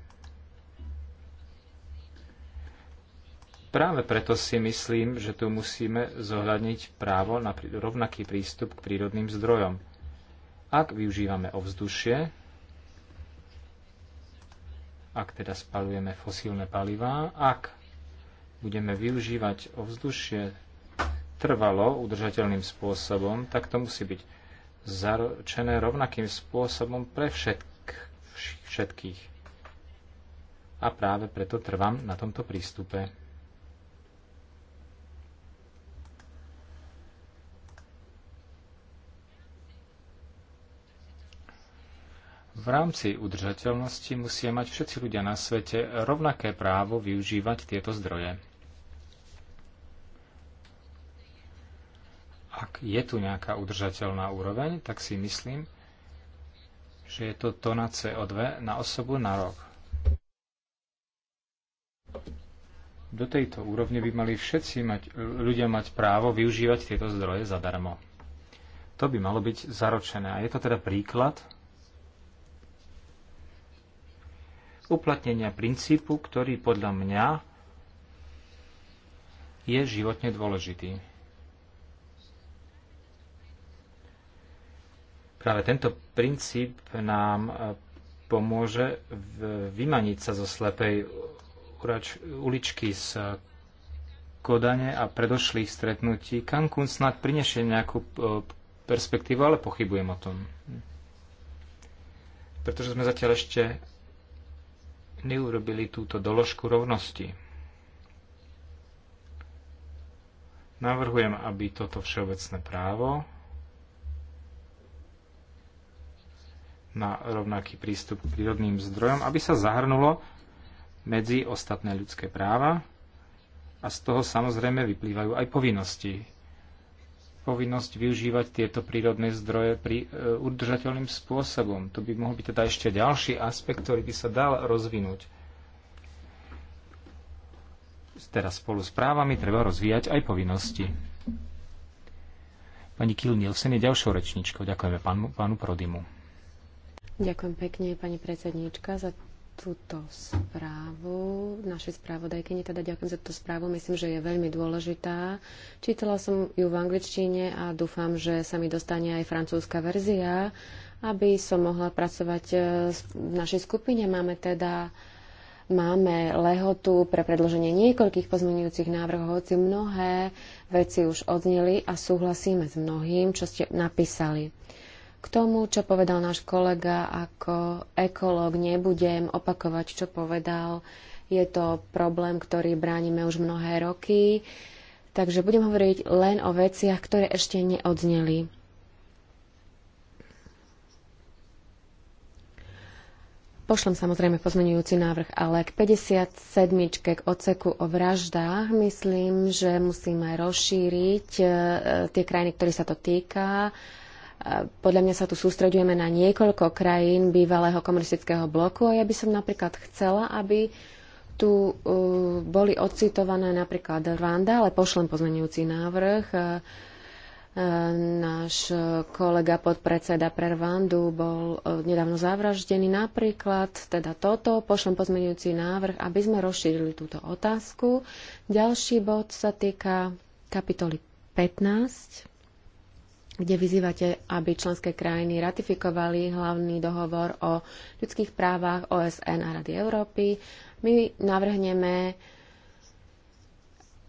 Práve preto si myslím, že tu musíme zohľadniť právo na rovnaký prístup k prírodným zdrojom. Ak využívame ovzdušie, ak teda spalujeme fosílne palivá, ak budeme využívať ovzdušie trvalo udržateľným spôsobom, tak to musí byť zaručené rovnakým spôsobom pre všetk, všetkých. A práve preto trvám na tomto prístupe. V rámci udržateľnosti musia mať všetci ľudia na svete rovnaké právo využívať tieto zdroje. Ak je tu nejaká udržateľná úroveň, tak si myslím, že je to tona CO2 na osobu na rok. Do tejto úrovne by mali všetci mať, ľudia mať právo využívať tieto zdroje zadarmo. To by malo byť zaručené. A je to teda príklad, uplatnenia princípu, ktorý podľa mňa je životne dôležitý. Práve tento princíp nám e, pomôže vymaniť sa zo slepej uličky z Kodane a predošlých stretnutí. Cancún snad prinešie nejakú e, perspektívu, ale pochybujem o tom. Pretože sme zatiaľ ešte neurobili túto doložku rovnosti. Navrhujem, aby toto všeobecné právo na rovnaký prístup k prírodným zdrojom, aby sa zahrnulo medzi ostatné ľudské práva a z toho samozrejme vyplývajú aj povinnosti povinnosť využívať tieto prírodné zdroje pri e, udržateľným spôsobom. Tu by mohol byť teda ešte ďalší aspekt, ktorý by sa dal rozvinúť. Teraz spolu s právami treba rozvíjať aj povinnosti. Pani Kiel Nielsen je ďalšou rečničkou. Ďakujeme pánu, pánu Prodimu. Ďakujem pekne, pani predsedníčka, za túto správu, našej správodajkyni, teda ďakujem za túto správu, myslím, že je veľmi dôležitá. Čítala som ju v angličtine a dúfam, že sa mi dostane aj francúzska verzia, aby som mohla pracovať e, v našej skupine. Máme teda máme lehotu pre predloženie niekoľkých pozmenujúcich návrhov, hoci mnohé veci už odzneli a súhlasíme s mnohým, čo ste napísali. K tomu, čo povedal náš kolega ako ekológ, nebudem opakovať, čo povedal. Je to problém, ktorý bránime už mnohé roky, takže budem hovoriť len o veciach, ktoré ešte neodzneli. Pošlem samozrejme pozmenujúci návrh, ale k 57. k oceku o vraždách myslím, že musíme rozšíriť e, tie krajiny, ktoré sa to týka podľa mňa sa tu sústreďujeme na niekoľko krajín bývalého komunistického bloku a ja by som napríklad chcela, aby tu uh, boli odcitované napríklad Rwanda, ale pošlem pozmenujúci návrh. Uh, náš kolega podpredseda pre Rwandu bol uh, nedávno zavraždený napríklad, teda toto, pošlem pozmenujúci návrh, aby sme rozšírili túto otázku. Ďalší bod sa týka kapitoly 15 kde vyzývate, aby členské krajiny ratifikovali hlavný dohovor o ľudských právach OSN a Rady Európy. My navrhneme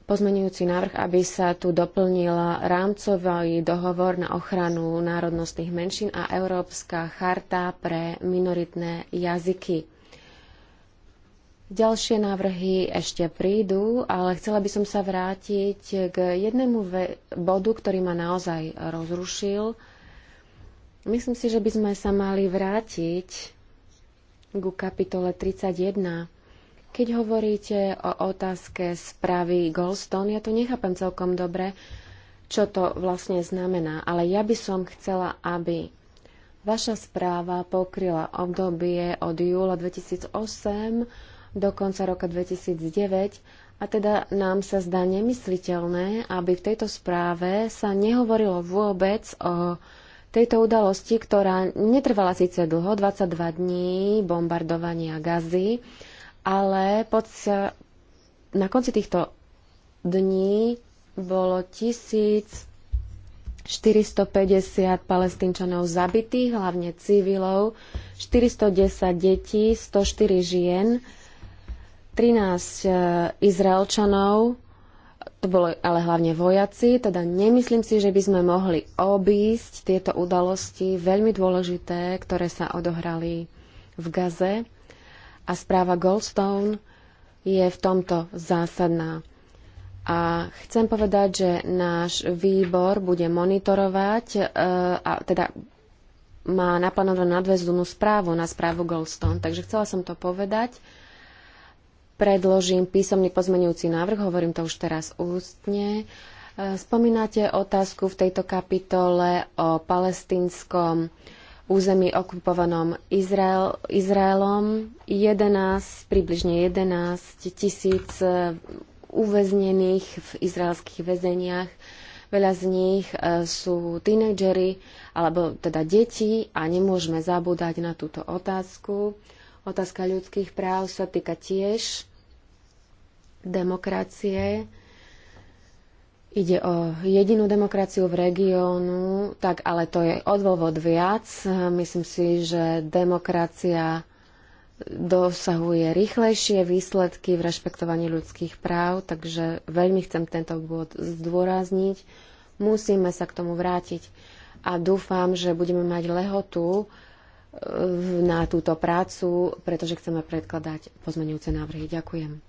pozmenujúci návrh, aby sa tu doplnil rámcový dohovor na ochranu národnostných menšín a Európska charta pre minoritné jazyky. Ďalšie návrhy ešte prídu, ale chcela by som sa vrátiť k jednému bodu, ktorý ma naozaj rozrušil. Myslím si, že by sme sa mali vrátiť ku kapitole 31. Keď hovoríte o otázke správy Goldstone, ja to nechápem celkom dobre, čo to vlastne znamená, ale ja by som chcela, aby vaša správa pokryla obdobie od júla 2008 do konca roka 2009 a teda nám sa zdá nemysliteľné, aby v tejto správe sa nehovorilo vôbec o tejto udalosti, ktorá netrvala síce dlho, 22 dní bombardovania gazy, ale pod, na konci týchto dní bolo 1450 palestínčanov zabitých, hlavne civilov, 410 detí, 104 žien, 13 e, Izraelčanov, to boli ale hlavne vojaci, teda nemyslím si, že by sme mohli obísť tieto udalosti veľmi dôležité, ktoré sa odohrali v Gaze. A správa Goldstone je v tomto zásadná. A chcem povedať, že náš výbor bude monitorovať, e, a teda má naplánovanú nadväzdnú správu na správu Goldstone. Takže chcela som to povedať predložím písomný pozmenujúci návrh, hovorím to už teraz ústne. E, spomínate otázku v tejto kapitole o palestínskom území okupovanom Izrael, Izraelom. 11, približne 11 tisíc e, uväznených v izraelských väzeniach. Veľa z nich e, sú tínejdžery, alebo teda deti a nemôžeme zabúdať na túto otázku. Otázka ľudských práv sa týka tiež demokracie. Ide o jedinú demokraciu v regiónu, tak ale to je odôvod viac. Myslím si, že demokracia dosahuje rýchlejšie výsledky v rešpektovaní ľudských práv, takže veľmi chcem tento bod zdôrazniť. Musíme sa k tomu vrátiť a dúfam, že budeme mať lehotu na túto prácu, pretože chceme predkladať pozmenujúce návrhy. Ďakujem.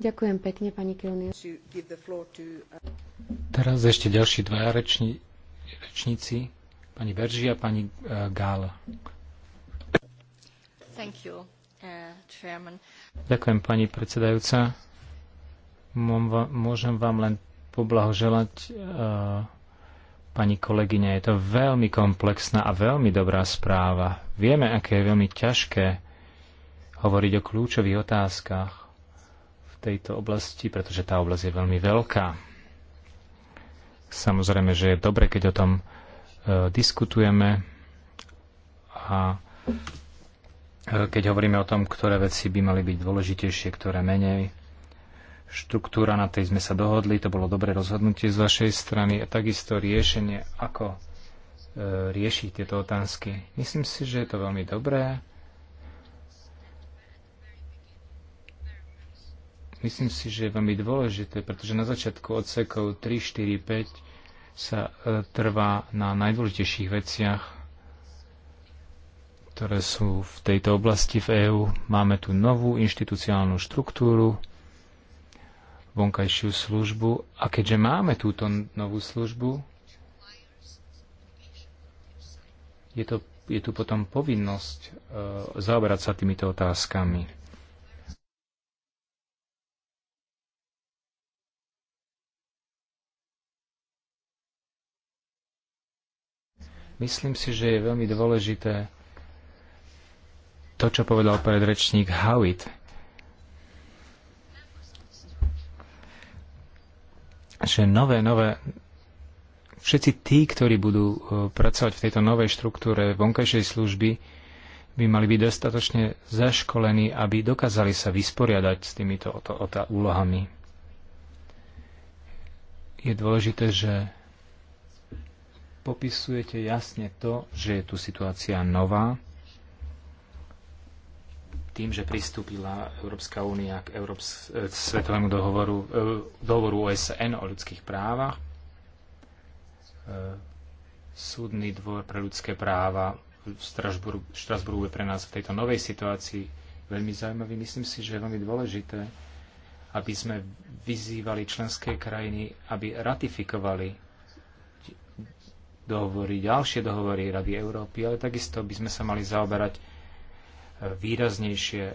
Ďakujem pekne, pani Kilniu. Uh, Teraz ešte ďalší dvaja reční, rečníci, pani Berži a pani uh, Gála. uh, Ďakujem, pani predsedajúca. Môžem vám len poblahoželať uh, Pani kolegyňa, je to veľmi komplexná a veľmi dobrá správa. Vieme, aké je veľmi ťažké hovoriť o kľúčových otázkach v tejto oblasti, pretože tá oblasť je veľmi veľká. Samozrejme, že je dobre, keď o tom e, diskutujeme a e, keď hovoríme o tom, ktoré veci by mali byť dôležitejšie, ktoré menej, štruktúra, na tej sme sa dohodli, to bolo dobré rozhodnutie z vašej strany a takisto riešenie, ako e, riešiť tieto otázky. Myslím si, že je to veľmi dobré. Myslím si, že je veľmi dôležité, pretože na začiatku odsekov 3, 4, 5 sa e, trvá na najdôležitejších veciach, ktoré sú v tejto oblasti v EÚ. Máme tu novú inštitucionálnu štruktúru, vonkajšiu službu. A keďže máme túto novú službu, je, to, je tu potom povinnosť uh, zaoberať sa týmito otázkami. Myslím si, že je veľmi dôležité to, čo povedal predrečník Howitt že nové, nové, všetci tí, ktorí budú e, pracovať v tejto novej štruktúre vonkajšej služby, by mali byť dostatočne zaškolení, aby dokázali sa vysporiadať s týmito úlohami. Je dôležité, že popisujete jasne to, že je tu situácia nová, tým, že pristúpila Európska únia k Európs- e, Svetovému dohovoru, e, dohovoru OSN o ľudských právach, e, Súdny dvor pre ľudské práva v Štrasburgu, Štrasburgu je pre nás v tejto novej situácii veľmi zaujímavý. Myslím si, že je veľmi dôležité, aby sme vyzývali členské krajiny, aby ratifikovali dohovory, ďalšie dohovory Rady Európy, ale takisto by sme sa mali zaoberať výraznejšie e, e,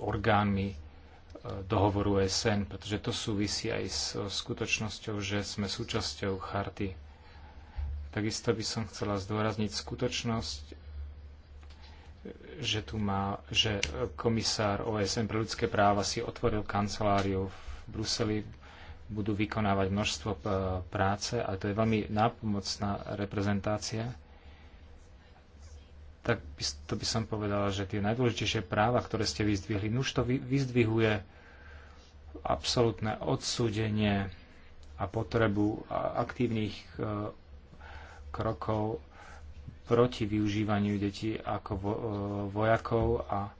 orgánmi e, dohovoru SN, pretože to súvisí aj s skutočnosťou, že sme súčasťou charty. Takisto by som chcela zdôrazniť skutočnosť, že tu má, že komisár OSN pre ľudské práva si otvoril kanceláriu v Bruseli, budú vykonávať množstvo práce a to je veľmi nápomocná reprezentácia tak by, to by som povedala, že tie najdôležitejšie práva, ktoré ste vyzdvihli, už to vy, vyzdvihuje absolútne odsúdenie a potrebu aktívnych uh, krokov proti využívaniu detí ako vo, uh, vojakov a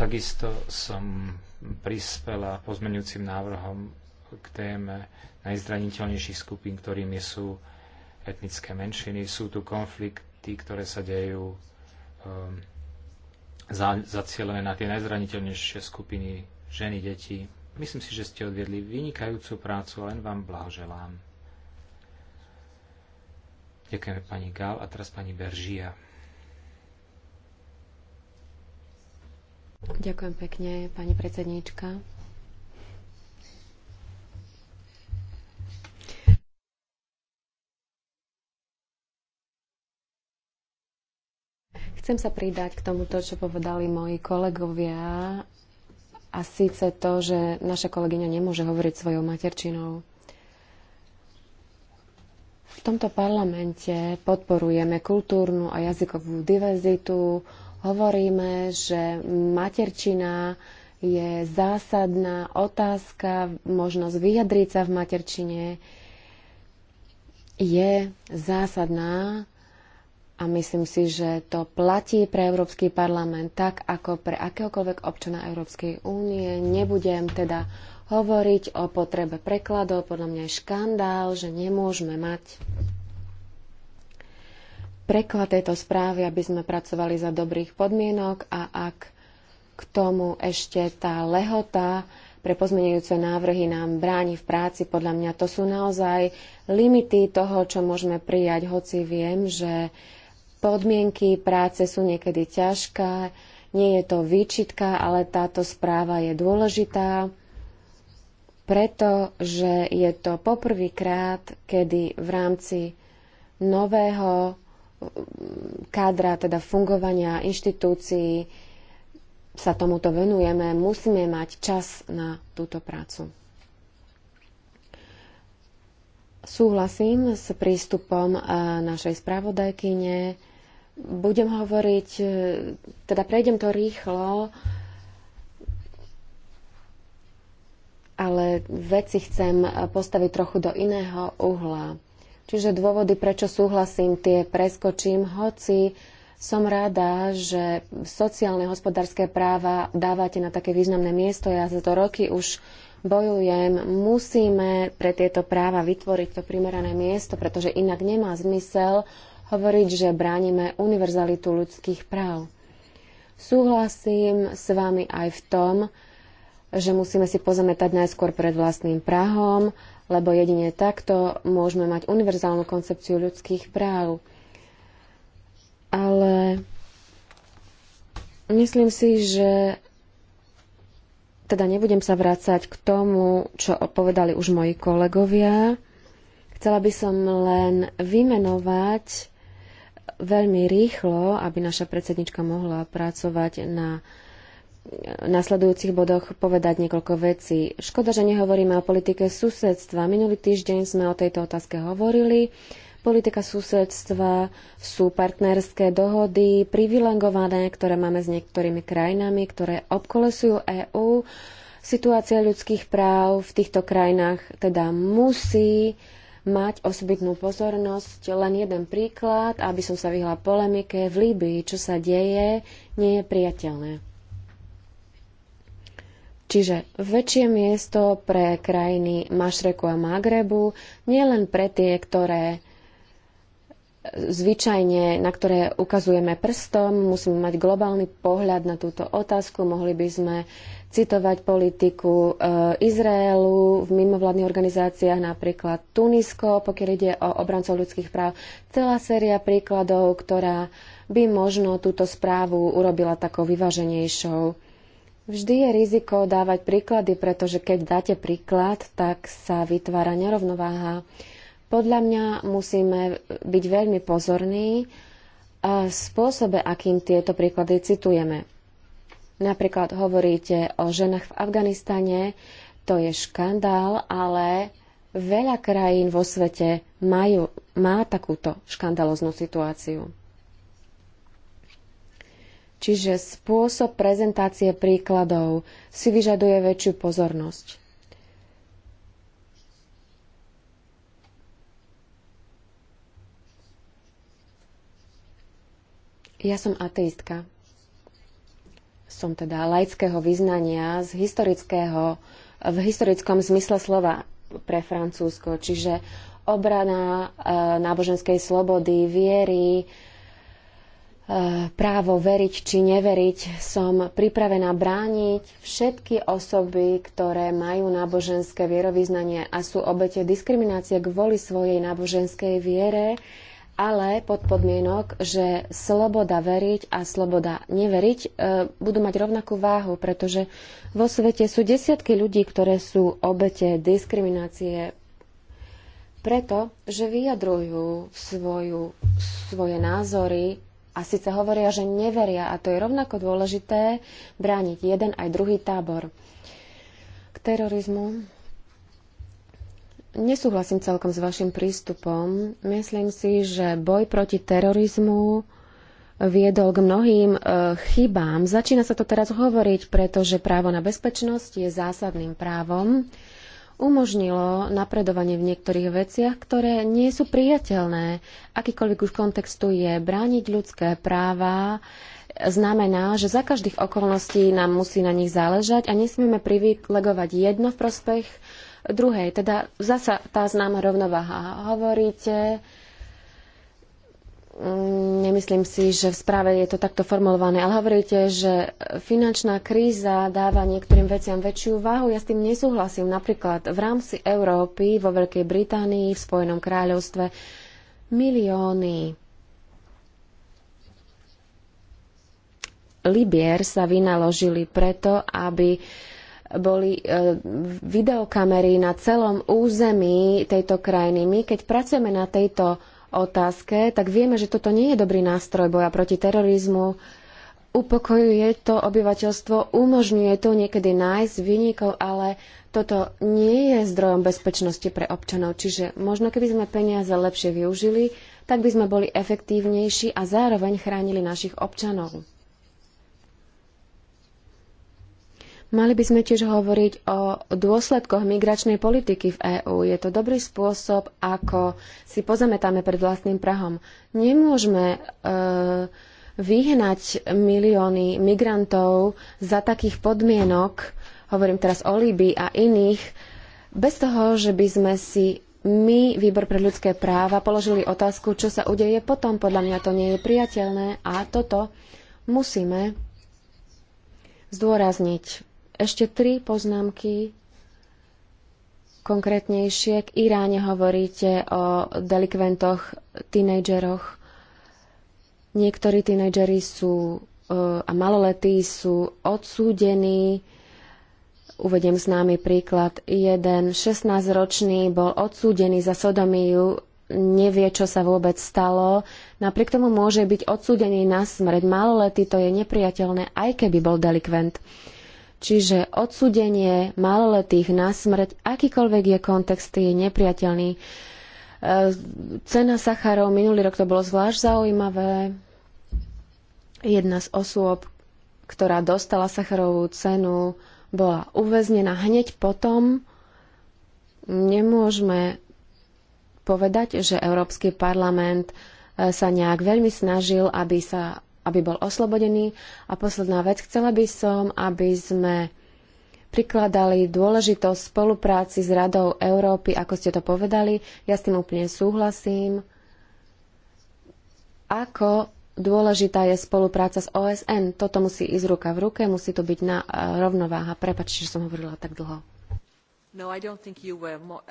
takisto som prispela pozmenujúcim návrhom k téme najzraniteľnejších skupín, ktorými sú etnické menšiny. Sú tu konflikty, ktoré sa dejú um, za, zacielené na tie najzraniteľnejšie skupiny ženy, deti. Myslím si, že ste odviedli vynikajúcu prácu, len vám blahoželám. Ďakujeme pani Gal a teraz pani Beržia. Ďakujem pekne, pani predsedníčka. Chcem sa pridať k tomuto, čo povedali moji kolegovia a síce to, že naša kolegyňa nemôže hovoriť svojou materčinou. V tomto parlamente podporujeme kultúrnu a jazykovú diverzitu, hovoríme, že materčina je zásadná otázka, možnosť vyjadriť sa v materčine je zásadná a myslím si, že to platí pre Európsky parlament tak, ako pre akéhokoľvek občana Európskej únie. Nebudem teda hovoriť o potrebe prekladov. Podľa mňa je škandál, že nemôžeme mať preklad tejto správy, aby sme pracovali za dobrých podmienok a ak k tomu ešte tá lehota pre pozmenujúce návrhy nám bráni v práci. Podľa mňa to sú naozaj limity toho, čo môžeme prijať, hoci viem, že Podmienky práce sú niekedy ťažké, nie je to výčitka, ale táto správa je dôležitá, pretože je to poprvýkrát, kedy v rámci nového mm, kádra, teda fungovania inštitúcií, sa tomuto venujeme, musíme mať čas na túto prácu. Súhlasím s prístupom e, našej spravodajkyne. Budem hovoriť, e, teda prejdem to rýchlo, ale veci chcem postaviť trochu do iného uhla. Čiže dôvody, prečo súhlasím, tie preskočím, hoci som rada, že sociálne hospodárske práva dávate na také významné miesto. Ja za to roky už bojujem. Musíme pre tieto práva vytvoriť to primerané miesto, pretože inak nemá zmysel hovoriť, že bránime univerzalitu ľudských práv. Súhlasím s vami aj v tom, že musíme si pozametať najskôr pred vlastným prahom, lebo jedine takto môžeme mať univerzálnu koncepciu ľudských práv. Ale myslím si, že teda nebudem sa vrácať k tomu, čo povedali už moji kolegovia. Chcela by som len vymenovať veľmi rýchlo, aby naša predsednička mohla pracovať na nasledujúcich bodoch povedať niekoľko vecí. Škoda, že nehovoríme o politike susedstva. Minulý týždeň sme o tejto otázke hovorili. Politika susedstva sú partnerské dohody privilegované, ktoré máme s niektorými krajinami, ktoré obkolesujú EÚ. Situácia ľudských práv v týchto krajinách teda musí mať osobitnú pozornosť. Len jeden príklad, aby som sa vyhla polemike. V Líbii, čo sa deje, nie je priateľné. Čiže väčšie miesto pre krajiny Mašreku a Magrebu, nielen pre tie, ktoré zvyčajne, na ktoré ukazujeme prstom, musíme mať globálny pohľad na túto otázku, mohli by sme citovať politiku eh, Izraelu v mimovládnych organizáciách, napríklad Tunisko, pokiaľ ide o obrancov ľudských práv. Celá séria príkladov, ktorá by možno túto správu urobila takou vyvaženejšou. Vždy je riziko dávať príklady, pretože keď dáte príklad, tak sa vytvára nerovnováha. Podľa mňa musíme byť veľmi pozorní a eh, spôsobe, akým tieto príklady citujeme. Napríklad hovoríte o ženách v Afganistane, to je škandál, ale veľa krajín vo svete majú, má takúto škandaloznú situáciu. Čiže spôsob prezentácie príkladov si vyžaduje väčšiu pozornosť. Ja som ateistka som teda laického vyznania z historického, v historickom zmysle slova pre Francúzsko, čiže obrana e, náboženskej slobody, viery, e, právo veriť či neveriť. Som pripravená brániť všetky osoby, ktoré majú náboženské vierovýznanie a sú obete diskriminácie kvôli svojej náboženskej viere ale pod podmienok, že sloboda veriť a sloboda neveriť e, budú mať rovnakú váhu, pretože vo svete sú desiatky ľudí, ktoré sú obete diskriminácie preto, že vyjadrujú svoju, svoje názory a síce hovoria, že neveria a to je rovnako dôležité brániť jeden aj druhý tábor. K terorizmu Nesúhlasím celkom s vašim prístupom. Myslím si, že boj proti terorizmu viedol k mnohým e, chybám. Začína sa to teraz hovoriť, pretože právo na bezpečnosť je zásadným právom. Umožnilo napredovanie v niektorých veciach, ktoré nie sú priateľné. Akýkoľvek už kontextu je, brániť ľudské práva znamená, že za každých okolností nám musí na nich záležať a nesmieme privilegovať jedno v prospech druhej. Teda zasa tá známa rovnováha. Hovoríte, mm, nemyslím si, že v správe je to takto formulované, ale hovoríte, že finančná kríza dáva niektorým veciam väčšiu váhu. Ja s tým nesúhlasím. Napríklad v rámci Európy, vo Veľkej Británii, v Spojenom kráľovstve milióny libier sa vynaložili preto, aby uh, boli e, videokamery na celom území tejto krajiny. My, keď pracujeme na tejto otázke, tak vieme, že toto nie je dobrý nástroj boja proti terorizmu. Upokojuje to obyvateľstvo, umožňuje to niekedy nájsť vynikov, ale toto nie je zdrojom bezpečnosti pre občanov. Čiže možno keby sme peniaze lepšie využili, tak by sme boli efektívnejší a zároveň chránili našich občanov. Mali by sme tiež hovoriť o dôsledkoch migračnej politiky v EÚ. Je to dobrý spôsob, ako si pozametáme pred vlastným prahom. Nemôžeme e, vyhnať milióny migrantov za takých podmienok, hovorím teraz o Líbii a iných, bez toho, že by sme si my, Výbor pre ľudské práva, položili otázku, čo sa udeje potom. Podľa mňa to nie je priateľné a toto musíme zdôrazniť ešte tri poznámky konkrétnejšie. K Iráne hovoríte o delikventoch, tínejdžeroch. Niektorí tínejdžeri sú e, a maloletí sú odsúdení. Uvediem námi príklad. Jeden 16-ročný bol odsúdený za sodomiu, nevie, čo sa vôbec stalo. Napriek tomu môže byť odsúdený na smrť. Maloletý to je nepriateľné, aj keby bol delikvent. Uh, Čiže odsudenie maloletých na smrť, akýkoľvek je kontext, je nepriateľný. E, cena Sacharov minulý rok to bolo zvlášť zaujímavé. Jedna z osôb, ktorá dostala Sacharovú cenu, bola uväznená hneď potom. Nemôžeme povedať, že Európsky parlament e, sa nejak veľmi snažil, aby sa aby bol oslobodený. A posledná vec, chcela by som, aby sme prikladali dôležitosť spolupráci s Radou Európy, ako ste to povedali. Ja s tým úplne súhlasím. Ako dôležitá je spolupráca s OSN. Toto musí ísť ruka v ruke, musí to byť na e, rovnováha. Prepačte, že som hovorila tak dlho. No, more,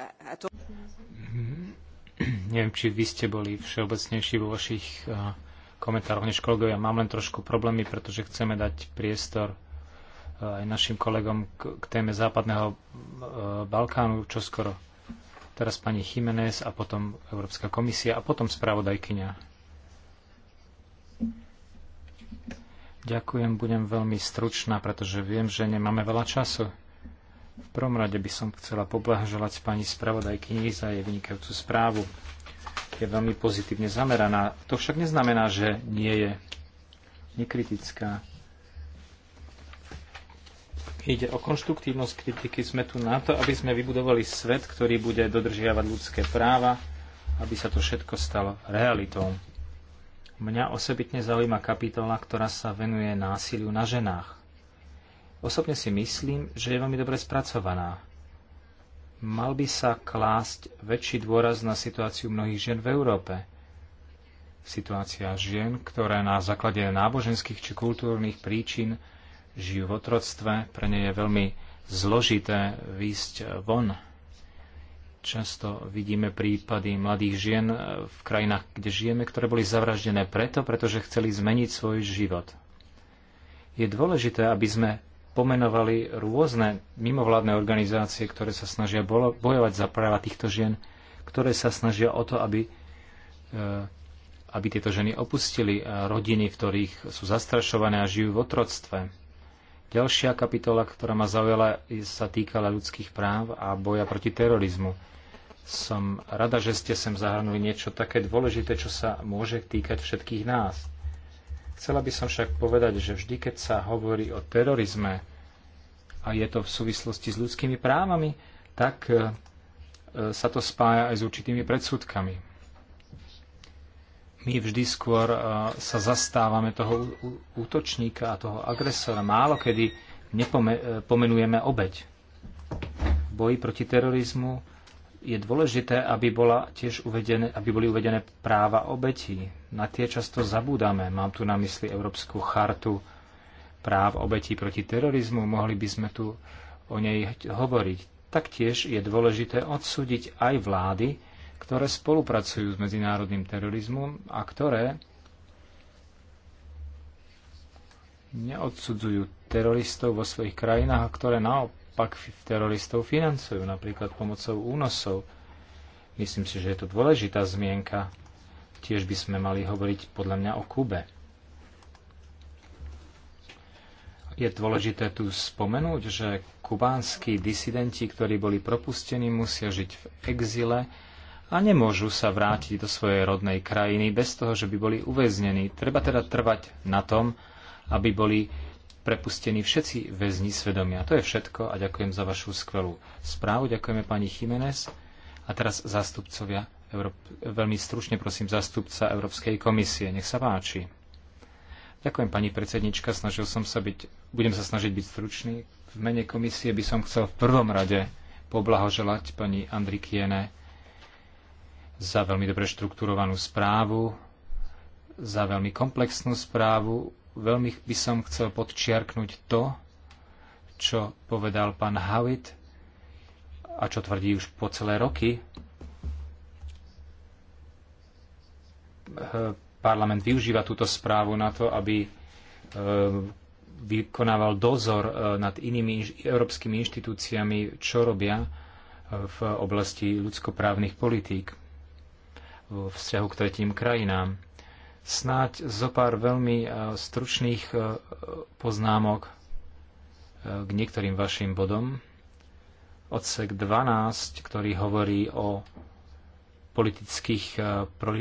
mhm. Neviem, či vy ste boli všeobecnejší vo vašich uh, komentároch než kolegovia. Mám len trošku problémy, pretože chceme dať priestor eh, aj našim kolegom k, téme Západného eh, Balkánu čo skoro, Teraz pani Jiménez a potom Európska komisia a potom spravodajkyňa. Ďakujem, budem veľmi stručná, pretože viem, že nemáme veľa času. V prvom rade by som chcela poblahoželať pani spravodajkyni za jej vynikajúcu správu je veľmi pozitívne zameraná. To však neznamená, že nie je nekritická. Ide o konštruktívnosť kritiky. Sme tu na to, aby sme vybudovali svet, ktorý bude dodržiavať ľudské práva, aby sa to všetko stalo realitou. Mňa osobitne zaujíma kapitola, ktorá sa venuje násiliu na ženách. Osobne si myslím, že je veľmi dobre spracovaná mal by sa klásť väčší dôraz na situáciu mnohých žien v Európe. Situácia žien, ktoré na základe náboženských či kultúrnych príčin žijú v otroctve, pre ne je veľmi zložité výjsť von. Často vidíme prípady mladých žien v krajinách, kde žijeme, ktoré boli zavraždené preto, pretože chceli zmeniť svoj život. Je dôležité, aby sme pomenovali rôzne mimovládne organizácie, ktoré sa snažia bojovať za práva týchto žien, ktoré sa snažia o to, aby, eh, aby tieto ženy opustili eh, rodiny, v ktorých sú zastrašované a žijú v otroctve. Ďalšia kapitola, ktorá ma zaujala, sa týkala ľudských práv a boja proti terorizmu. Som rada, že ste sem zahrnuli niečo také dôležité, čo sa môže týkať všetkých nás Chcela by som však povedať, že vždy, keď sa hovorí o terorizme a je to v súvislosti s ľudskými právami, tak e, e, sa to spája aj s určitými predsudkami. My vždy skôr e, sa zastávame toho útočníka a toho agresora. Málo kedy nepomenujeme obeď. V boji proti terorizmu je dôležité, aby, bola tiež uvedené, aby boli uvedené práva obetí. Na tie často zabúdame. Mám tu na mysli Európsku chartu práv obetí proti terorizmu. Mohli by sme tu o nej hovoriť. Taktiež je dôležité odsúdiť aj vlády, ktoré spolupracujú s medzinárodným terorizmom a ktoré neodsudzujú teroristov vo svojich krajinách a ktoré naopak naopak teroristov financujú, napríklad pomocou únosov. Myslím si, že je to dôležitá zmienka. Tiež by sme mali hovoriť podľa mňa o Kube. Je dôležité tu spomenúť, že kubánsky disidenti, ktorí boli propustení, musia žiť v exile a nemôžu sa vrátiť do svojej rodnej krajiny bez toho, že by boli uväznení. Treba teda trvať na tom, aby boli prepustení všetci väzni svedomia. To je všetko a ďakujem za vašu skvelú správu. Ďakujeme pani Jiménez. A teraz zástupcovia, Euró... veľmi stručne prosím, zástupca Európskej komisie. Nech sa páči. Ďakujem pani predsednička, snažil som sa byť, budem sa snažiť byť stručný. V mene komisie by som chcel v prvom rade poblahoželať pani Andri Kiene za veľmi dobre štrukturovanú správu, za veľmi komplexnú správu, veľmi by som chcel podčiarknúť to, čo povedal pán Havit a čo tvrdí už po celé roky. Parlament využíva túto správu na to, aby e, vykonával dozor e, nad inými európskymi inštitúciami, čo robia e, v oblasti ľudskoprávnych politík vo vzťahu k tretím krajinám. Snáď zo pár veľmi e, stručných e, poznámok e, k niektorým vašim bodom. Odsek 12, ktorý hovorí o politických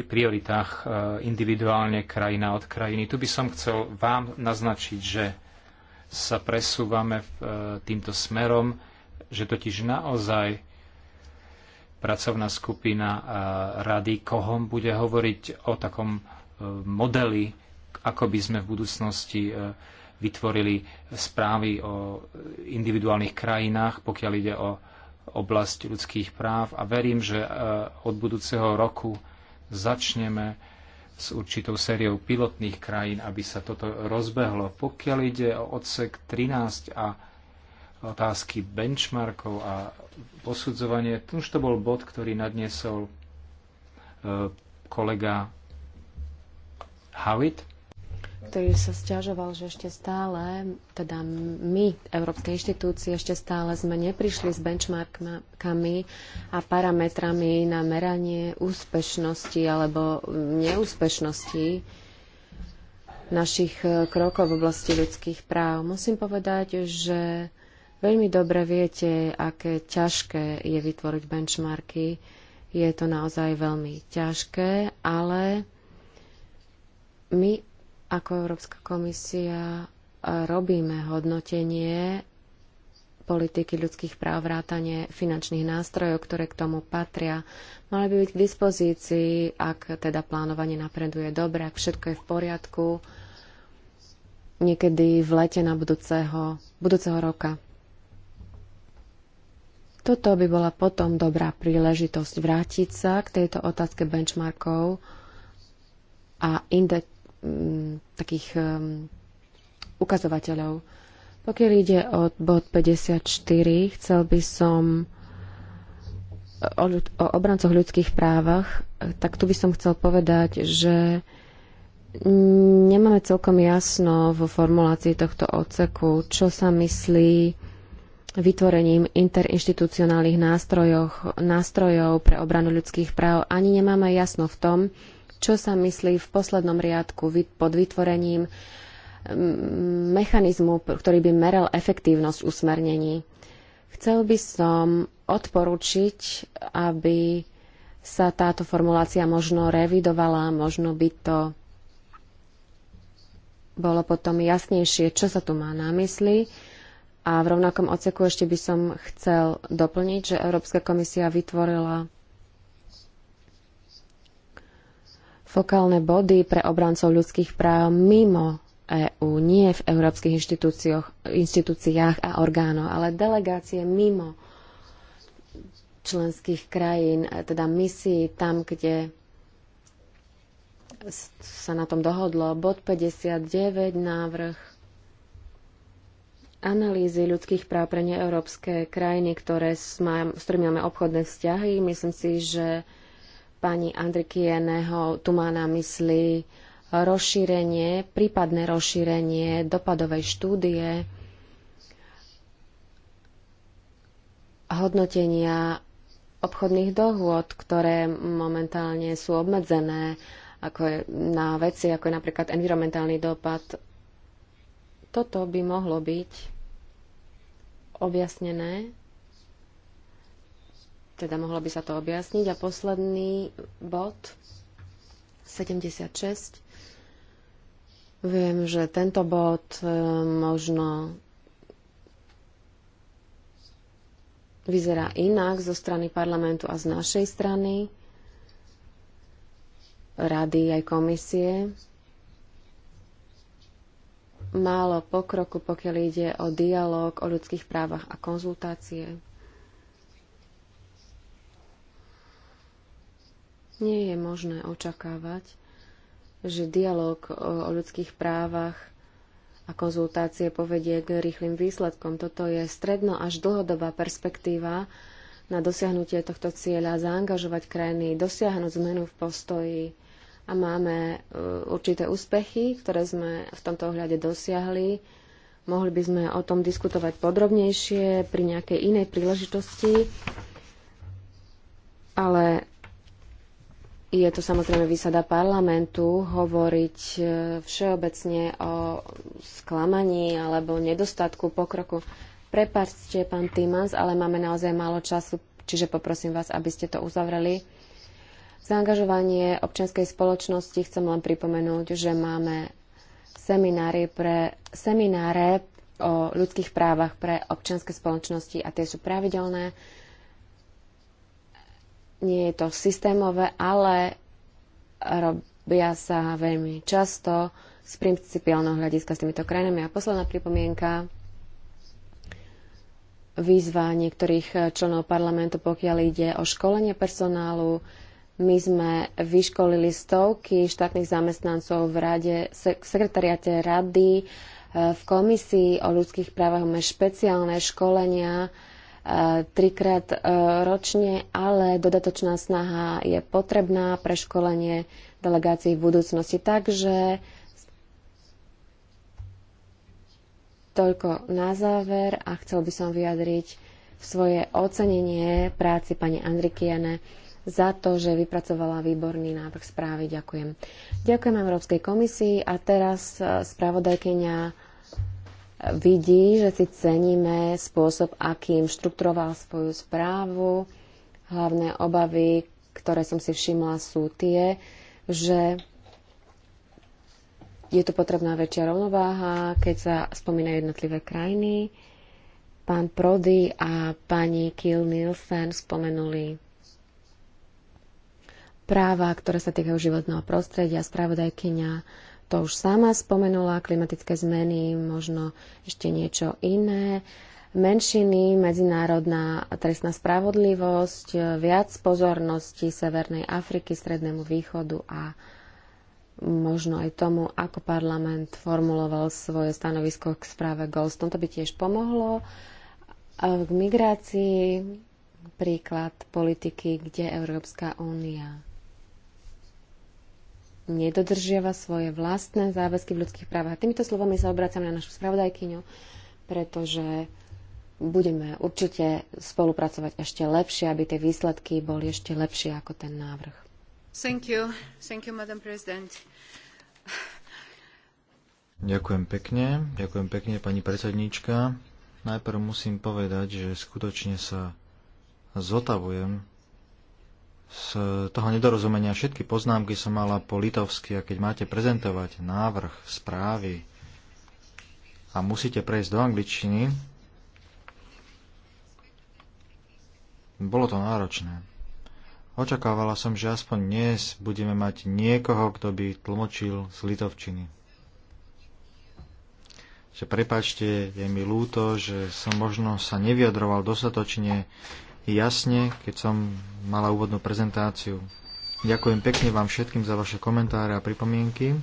prioritách individuálne krajina od krajiny. Tu by som chcel vám naznačiť, že sa presúvame týmto smerom, že totiž naozaj pracovná skupina Rady Kohom bude hovoriť o takom modely, ako by sme v budúcnosti e, vytvorili správy o individuálnych krajinách, pokiaľ ide o oblasť ľudských práv a verím, že e, od budúceho roku začneme s určitou sériou pilotných krajín, aby sa toto rozbehlo. Pokiaľ ide o odsek 13 a otázky benchmarkov a posudzovanie, už to bol bod, ktorý nadnesol e, kolega Howitt, ktorý sa stiažoval, že ešte stále, teda my, európske inštitúcie, ešte stále sme neprišli s benchmarkami a parametrami na meranie úspešnosti alebo neúspešnosti našich eh, krokov v oblasti ľudských práv. Musím povedať, že veľmi dobre viete, aké ťažké je vytvoriť benchmarky. Je to naozaj veľmi ťažké, ale my ako Európska komisia e, robíme hodnotenie politiky ľudských práv, vrátanie finančných nástrojov, ktoré k tomu patria, mali by byť k dispozícii, ak teda plánovanie napreduje dobre, ak všetko je v poriadku, niekedy v lete na budúceho, budúceho roka. Toto by bola potom dobrá príležitosť vrátiť sa k tejto otázke benchmarkov a index Mm, takých um, ukazovateľov. Pokiaľ ide o bod 54, chcel by som o, ľud- o obrancoch ľudských právach, tak tu by som chcel povedať, že nemáme celkom jasno vo formulácii tohto odseku, čo sa myslí vytvorením interinštitucionálnych nástrojov pre obranu ľudských práv. Ani nemáme jasno v tom, čo sa myslí v poslednom riadku pod vytvorením mm, mechanizmu, ktorý by meral efektívnosť usmernení. Chcel by som odporučiť, aby sa táto formulácia možno revidovala, možno by to bolo potom jasnejšie, čo sa tu má na mysli. A v rovnakom oceku ešte by som chcel doplniť, že Európska komisia vytvorila fokálne body pre obrancov ľudských práv mimo EÚ, nie v európskych inštitúciách a orgánoch, ale delegácie mimo členských krajín, e, teda misií tam, kde sa na tom dohodlo. Bod 59, návrh analýzy ľudských práv pre neeurópske krajiny, ktoré s, má, s ktorými máme obchodné vzťahy. Myslím si, že pani Andrikieneho Tu má na mysli rozšírenie, prípadné rozšírenie dopadovej štúdie, hodnotenia obchodných dohôd, ktoré momentálne sú obmedzené ako je, na veci, ako je napríklad environmentálny dopad. Toto by mohlo byť objasnené teda mohlo by sa to objasniť. A posledný bod, 76. Viem, že tento bod e, možno vyzerá inak zo strany parlamentu a z našej strany, rady aj komisie. Málo pokroku, pokiaľ ide o dialog o ľudských právach a konzultácie. Nie je možné očakávať, že dialog o ľudských právach a konzultácie povedie k rýchlým výsledkom. Toto je stredno až dlhodobá perspektíva na dosiahnutie tohto cieľa, zaangažovať krajiny, dosiahnuť zmenu v postoji. A máme e, určité úspechy, ktoré sme v tomto ohľade dosiahli. Mohli by sme o tom diskutovať podrobnejšie pri nejakej inej príležitosti, ale je to samozrejme výsada parlamentu hovoriť e, všeobecne o sklamaní alebo nedostatku pokroku. Prepačte, pán Timans, ale máme naozaj málo času, čiže poprosím vás, aby ste to uzavreli. Zaangažovanie občianskej spoločnosti chcem len pripomenúť, že máme seminári pre, semináre o ľudských právach pre občianske spoločnosti a tie sú pravidelné nie je to systémové, ale robia sa veľmi často z principiálneho hľadiska s týmito krajinami. A posledná pripomienka, výzva niektorých členov parlamentu, pokiaľ ide o školenie personálu. My sme vyškolili stovky štátnych zamestnancov v rade, sekretariate rady, eh, v komisii o ľudských právach máme špeciálne školenia trikrát e, ročne, ale dodatočná snaha je potrebná pre školenie delegácií v budúcnosti. Takže toľko na záver a chcel by som vyjadriť svoje ocenenie práci pani Andrikiene za to, že vypracovala výborný návrh správy. Ďakujem. Ďakujem Európskej komisii a teraz e, spravodajkenia vidí, že si ceníme spôsob, akým štrukturoval svoju správu. Hlavné obavy, ktoré som si všimla, sú tie, že je tu potrebná väčšia rovnováha, keď sa spomínajú jednotlivé krajiny. Pán Prody a pani Kiel Nielsen spomenuli práva, ktoré sa týkajú životného prostredia, spravodajkyňa to už sama spomenula, klimatické zmeny, možno ešte niečo iné. Menšiny, medzinárodná trestná spravodlivosť, viac pozornosti Severnej Afriky, Strednému východu a možno aj tomu, ako parlament formuloval svoje stanovisko k správe Goldstone. To by tiež pomohlo. A k migrácii príklad politiky, kde Európska únia nedodržiava svoje vlastné záväzky v ľudských právach. A týmito slovami sa obracam na našu spravodajkyňu, pretože budeme určite spolupracovať ešte lepšie, aby tie výsledky boli ešte lepšie ako ten návrh. Thank you. Thank you, Madam President. Ďakujem pekne. Ďakujem pekne, pani predsedníčka. Najprv musím povedať, že skutočne sa zotavujem z toho nedorozumenia všetky poznámky som mala po litovsky a keď máte prezentovať návrh správy a musíte prejsť do angličtiny, bolo to náročné. Očakávala som, že aspoň dnes budeme mať niekoho, kto by tlmočil z litovčiny. Že prepačte, je mi lúto, že som možno sa nevyjadroval dostatočne jasne, keď som mala úvodnú prezentáciu. Ďakujem pekne vám všetkým za vaše komentáre a pripomienky.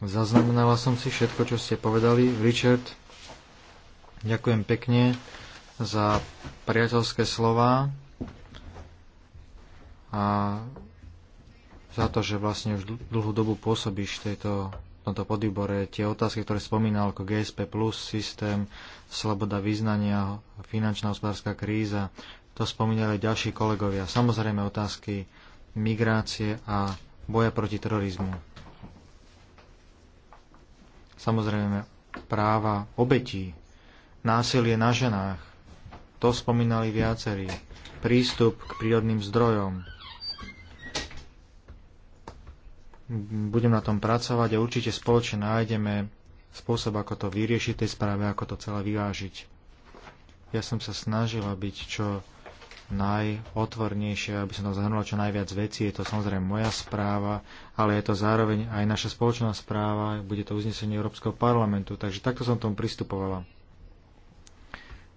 Zaznamenala som si všetko, čo ste povedali. Richard, ďakujem pekne za priateľské slova a za to, že vlastne už dlhú dobu pôsobíš v tejto tomto podvýbore tie otázky, ktoré spomínal ako GSP+, systém, sloboda význania, finančná hospodárska kríza, to spomínali aj ďalší kolegovia. Samozrejme otázky migrácie a boja proti terorizmu. Samozrejme práva obetí, násilie na ženách, to spomínali viacerí, prístup k prírodným zdrojom, budem na tom pracovať a určite spoločne nájdeme spôsob, ako to vyriešiť tej správe, ako to celé vyvážiť. Ja som sa snažila byť čo najotvornejšie, aby som tam zahrnula čo najviac vecí. Je to samozrejme moja správa, ale je to zároveň aj naša spoločná správa, bude to uznesenie Európskeho parlamentu, takže takto som tomu pristupovala.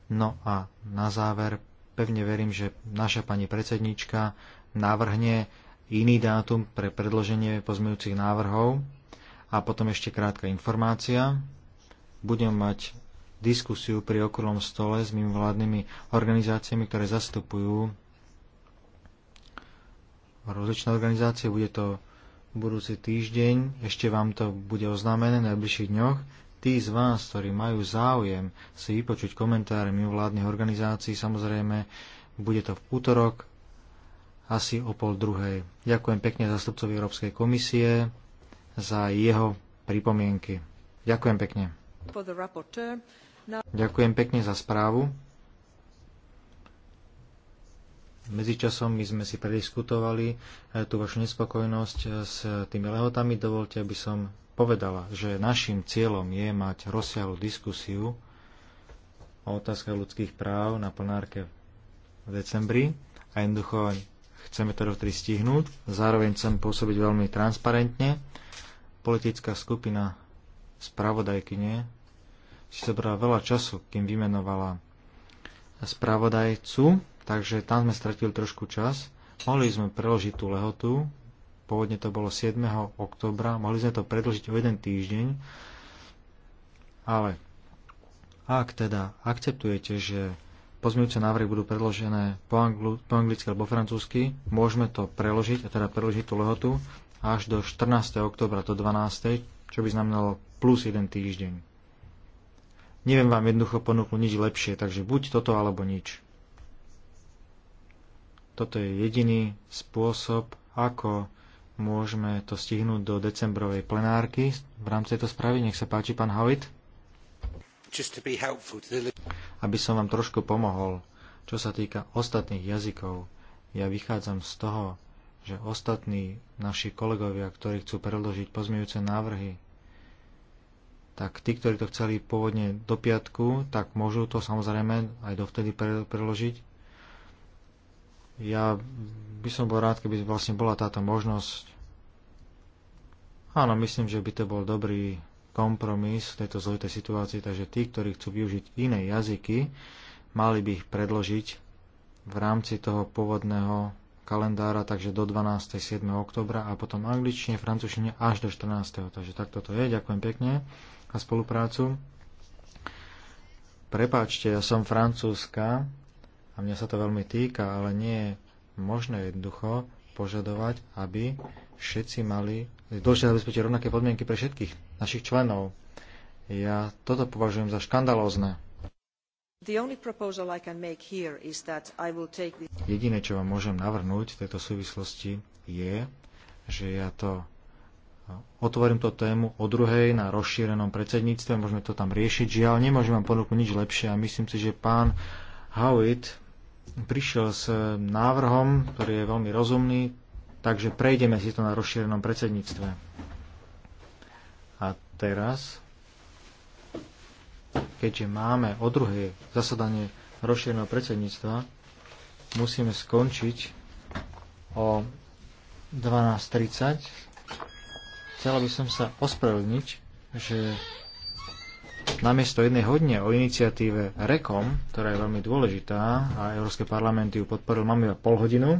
No a na záver pevne verím, že naša pani predsednička navrhne iný dátum pre predloženie pozmeňujúcich návrhov a potom ešte krátka informácia. Budem mať diskusiu pri okrúhlom stole s mimovládnymi organizáciami, ktoré zastupujú rozličné organizácie. Bude to budúci týždeň, ešte vám to bude oznámené v najbližších dňoch. Tí z vás, ktorí majú záujem si vypočuť komentáre mimovládnych organizácií, samozrejme, bude to v útorok asi o pol druhej. Ďakujem pekne zastupcovi Európskej komisie za jeho pripomienky. Ďakujem pekne. Ďakujem pekne za správu. Medzičasom my sme si prediskutovali eh, tú vašu nespokojnosť eh, s tými lehotami. Dovolte, aby som povedala, že našim cieľom je mať rozsiahlu diskusiu o otázkach ľudských práv na plenárke v decembri a jednoducho Chceme to dovtedy stihnúť. Zároveň chcem pôsobiť veľmi transparentne. Politická skupina spravodajkyne si zobrala veľa času, kým vymenovala spravodajcu, takže tam sme stratili trošku čas. Mohli sme preložiť tú lehotu, pôvodne to bolo 7. oktobra, mohli sme to predložiť o jeden týždeň, ale ak teda akceptujete, že pozmeňujúce návrhy budú predložené po, anglu, po anglicky alebo francúzsky. Môžeme to preložiť, a teda preložiť tú lehotu až do 14. oktobra do 12. čo by znamenalo plus jeden týždeň. Neviem vám jednoducho ponúknuť nič lepšie, takže buď toto alebo nič. Toto je jediný spôsob, ako môžeme to stihnúť do decembrovej plenárky v rámci tejto správy. Nech sa páči, pán Havit aby som vám trošku pomohol. Čo sa týka ostatných jazykov, ja vychádzam z toho, že ostatní naši kolegovia, ktorí chcú predložiť pozmejúce návrhy, tak tí, ktorí to chceli pôvodne do piatku, tak môžu to samozrejme aj dovtedy preložiť. Ja by som bol rád, keby vlastne bola táto možnosť. Áno, myslím, že by to bol dobrý kompromis v tejto zložitej situácii, takže tí, ktorí chcú využiť iné jazyky, mali by ich predložiť v rámci toho pôvodného kalendára, takže do 12. 7. oktobra a potom angličtine, francúzštine až do 14. Takže takto to je. Ďakujem pekne za spoluprácu. Prepáčte, ja som francúzska a mňa sa to veľmi týka, ale nie je možné jednoducho požadovať, aby všetci mali dôležité zabezpečiť rovnaké podmienky pre všetkých našich členov. Ja toto považujem za škandalózne. Jediné, čo vám môžem navrhnúť v tejto súvislosti, je, že ja to e, otvorím to tému o druhej na rozšírenom predsedníctve, môžeme to tam riešiť. Žiaľ, nemôžem vám ponúknuť nič lepšie a myslím si, že pán Howitt prišiel s návrhom, ktorý je veľmi rozumný, takže prejdeme si to na rozšírenom predsedníctve teraz, keďže máme o druhé zasadanie rozšíreného predsedníctva, musíme skončiť o 12.30. Chcela by som sa ospravedlniť, že namiesto jednej hodne o iniciatíve REKOM, ktorá je veľmi dôležitá a Európske parlament ju podporil, máme iba pol hodinu.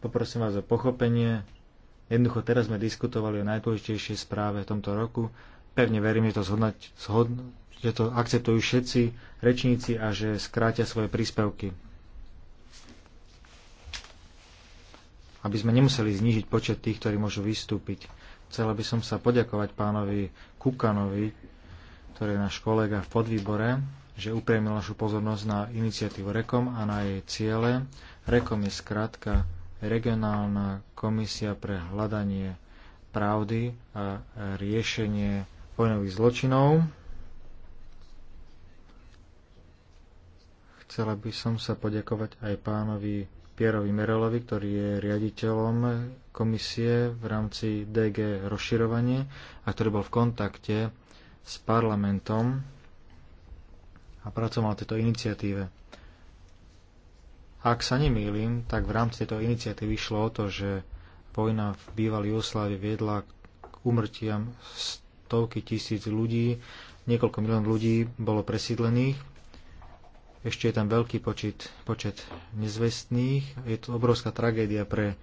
Poprosím vás o pochopenie, Jednoducho teraz sme diskutovali o najdôležitejšej správe v tomto roku. Pevne verím, že to, zhodnať, zhod, že to akceptujú všetci rečníci a že skrátia svoje príspevky. Aby sme nemuseli znížiť počet tých, ktorí môžu vystúpiť. Chcela by som sa poďakovať pánovi Kukanovi, ktorý je náš kolega v podvýbore, že upriemil našu pozornosť na iniciatívu REKOM a na jej ciele. REKOM je skrátka regionálna komisia pre hľadanie pravdy a riešenie vojnových zločinov. Chcela by som sa poďakovať aj pánovi Pierovi Merelovi, ktorý je riaditeľom komisie v rámci DG rozširovanie a ktorý bol v kontakte s parlamentom a pracoval na tejto iniciatíve. Ak sa nemýlim, tak v rámci tejto iniciatívy išlo o to, že vojna v bývalej Jugoslávii viedla k umrtiam stovky tisíc ľudí, niekoľko milión ľudí bolo presídlených, ešte je tam veľký počet, počet nezvestných, je to obrovská tragédia pre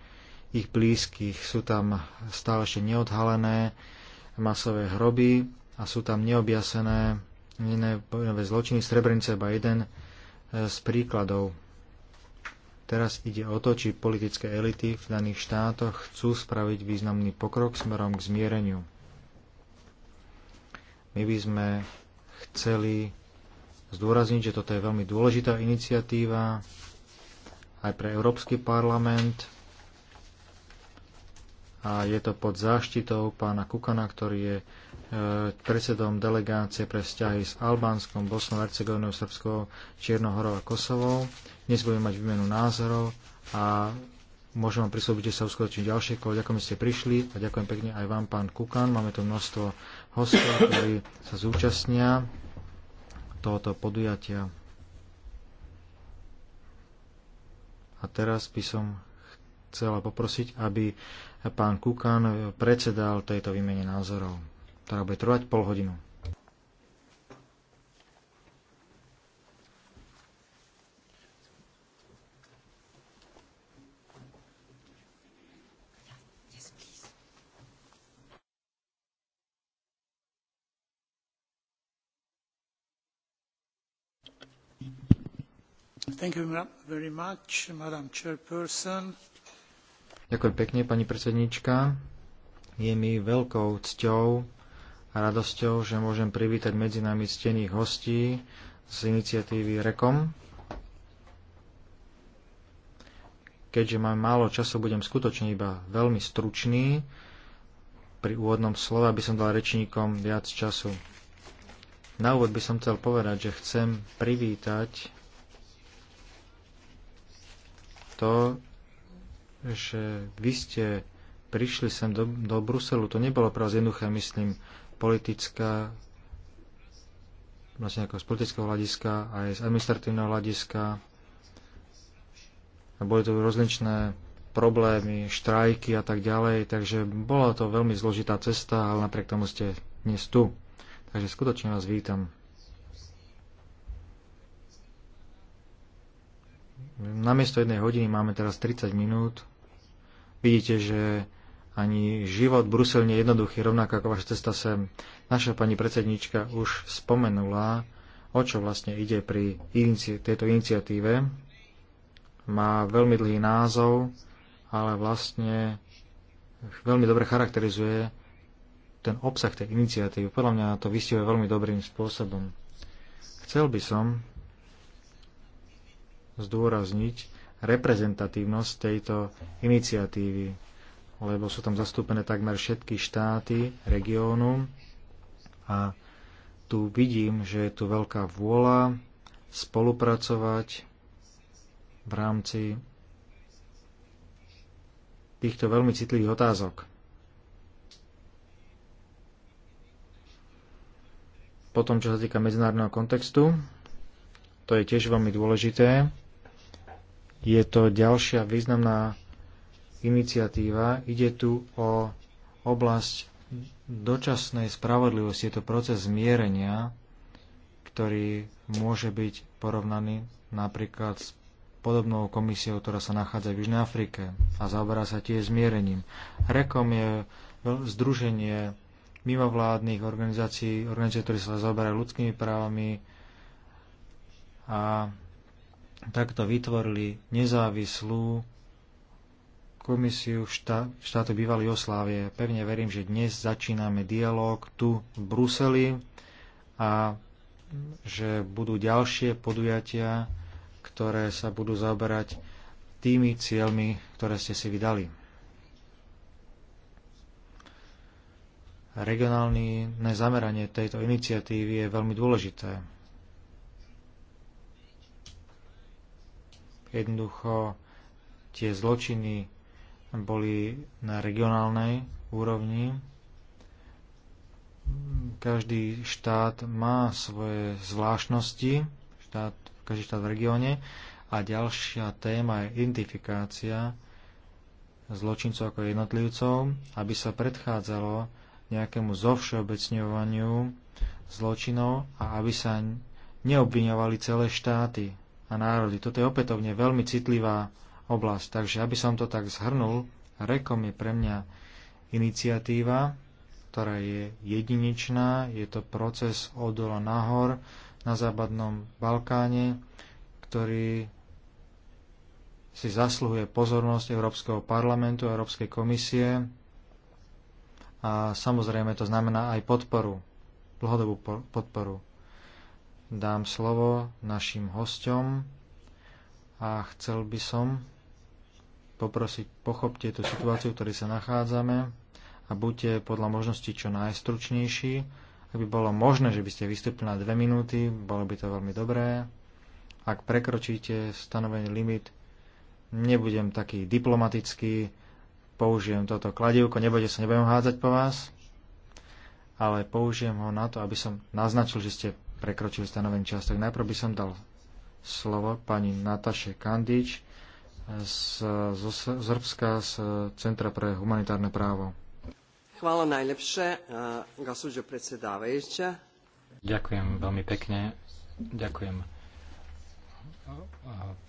ich blízkych, sú tam stále ešte neodhalené masové hroby a sú tam neobjasené iné zločiny. zločiny. je iba jeden e, z príkladov. Teraz ide o to, či politické elity v daných štátoch chcú spraviť významný pokrok smerom k zmiereniu. My by sme chceli zdôrazniť, že toto je veľmi dôležitá iniciatíva aj pre Európsky parlament a je to pod záštitou pána Kukana, ktorý je e, predsedom delegácie pre vzťahy s Albánskom, Bosnou, Hercegovinou, Srbskou, Čiernohorou a Kosovou. Dnes budeme mať výmenu názorov a môžem vám prislúbiť, že sa uskutoční ďalšie kolo. Ďakujem, že ste prišli a ďakujem pekne aj vám, pán Kukan. Máme tu množstvo hostov, ktorí sa zúčastnia tohoto podujatia. A teraz by som chcela poprosiť, aby pán Kukan predsedal tejto výmene názorov, ktorá bude trvať pol hodinu. Ďakujem pekne, pani predsednička. Je mi veľkou cťou a radosťou, že môžem privítať medzi nami ctených hostí z iniciatívy REKOM. Keďže mám málo času, budem skutočne iba veľmi stručný. Pri úvodnom slove, aby som dal rečníkom viac času. Na úvod by som chcel povedať, že chcem privítať to, že vy ste prišli sem do, do Bruselu. To nebolo pre vás jednoduché, myslím, politická, vlastne ako z politického hľadiska, aj z administratívneho hľadiska. A boli tu rozličné problémy, štrajky a tak ďalej, takže bola to veľmi zložitá cesta, ale napriek tomu ste dnes tu. Takže skutočne vás vítam. Namiesto jednej hodiny máme teraz 30 minút. Vidíte, že ani život v Bruseli nie je jednoduchý, rovnako ako vaša cesta sem. Naša pani predsednička už spomenula, o čo vlastne ide pri inici- tejto iniciatíve. Má veľmi dlhý názov, ale vlastne veľmi dobre charakterizuje ten obsah tej iniciatívy. Podľa mňa to vystihuje veľmi dobrým spôsobom. Chcel by som zdôrazniť reprezentatívnosť tejto iniciatívy, lebo sú tam zastúpené takmer všetky štáty regiónu a tu vidím, že je tu veľká vôľa spolupracovať v rámci týchto veľmi citlivých otázok. Potom, čo sa týka medzinárodného kontextu, to je tiež veľmi dôležité. Je to ďalšia významná iniciatíva. Ide tu o oblasť dočasnej spravodlivosti. Je to proces zmierenia, ktorý môže byť porovnaný napríklad s podobnou komisiou, ktorá sa nachádza v Južnej Afrike a zaoberá sa tiež zmierením. REKOM je združenie mimovládnych organizácií, organizácií, ktorí sa zaoberajú ľudskými právami a takto vytvorili nezávislú komisiu štá, štátu bývalej oslávie. Pevne verím, že dnes začíname dialog tu v Bruseli a že budú ďalšie podujatia, ktoré sa budú zaoberať tými cieľmi, ktoré ste si vydali. Regionálne zameranie tejto iniciatívy je veľmi dôležité Jednoducho tie zločiny boli na regionálnej úrovni. Každý štát má svoje zvláštnosti, štát, každý štát v regióne. A ďalšia téma je identifikácia zločincov ako jednotlivcov, aby sa predchádzalo nejakému zovšeobecňovaniu zločinov a aby sa neobviňovali celé štáty a národy. Toto je opätovne veľmi citlivá oblasť. Takže aby som to tak zhrnul, REKOM je pre mňa iniciatíva, ktorá je jedinečná, je to proces od dola nahor na západnom Balkáne, ktorý si zasluhuje pozornosť Európskeho parlamentu, Európskej komisie a samozrejme to znamená aj podporu, dlhodobú podporu dám slovo našim hostom a chcel by som poprosiť, pochopte tú situáciu, v ktorej sa nachádzame a buďte podľa možnosti čo najstručnejší. Ak by bolo možné, že by ste vystúpili na dve minúty, bolo by to veľmi dobré. Ak prekročíte stanovený limit, nebudem taký diplomatický, použijem toto kladivko, nebude sa, nebudem hádzať po vás, ale použijem ho na to, aby som naznačil, že ste Prekročil stanovený čas. Tak najprv by som dal slovo pani Nataše Kandič z, z, z z Centra pre humanitárne právo. Hvala najlepšie, eh, gasuđo predsedávajúča. Ďakujem veľmi pekne. Ďakujem eh,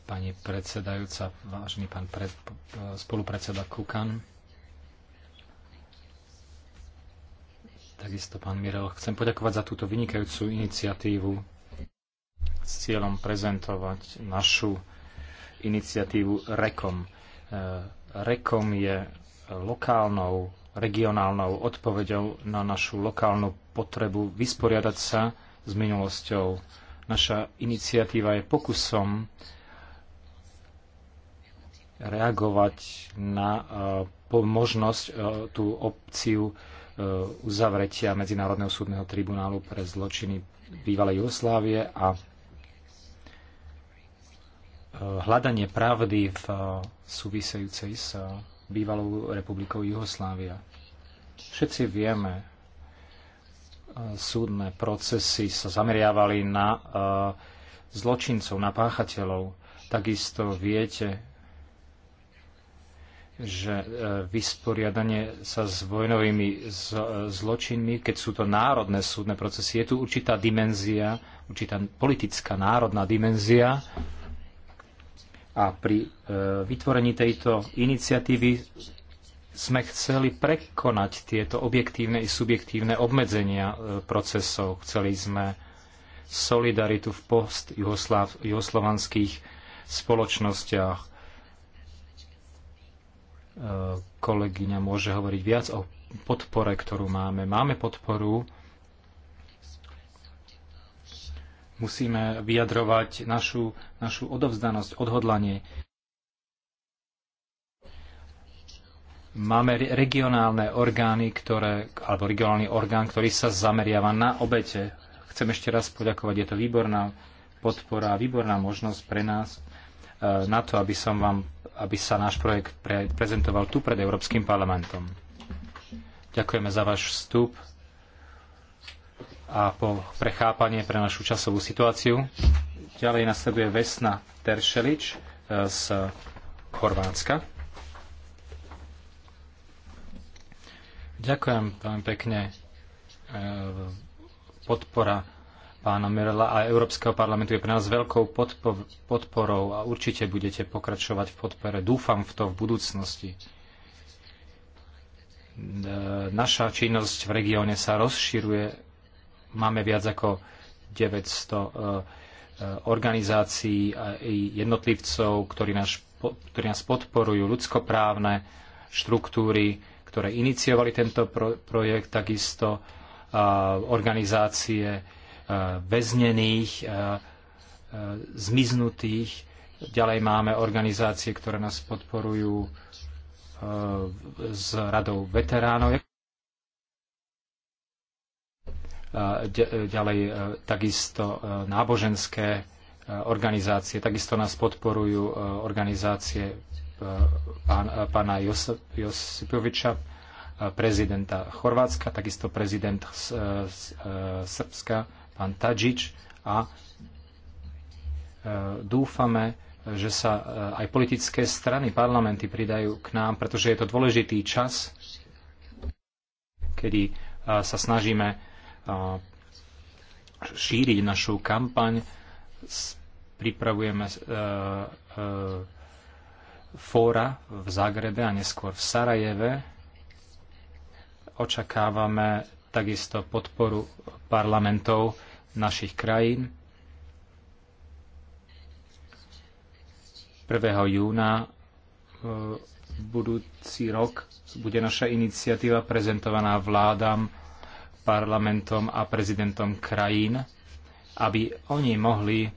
pani predsedajúca, vážený pán pred, eh, spolupredseda Kukan. Takisto, pán Mirel, chcem poďakovať za túto vynikajúcu iniciatívu s cieľom prezentovať našu iniciatívu REKOM. E, REKOM je lokálnou, regionálnou odpoveďou na našu lokálnu potrebu vysporiadať sa s minulosťou. Naša iniciatíva je pokusom reagovať na e, možnosť e, tú opciu E, uzavretia Medzinárodného súdneho tribunálu pre zločiny bývalej Jugoslávie a e, hľadanie pravdy v e, súvisejúcej s bývalou republikou Jugoslávia. Všetci vieme, súdne procesy sa zameriavali na zločincov, na páchateľov. Takisto viete, že e, vysporiadanie sa s vojnovými e, zločinmi, keď sú to národné súdne procesy, je tu určitá dimenzia, určitá politická národná dimenzia. A pri e, vytvorení tejto iniciatívy sme chceli prekonať tieto objektívne i subjektívne obmedzenia procesov. Chceli sme solidaritu v post-juhoslovanských spoločnostiach kolegyňa môže hovoriť viac o podpore, ktorú máme. Máme podporu, musíme vyjadrovať našu, našu odovzdanosť, odhodlanie. Máme regionálne orgány, ktoré, alebo regionálny orgán, ktorý sa zameriava na obete. Chcem ešte raz poďakovať, je to výborná podpora, výborná možnosť pre nás eh, na to, aby som vám aby sa náš projekt pre, prezentoval tu pred Európskym parlamentom. Ďakujeme za váš vstup a po prechápanie pre našu časovú situáciu. Ďalej nasleduje Vesna Teršelič eh, z Chorvátska. Ďakujem veľmi pekne. Eh, podpora pána Merela a Európskeho parlamentu je pre nás veľkou podporou a určite budete pokračovať v podpore. Dúfam v to v budúcnosti. E, naša činnosť v regióne sa rozširuje. Máme viac ako 900 e, e, organizácií a jednotlivcov, ktorí nás, ktorí nás podporujú, ľudskoprávne štruktúry, ktoré iniciovali tento projekt, takisto organizácie, Eh, väznených, eh, eh, zmiznutých. Ďalej máme organizácie, ktoré nás podporujú s radou veteránov. Ďalej takisto náboženské organizácie, takisto nás podporujú organizácie pána Josipoviča, prezidenta Chorvátska, takisto prezident Srbska pán Tadžič a e, dúfame, že sa e, aj politické strany, parlamenty pridajú k nám, pretože je to dôležitý čas, kedy e, sa snažíme šíriť našu kampaň, pripravujeme fóra v Zagrebe a neskôr v Sarajeve. Očakávame takisto podporu parlamentov našich krajín. 1. júna e, budúci rok bude naša iniciatíva prezentovaná vládam, parlamentom a prezidentom krajín, aby oni mohli e,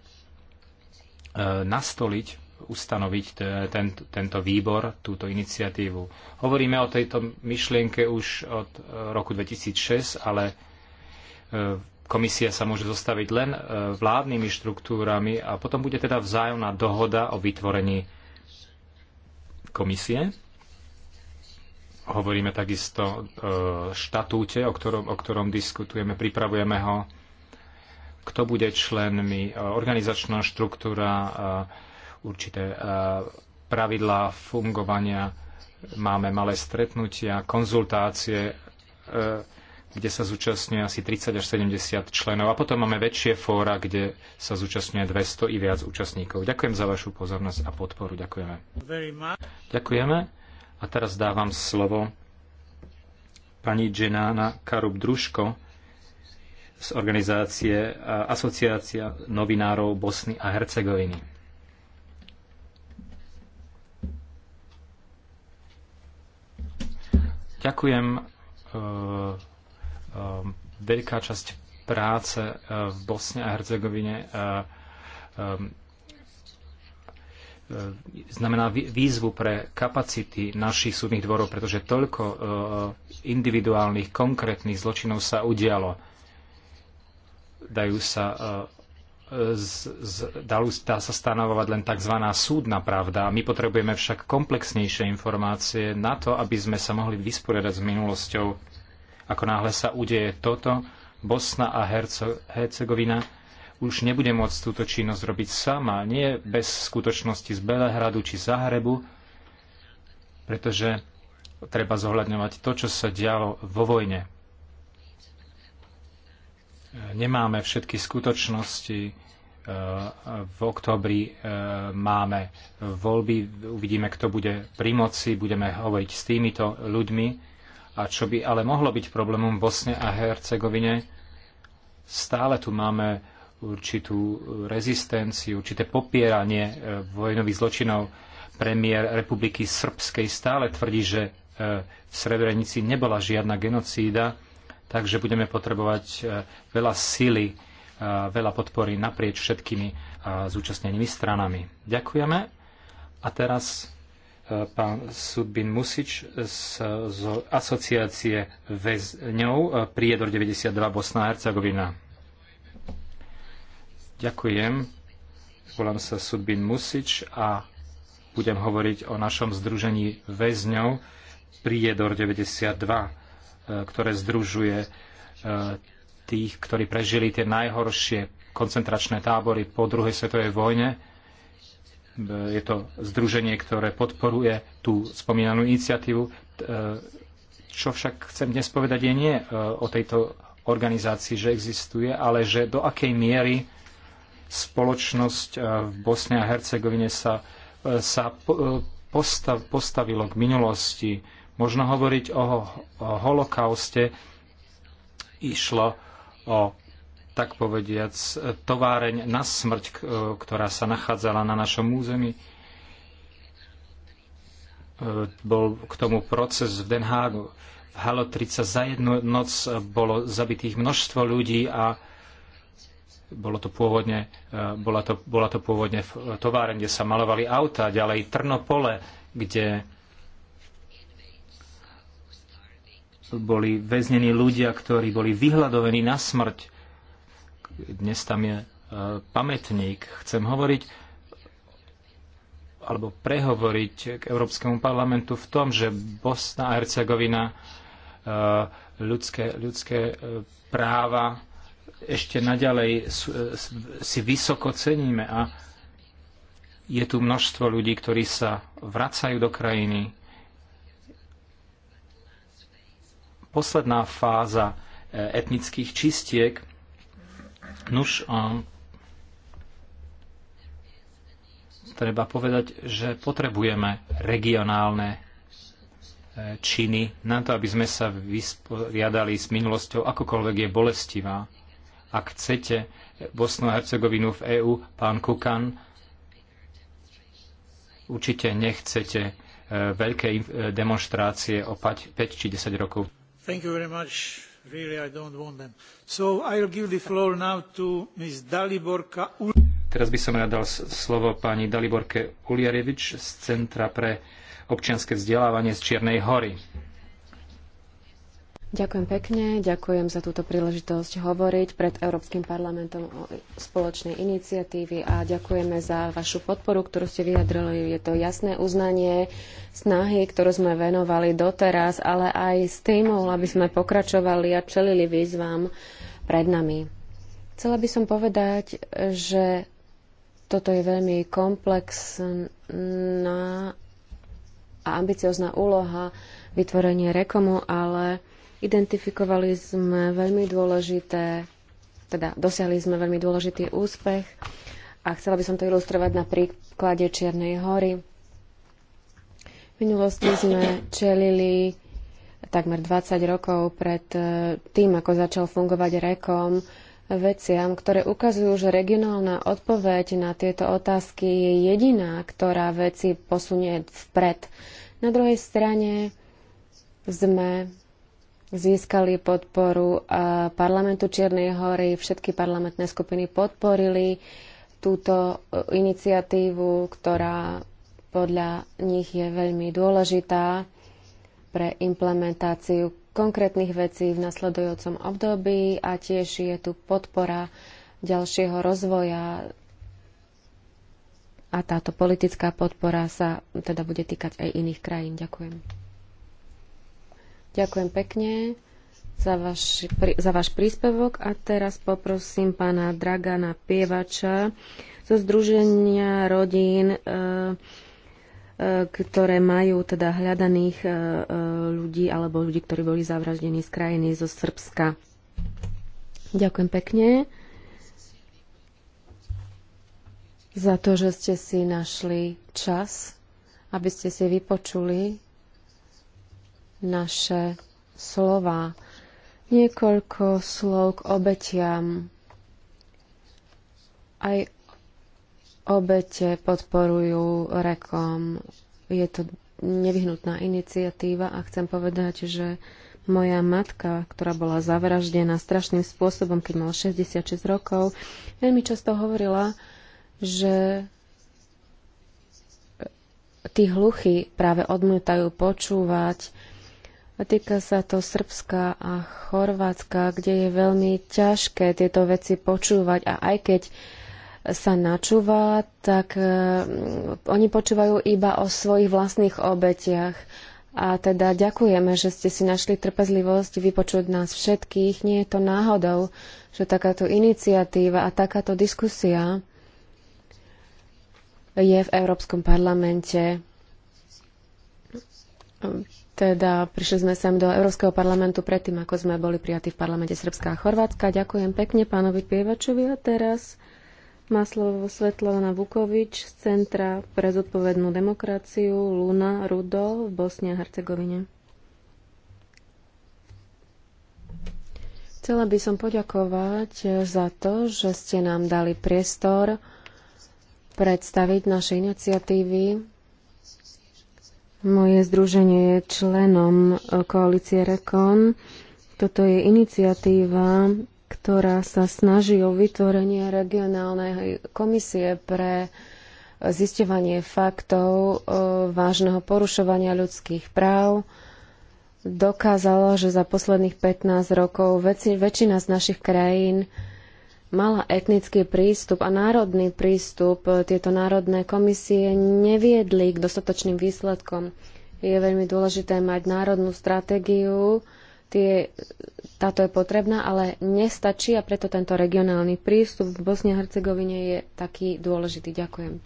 nastoliť ustanoviť ten, tento výbor, túto iniciatívu. Hovoríme o tejto myšlienke už od e, roku 2006, ale e, komisia sa môže zostaviť len e, vládnymi štruktúrami a potom bude teda vzájomná dohoda o vytvorení komisie. Hovoríme takisto o štatúte, o ktorom, o ktorom diskutujeme, pripravujeme ho kto bude členmi, organizačná štruktúra, určité e, pravidlá fungovania, máme malé stretnutia, konzultácie, e, kde sa zúčastňuje asi 30 až 70 členov a potom máme väčšie fóra, kde sa zúčastňuje 200 i viac účastníkov. Ďakujem za vašu pozornosť a podporu. Ďakujeme. Ďakujeme. A teraz dávam slovo pani Dženána Karub Družko z organizácie Asociácia novinárov Bosny a Hercegoviny. Ďakujem. E, e, veľká časť práce e, v Bosne a Hercegovine znamená výzvu pre kapacity našich súdnych dvorov, pretože toľko individuálnych, konkrétnych zločinov sa udialo. Dajú sa z, z, dá, dá sa stanovovať len tzv. súdna pravda. My potrebujeme však komplexnejšie informácie na to, aby sme sa mohli vysporiadať s minulosťou. Ako náhle sa udeje toto, Bosna a Herco, Hercegovina už nebude môcť túto činnosť robiť sama, nie bez skutočnosti z Belehradu či Zahrebu, pretože treba zohľadňovať to, čo sa dialo vo vojne. Nemáme všetky skutočnosti, v oktobri e, máme voľby, uvidíme, kto bude pri moci, budeme hovoriť s týmito ľuďmi. A čo by ale mohlo byť problémom v Bosne a Hercegovine, stále tu máme určitú rezistenciu, určité popieranie e, vojnových zločinov. Premiér Republiky Srbskej stále tvrdí, že e, v Srebrenici nebola žiadna genocída, takže budeme potrebovať veľa sily veľa podpory naprieč všetkými zúčastnenými stranami. Ďakujeme. A teraz e, pán Sudbin Musič z, z asociácie väzňov e, Priedor 92 Bosna a Hercegovina. Ďakujem. Volám sa Sudbin Musič a budem hovoriť o našom združení väzňov Priedor 92, e, ktoré združuje tých, ktorí prežili tie najhoršie koncentračné tábory po druhej svetovej vojne. Je to združenie, ktoré podporuje tú spomínanú iniciatívu. E, čo však chcem dnes povedať je nie e, o tejto organizácii, že existuje, ale že do akej miery spoločnosť e, v Bosne a Hercegovine sa, sa postav, postavilo k minulosti. Možno hovoriť o, o holokauste išlo o tak povediac továreň na smrť, e, ktorá sa nachádzala na našom území. E, bol k tomu proces v Den Hagu. V Halo 30 za jednu noc bolo zabitých množstvo ľudí a bolo to pôvodne, e, bola, to, bola to pôvodne továreň, kde sa malovali auta, ďalej Trnopole, kde boli väznení ľudia, ktorí boli vyhľadovení na smrť. Dnes tam je e, pamätník. Chcem hovoriť alebo prehovoriť k Európskemu parlamentu v tom, že Bosna a Hercegovina e, ľudské, ľudské e, práva ešte naďalej si vysoko ceníme a je tu množstvo ľudí, ktorí sa vracajú do krajiny, posledná fáza eh, etnických čistiek. Nuž, treba povedať, že potrebujeme regionálne eh, činy na to, aby sme sa vysporiadali s minulosťou, akokoľvek je bolestivá. Ak chcete eh, Bosnu a Hercegovinu v EÚ, pán Kukan, určite nechcete veľké demonstrácie o 5 či 10 rokov. Thank you very much. Really, I don't want them. So I'll give the floor now to Ms. Daliborka Ul- Teraz by som rád dal slovo pani Daliborke Uliarevič z Centra pre občianske vzdelávanie z Čiernej hory. Ďakujem pekne, ďakujem za túto príležitosť hovoriť pred Európskym parlamentom o spoločnej iniciatívy a ďakujeme za vašu podporu, ktorú ste vyjadrili. Je to jasné uznanie snahy, ktorú sme venovali doteraz, ale aj s tým, aby sme pokračovali a čelili výzvam pred nami. Chcela by som povedať, že toto je veľmi komplexná a ambiciozná úloha vytvorenie rekomu, ale Identifikovali sme veľmi dôležité, teda dosiahli sme veľmi dôležitý úspech a chcela by som to ilustrovať na príklade Čiernej hory. V minulosti sme čelili takmer 20 rokov pred eh, tým, ako začal fungovať rekom, veciam, ktoré ukazujú, že regionálna odpoveď na tieto otázky je jediná, ktorá veci posunie vpred. Na druhej strane sme získali podporu parlamentu Čiernej hory. Všetky parlamentné skupiny podporili túto e, iniciatívu, ktorá podľa nich je veľmi dôležitá pre implementáciu konkrétnych vecí v nasledujúcom období a tiež je tu podpora ďalšieho rozvoja a táto politická podpora sa teda bude týkať aj iných krajín. Ďakujem. Ďakujem pekne za váš, za váš príspevok a teraz poprosím pána Dragana Pievača zo Združenia rodín, e, e, ktoré majú teda hľadaných e, ľudí alebo ľudí, ktorí boli zavraždení z krajiny zo Srbska. Ďakujem pekne za to, že ste si našli čas, aby ste si vypočuli naše slova. Niekoľko slov k obetiam. Aj obete podporujú rekom. Je to nevyhnutná iniciatíva a chcem povedať, že moja matka, ktorá bola zavraždená strašným spôsobom, keď mala 66 rokov, veľmi často hovorila, že tí hluchy práve odmietajú počúvať Týka sa to Srbska a Chorvátska, kde je veľmi ťažké tieto veci počúvať a aj keď sa načúva, tak uh, oni počúvajú iba o svojich vlastných obetiach. A teda ďakujeme, že ste si našli trpezlivosť vypočuť nás všetkých. Nie je to náhodou, že takáto iniciatíva a takáto diskusia je v Európskom parlamente teda prišli sme sem do Európskeho parlamentu predtým, ako sme boli prijatí v parlamente Srbská a Chorvátska. Ďakujem pekne pánovi Pievačovi a teraz má slovo Svetlana Vukovič z Centra pre zodpovednú demokraciu Luna Rudo v Bosne a Hercegovine. Chcela by som poďakovať za to, že ste nám dali priestor predstaviť naše iniciatívy moje združenie je členom e, koalície REKON. Toto je iniciatíva, ktorá sa snaží o vytvorenie regionálnej komisie pre e, zisťovanie faktov e, vážneho porušovania ľudských práv dokázalo, že za posledných 15 rokov väčšina z našich krajín mala etnický prístup a národný prístup. Tieto národné komisie neviedli k dostatočným výsledkom. Je veľmi dôležité mať národnú stratégiu, tie, táto je potrebná, ale nestačí a preto tento regionálny prístup v Bosne a Hercegovine je taký dôležitý. Ďakujem.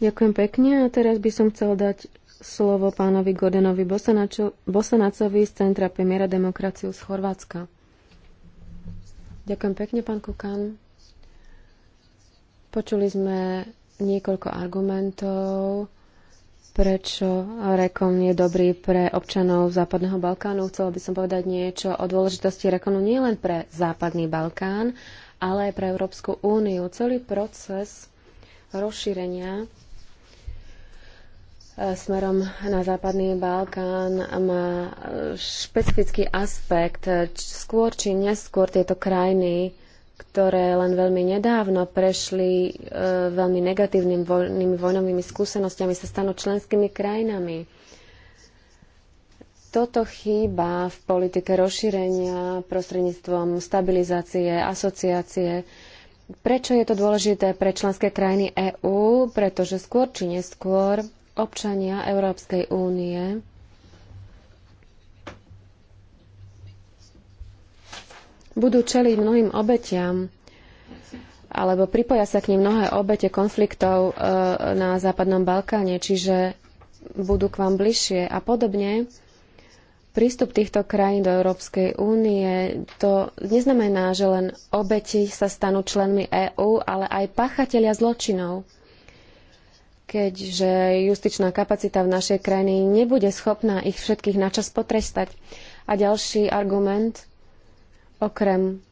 Ďakujem pekne a teraz by som chcel dať slovo pánovi Gordonovi Bosanacovi z Centra Premiera demokraciu z Chorvátska. Ďakujem pekne, pán Kukan. Počuli sme niekoľko argumentov, prečo Rekom je dobrý pre občanov Západného Balkánu. Chcela by som povedať niečo o dôležitosti Rekonu nielen pre Západný Balkán, ale aj pre Európsku úniu. Celý proces rozšírenia E, smerom na západný Balkán má e, špecifický aspekt. E, skôr či neskôr tieto krajiny, ktoré len veľmi nedávno prešli veľmi negatívnymi vojnovými skúsenostiami, sa stanú členskými krajinami. Toto chýba v politike rozšírenia prostredníctvom stabilizácie, asociácie. Prečo je to dôležité pre členské krajiny EÚ? Pretože skôr či neskôr občania Európskej únie budú čeliť mnohým obetiam alebo pripoja sa k nim mnohé obete konfliktov e, na Západnom Balkáne, čiže budú k vám bližšie a podobne. Prístup týchto krajín do Európskej únie to neznamená, že len obeti sa stanú členmi EÚ, ale aj pachatelia zločinov keďže justičná kapacita v našej krajine nebude schopná ich všetkých načas potrestať. A ďalší argument, okrem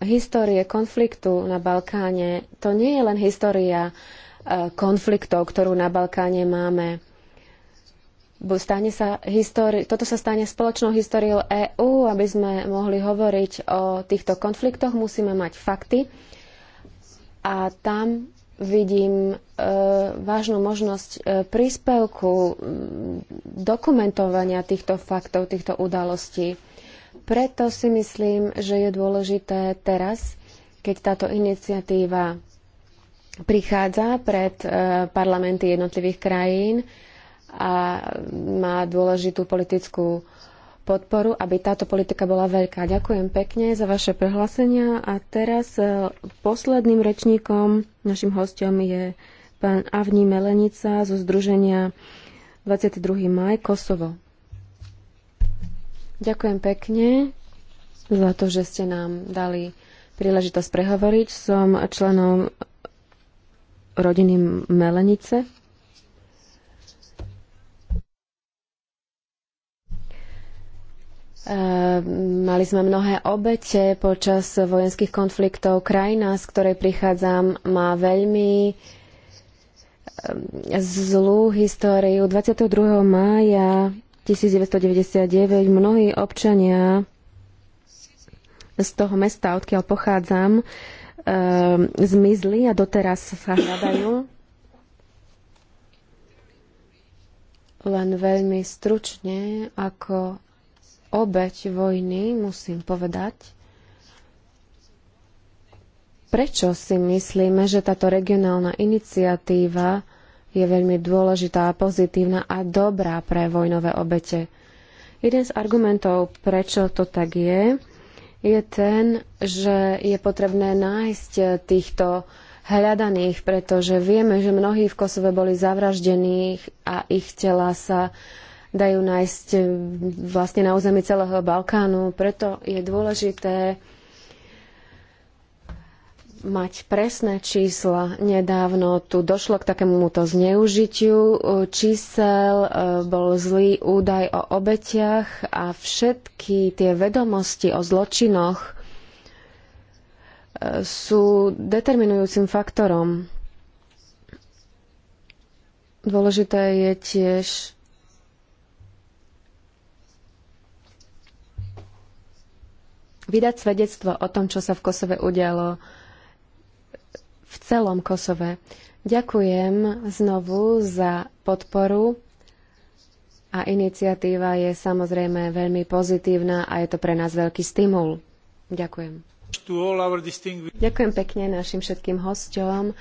histórie konfliktu na Balkáne, to nie je len história e, konfliktov, ktorú na Balkáne máme. Stane sa histori- toto sa stane spoločnou históriou EÚ, aby sme mohli hovoriť o týchto konfliktoch, musíme mať fakty. A tam vidím e, vážnu možnosť e, príspevku e, dokumentovania týchto faktov, týchto udalostí. Preto si myslím, že je dôležité teraz, keď táto iniciatíva prichádza pred e, parlamenty jednotlivých krajín a má dôležitú politickú e, podporu, aby táto politika bola veľká. Ďakujem pekne za vaše prehlásenia a teraz e, posledným rečníkom, našim hostom je pán Avní Melenica zo Združenia 22. maj Kosovo. Ďakujem pekne za to, že ste nám dali príležitosť prehovoriť. Som členom rodiny Melenice Ehm, mali sme mnohé obete počas vojenských konfliktov. Krajina, z ktorej prichádzam, má veľmi ehm, zlú históriu. 22. mája 1999 mnohí občania z toho mesta, odkiaľ pochádzam, ehm, zmizli a doteraz sa hľadajú. Len veľmi stručne, ako obeť vojny, musím povedať, prečo si myslíme, že táto regionálna iniciatíva je veľmi dôležitá, pozitívna a dobrá pre vojnové obete. Jeden z argumentov, prečo to tak je, je ten, že je potrebné nájsť týchto hľadaných, pretože vieme, že mnohí v Kosove boli zavraždení a ich tela sa uh, dajú nájsť eh, vlastne na území celého Balkánu. Preto je dôležité mať presné čísla. Nedávno tu došlo k takémuto zneužitiu eh, čísel, eh, bol zlý údaj o obetiach a všetky tie vedomosti o zločinoch sú determinujúcim faktorom. Dôležité je tiež vydať svedectvo o tom, čo sa v Kosove udialo v celom Kosove. Ďakujem znovu za podporu a iniciatíva je samozrejme veľmi pozitívna a je to pre nás veľký stimul. Ďakujem. Ďakujem pekne našim všetkým hosťom.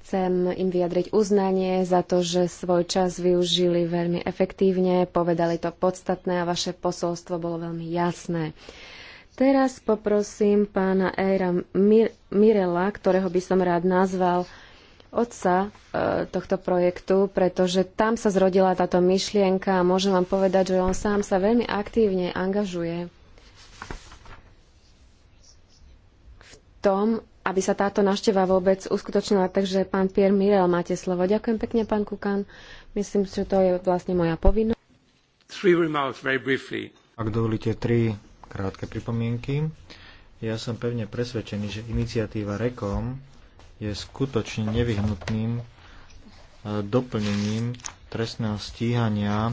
Chcem im vyjadriť uznanie za to, že svoj čas využili veľmi efektívne, povedali to podstatné a vaše posolstvo bolo veľmi jasné. Teraz poprosím pána Eira Mirela, ktorého by som rád nazval otca e, tohto projektu, pretože tam sa zrodila táto myšlienka a môžem vám povedať, že on sám sa veľmi aktívne angažuje v tom, aby sa táto návšteva vôbec uskutočnila. Takže pán Pierre Mirel, máte slovo. Ďakujem pekne, pán Kukan. Myslím, že to je vlastne moja povinnosť. Ak dovolíte, tri krátke pripomienky. Ja som pevne presvedčený, že iniciatíva REKOM je skutočne nevyhnutným e, doplnením trestného stíhania e,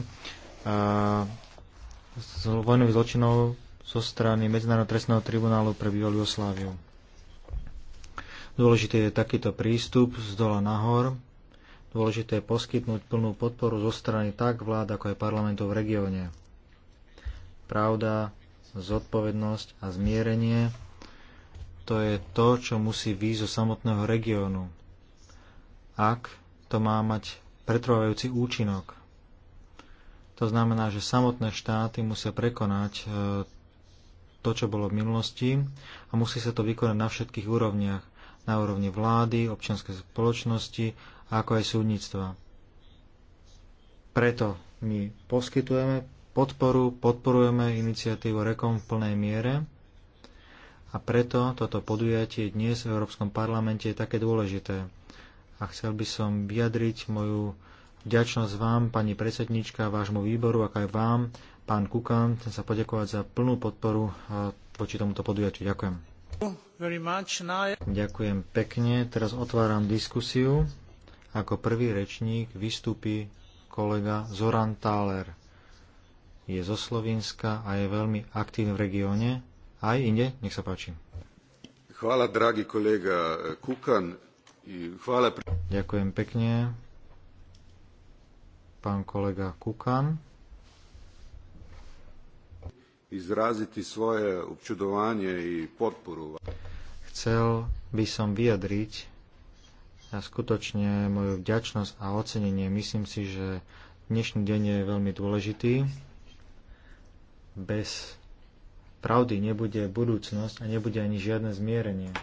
z vojnových zločinov zo strany Medzinárodného trestného tribunálu pre bývalú Jugosláviu. Dôležité je takýto prístup z dola nahor, Dôležité je poskytnúť plnú podporu zo strany tak vlád, ako aj parlamentov v regióne. Pravda, zodpovednosť a zmierenie, to je to, čo musí výjsť zo samotného regiónu. Ak to má mať pretrvávajúci účinok. To znamená, že samotné štáty musia prekonať e, to, čo bolo v minulosti a musí sa to vykonať na všetkých úrovniach. Na úrovni vlády, občianskej spoločnosti, ako aj súdnictva. Preto my poskytujeme podporu, podporujeme iniciatívu Rekom v plnej miere a preto toto podujatie dnes v Európskom parlamente je také dôležité. A chcel by som vyjadriť moju vďačnosť vám, pani predsednička, vášmu výboru, ako aj vám, pán Kukan. Chcem sa poďakovať za plnú podporu e, voči tomuto podujatiu. Ďakujem. Ďakujem pekne. Teraz otváram diskusiu. Ako prvý rečník vystúpi kolega Zoran Thaler je zo Slovenska a je veľmi aktívny v regióne. Aj inde, nech sa páči. Chvála, drahý kolega Kukan. Chvála... Ďakujem pekne, pán kolega Kukan. Izraziti svoje občudovanie i podporu. Chcel by som vyjadriť a skutočne moju vďačnosť a ocenenie. Myslím si, že dnešný deň je veľmi dôležitý bez pravdy nebude budúcnosť a nebude ani žiadne zmierenie.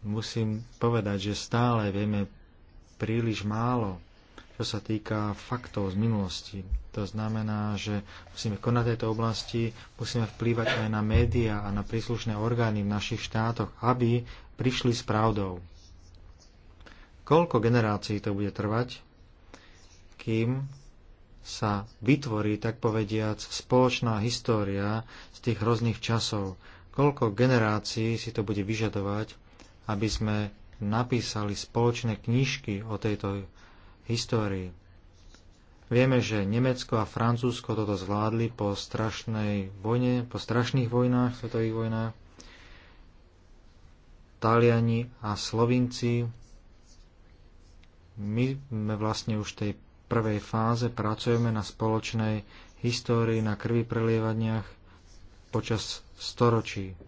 Musím povedať, že stále vieme príliš málo, čo sa týka faktov z minulosti. To znamená, že musíme konať tejto oblasti, musíme vplývať aj na médiá a na príslušné orgány v našich štátoch, aby prišli s pravdou. Koľko generácií to bude trvať, kým sa vytvorí, tak povediac, spoločná história z tých hrozných časov. Koľko generácií si to bude vyžadovať, aby sme napísali spoločné knižky o tejto histórii. Vieme, že Nemecko a Francúzsko toto zvládli po strašnej vojne, po strašných vojnách, svetových vojnách. Taliani a Slovinci. My sme vlastne už tej prvej fáze pracujeme na spoločnej histórii, na krvi prelievaniach počas storočí.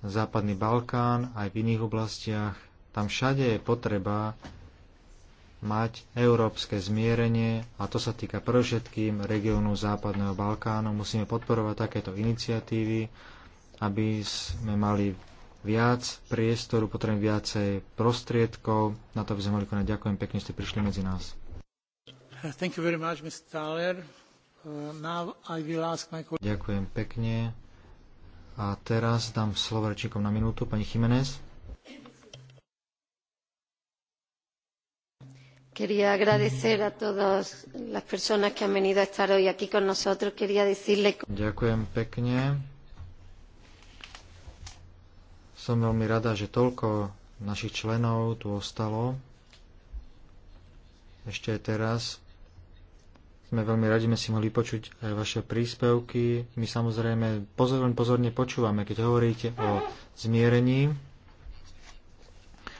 Západný Balkán aj v iných oblastiach, tam všade je potreba mať európske zmierenie a to sa týka predovšetkým regiónu Západného Balkánu. Musíme podporovať takéto iniciatívy, aby sme mali viac priestoru, potrebujem viacej prostriedkov na to, aby sme mali konať. Ďakujem pekne, že ste prišli medzi nás. Much, uh, my... Ďakujem pekne. A teraz dám slovo rečníkom na minútu. Pani Jiménez. Quería agradecer a todas las personas que han venido a estar hoy aquí con nosotros. Quería decirle... Ďakujem pekne som veľmi rada, že toľko našich členov tu ostalo. Ešte aj teraz. Sme veľmi radi, sme si mohli počuť aj vaše príspevky. My samozrejme pozorne, pozorne počúvame, keď hovoríte o zmierení.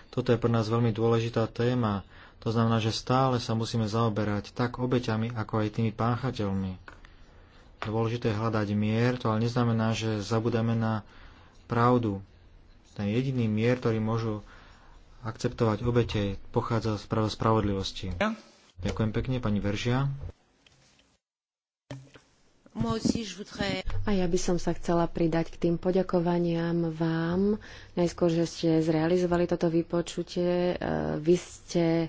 Toto je pre nás veľmi dôležitá téma. To znamená, že stále sa musíme zaoberať tak obeťami, ako aj tými páchateľmi. Dôležité je hľadať mier, to ale neznamená, že zabudeme na pravdu ten jediný mier, ktorý môžu akceptovať obete, pochádza z práva spravodlivosti. Ja? Ďakujem pekne, pani Veržia. A ja by som sa chcela pridať k tým poďakovaniam vám. Najskôr, že ste zrealizovali toto vypočutie. E, vy ste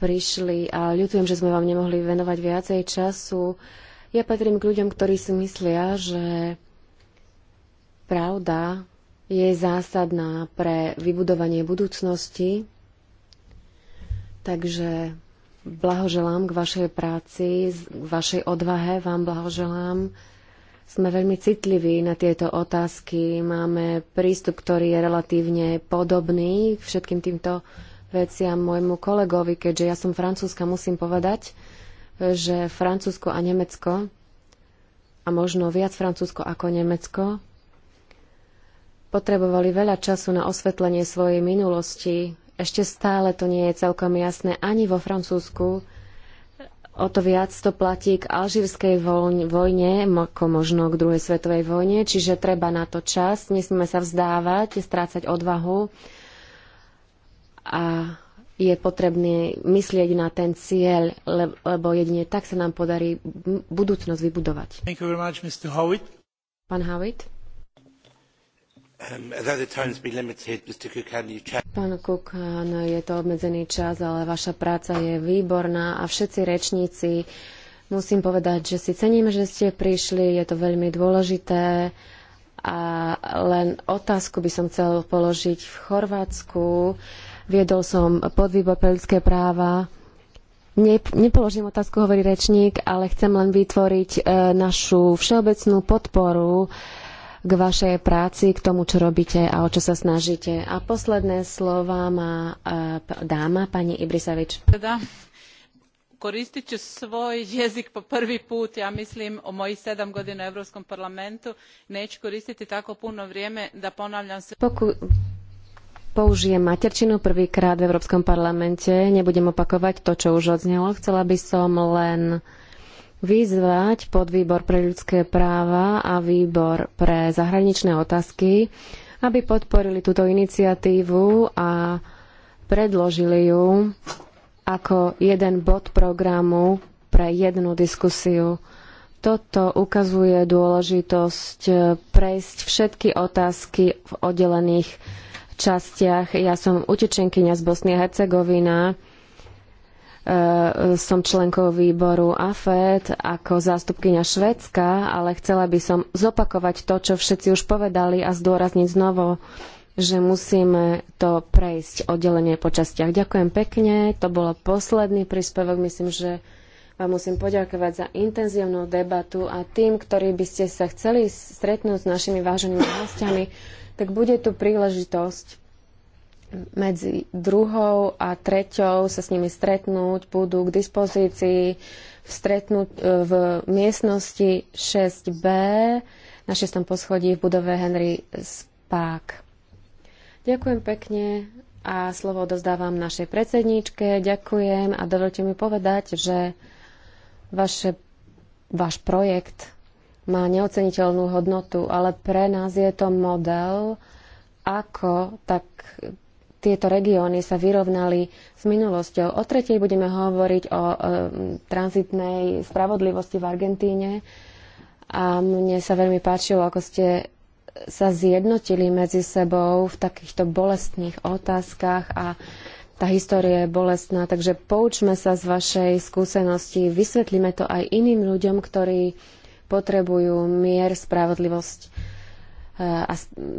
prišli a ľutujem, že sme vám nemohli venovať viacej času. Ja patrím k ľuďom, ktorí si myslia, že pravda je zásadná pre vybudovanie budúcnosti. Takže blahoželám k vašej práci, k vašej odvahe vám blahoželám. Sme veľmi citliví na tieto otázky. Máme prístup, ktorý je relatívne podobný k všetkým týmto veciam môjmu kolegovi, keďže ja som francúzska, musím povedať, že Francúzsko a Nemecko a možno viac Francúzsko ako Nemecko potrebovali veľa času na osvetlenie svojej minulosti. Ešte stále to nie je celkom jasné ani vo Francúzsku. O to viac to platí k alžírskej vojne, ako možno k druhej svetovej vojne, čiže treba na to čas, nesmíme sa vzdávať, strácať odvahu a je potrebné myslieť na ten cieľ, lebo jedine tak sa nám podarí budúcnosť vybudovať. Much, Pán Howitt. Um, Pán Kukan, je to obmedzený čas, ale vaša práca je výborná a všetci rečníci, musím povedať, že si cením, že ste prišli, je to veľmi dôležité. A len otázku by som chcel položiť v Chorvátsku. Viedol som podvýbor pre ľudské práva. nepoložím otázku, hovorí rečník, ale chcem len vytvoriť e, našu všeobecnú podporu k vašej práci, k tomu, čo robíte a o čo sa snažíte. A posledné slova má e, dáma, pani Ibrisavič. Teda, koristit ću svoj jezik po prvi put, ja mislim o mojih sedam godina u Europskom parlamentu, neću koristiti tako puno vrijeme da ponavljam se... Poku... Použijem materčinu prvýkrát v Európskom parlamente. Nebudem opakovať to, čo už odznelo. Chcela by som len vyzvať podvýbor pre ľudské práva a výbor pre zahraničné otázky, aby podporili túto iniciatívu a predložili ju ako jeden bod programu pre jednu diskusiu. Toto ukazuje dôležitosť eh, prejsť všetky otázky v oddelených častiach. Ja som utečenkyňa z Bosny a Hercegovina Eh, som členkou výboru AFED ako zástupkyňa Švédska, ale chcela by som zopakovať to, čo všetci už povedali a zdôrazniť znovu, že musíme to prejsť oddelenie po častiach. Ďakujem pekne, to bolo posledný príspevok, myslím, že vám musím poďakovať za intenzívnu debatu a tým, ktorí by ste sa chceli stretnúť s našimi váženými hostiami, tak bude tu príležitosť medzi druhou a treťou sa s nimi stretnúť, budú k dispozícii v, stretnúť, v miestnosti 6B na 6. poschodí v budove Henry Spák. Ďakujem pekne a slovo dozdávam našej predsedníčke. Ďakujem a dovolte mi povedať, že vaše, váš projekt má neoceniteľnú hodnotu, ale pre nás je to model, ako tak tieto regióny sa vyrovnali s minulosťou. O tretej budeme hovoriť o e, tranzitnej spravodlivosti v Argentíne a mne sa veľmi páčilo, ako ste sa zjednotili medzi sebou v takýchto bolestných otázkach a tá história je bolestná, takže poučme sa z vašej skúsenosti, vysvetlíme to aj iným ľuďom, ktorí potrebujú mier, spravodlivosť a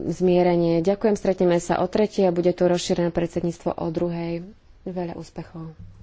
zmierenie. Ďakujem, stretneme sa o tretej a bude tu rozšírené predsedníctvo o druhej. Veľa úspechov.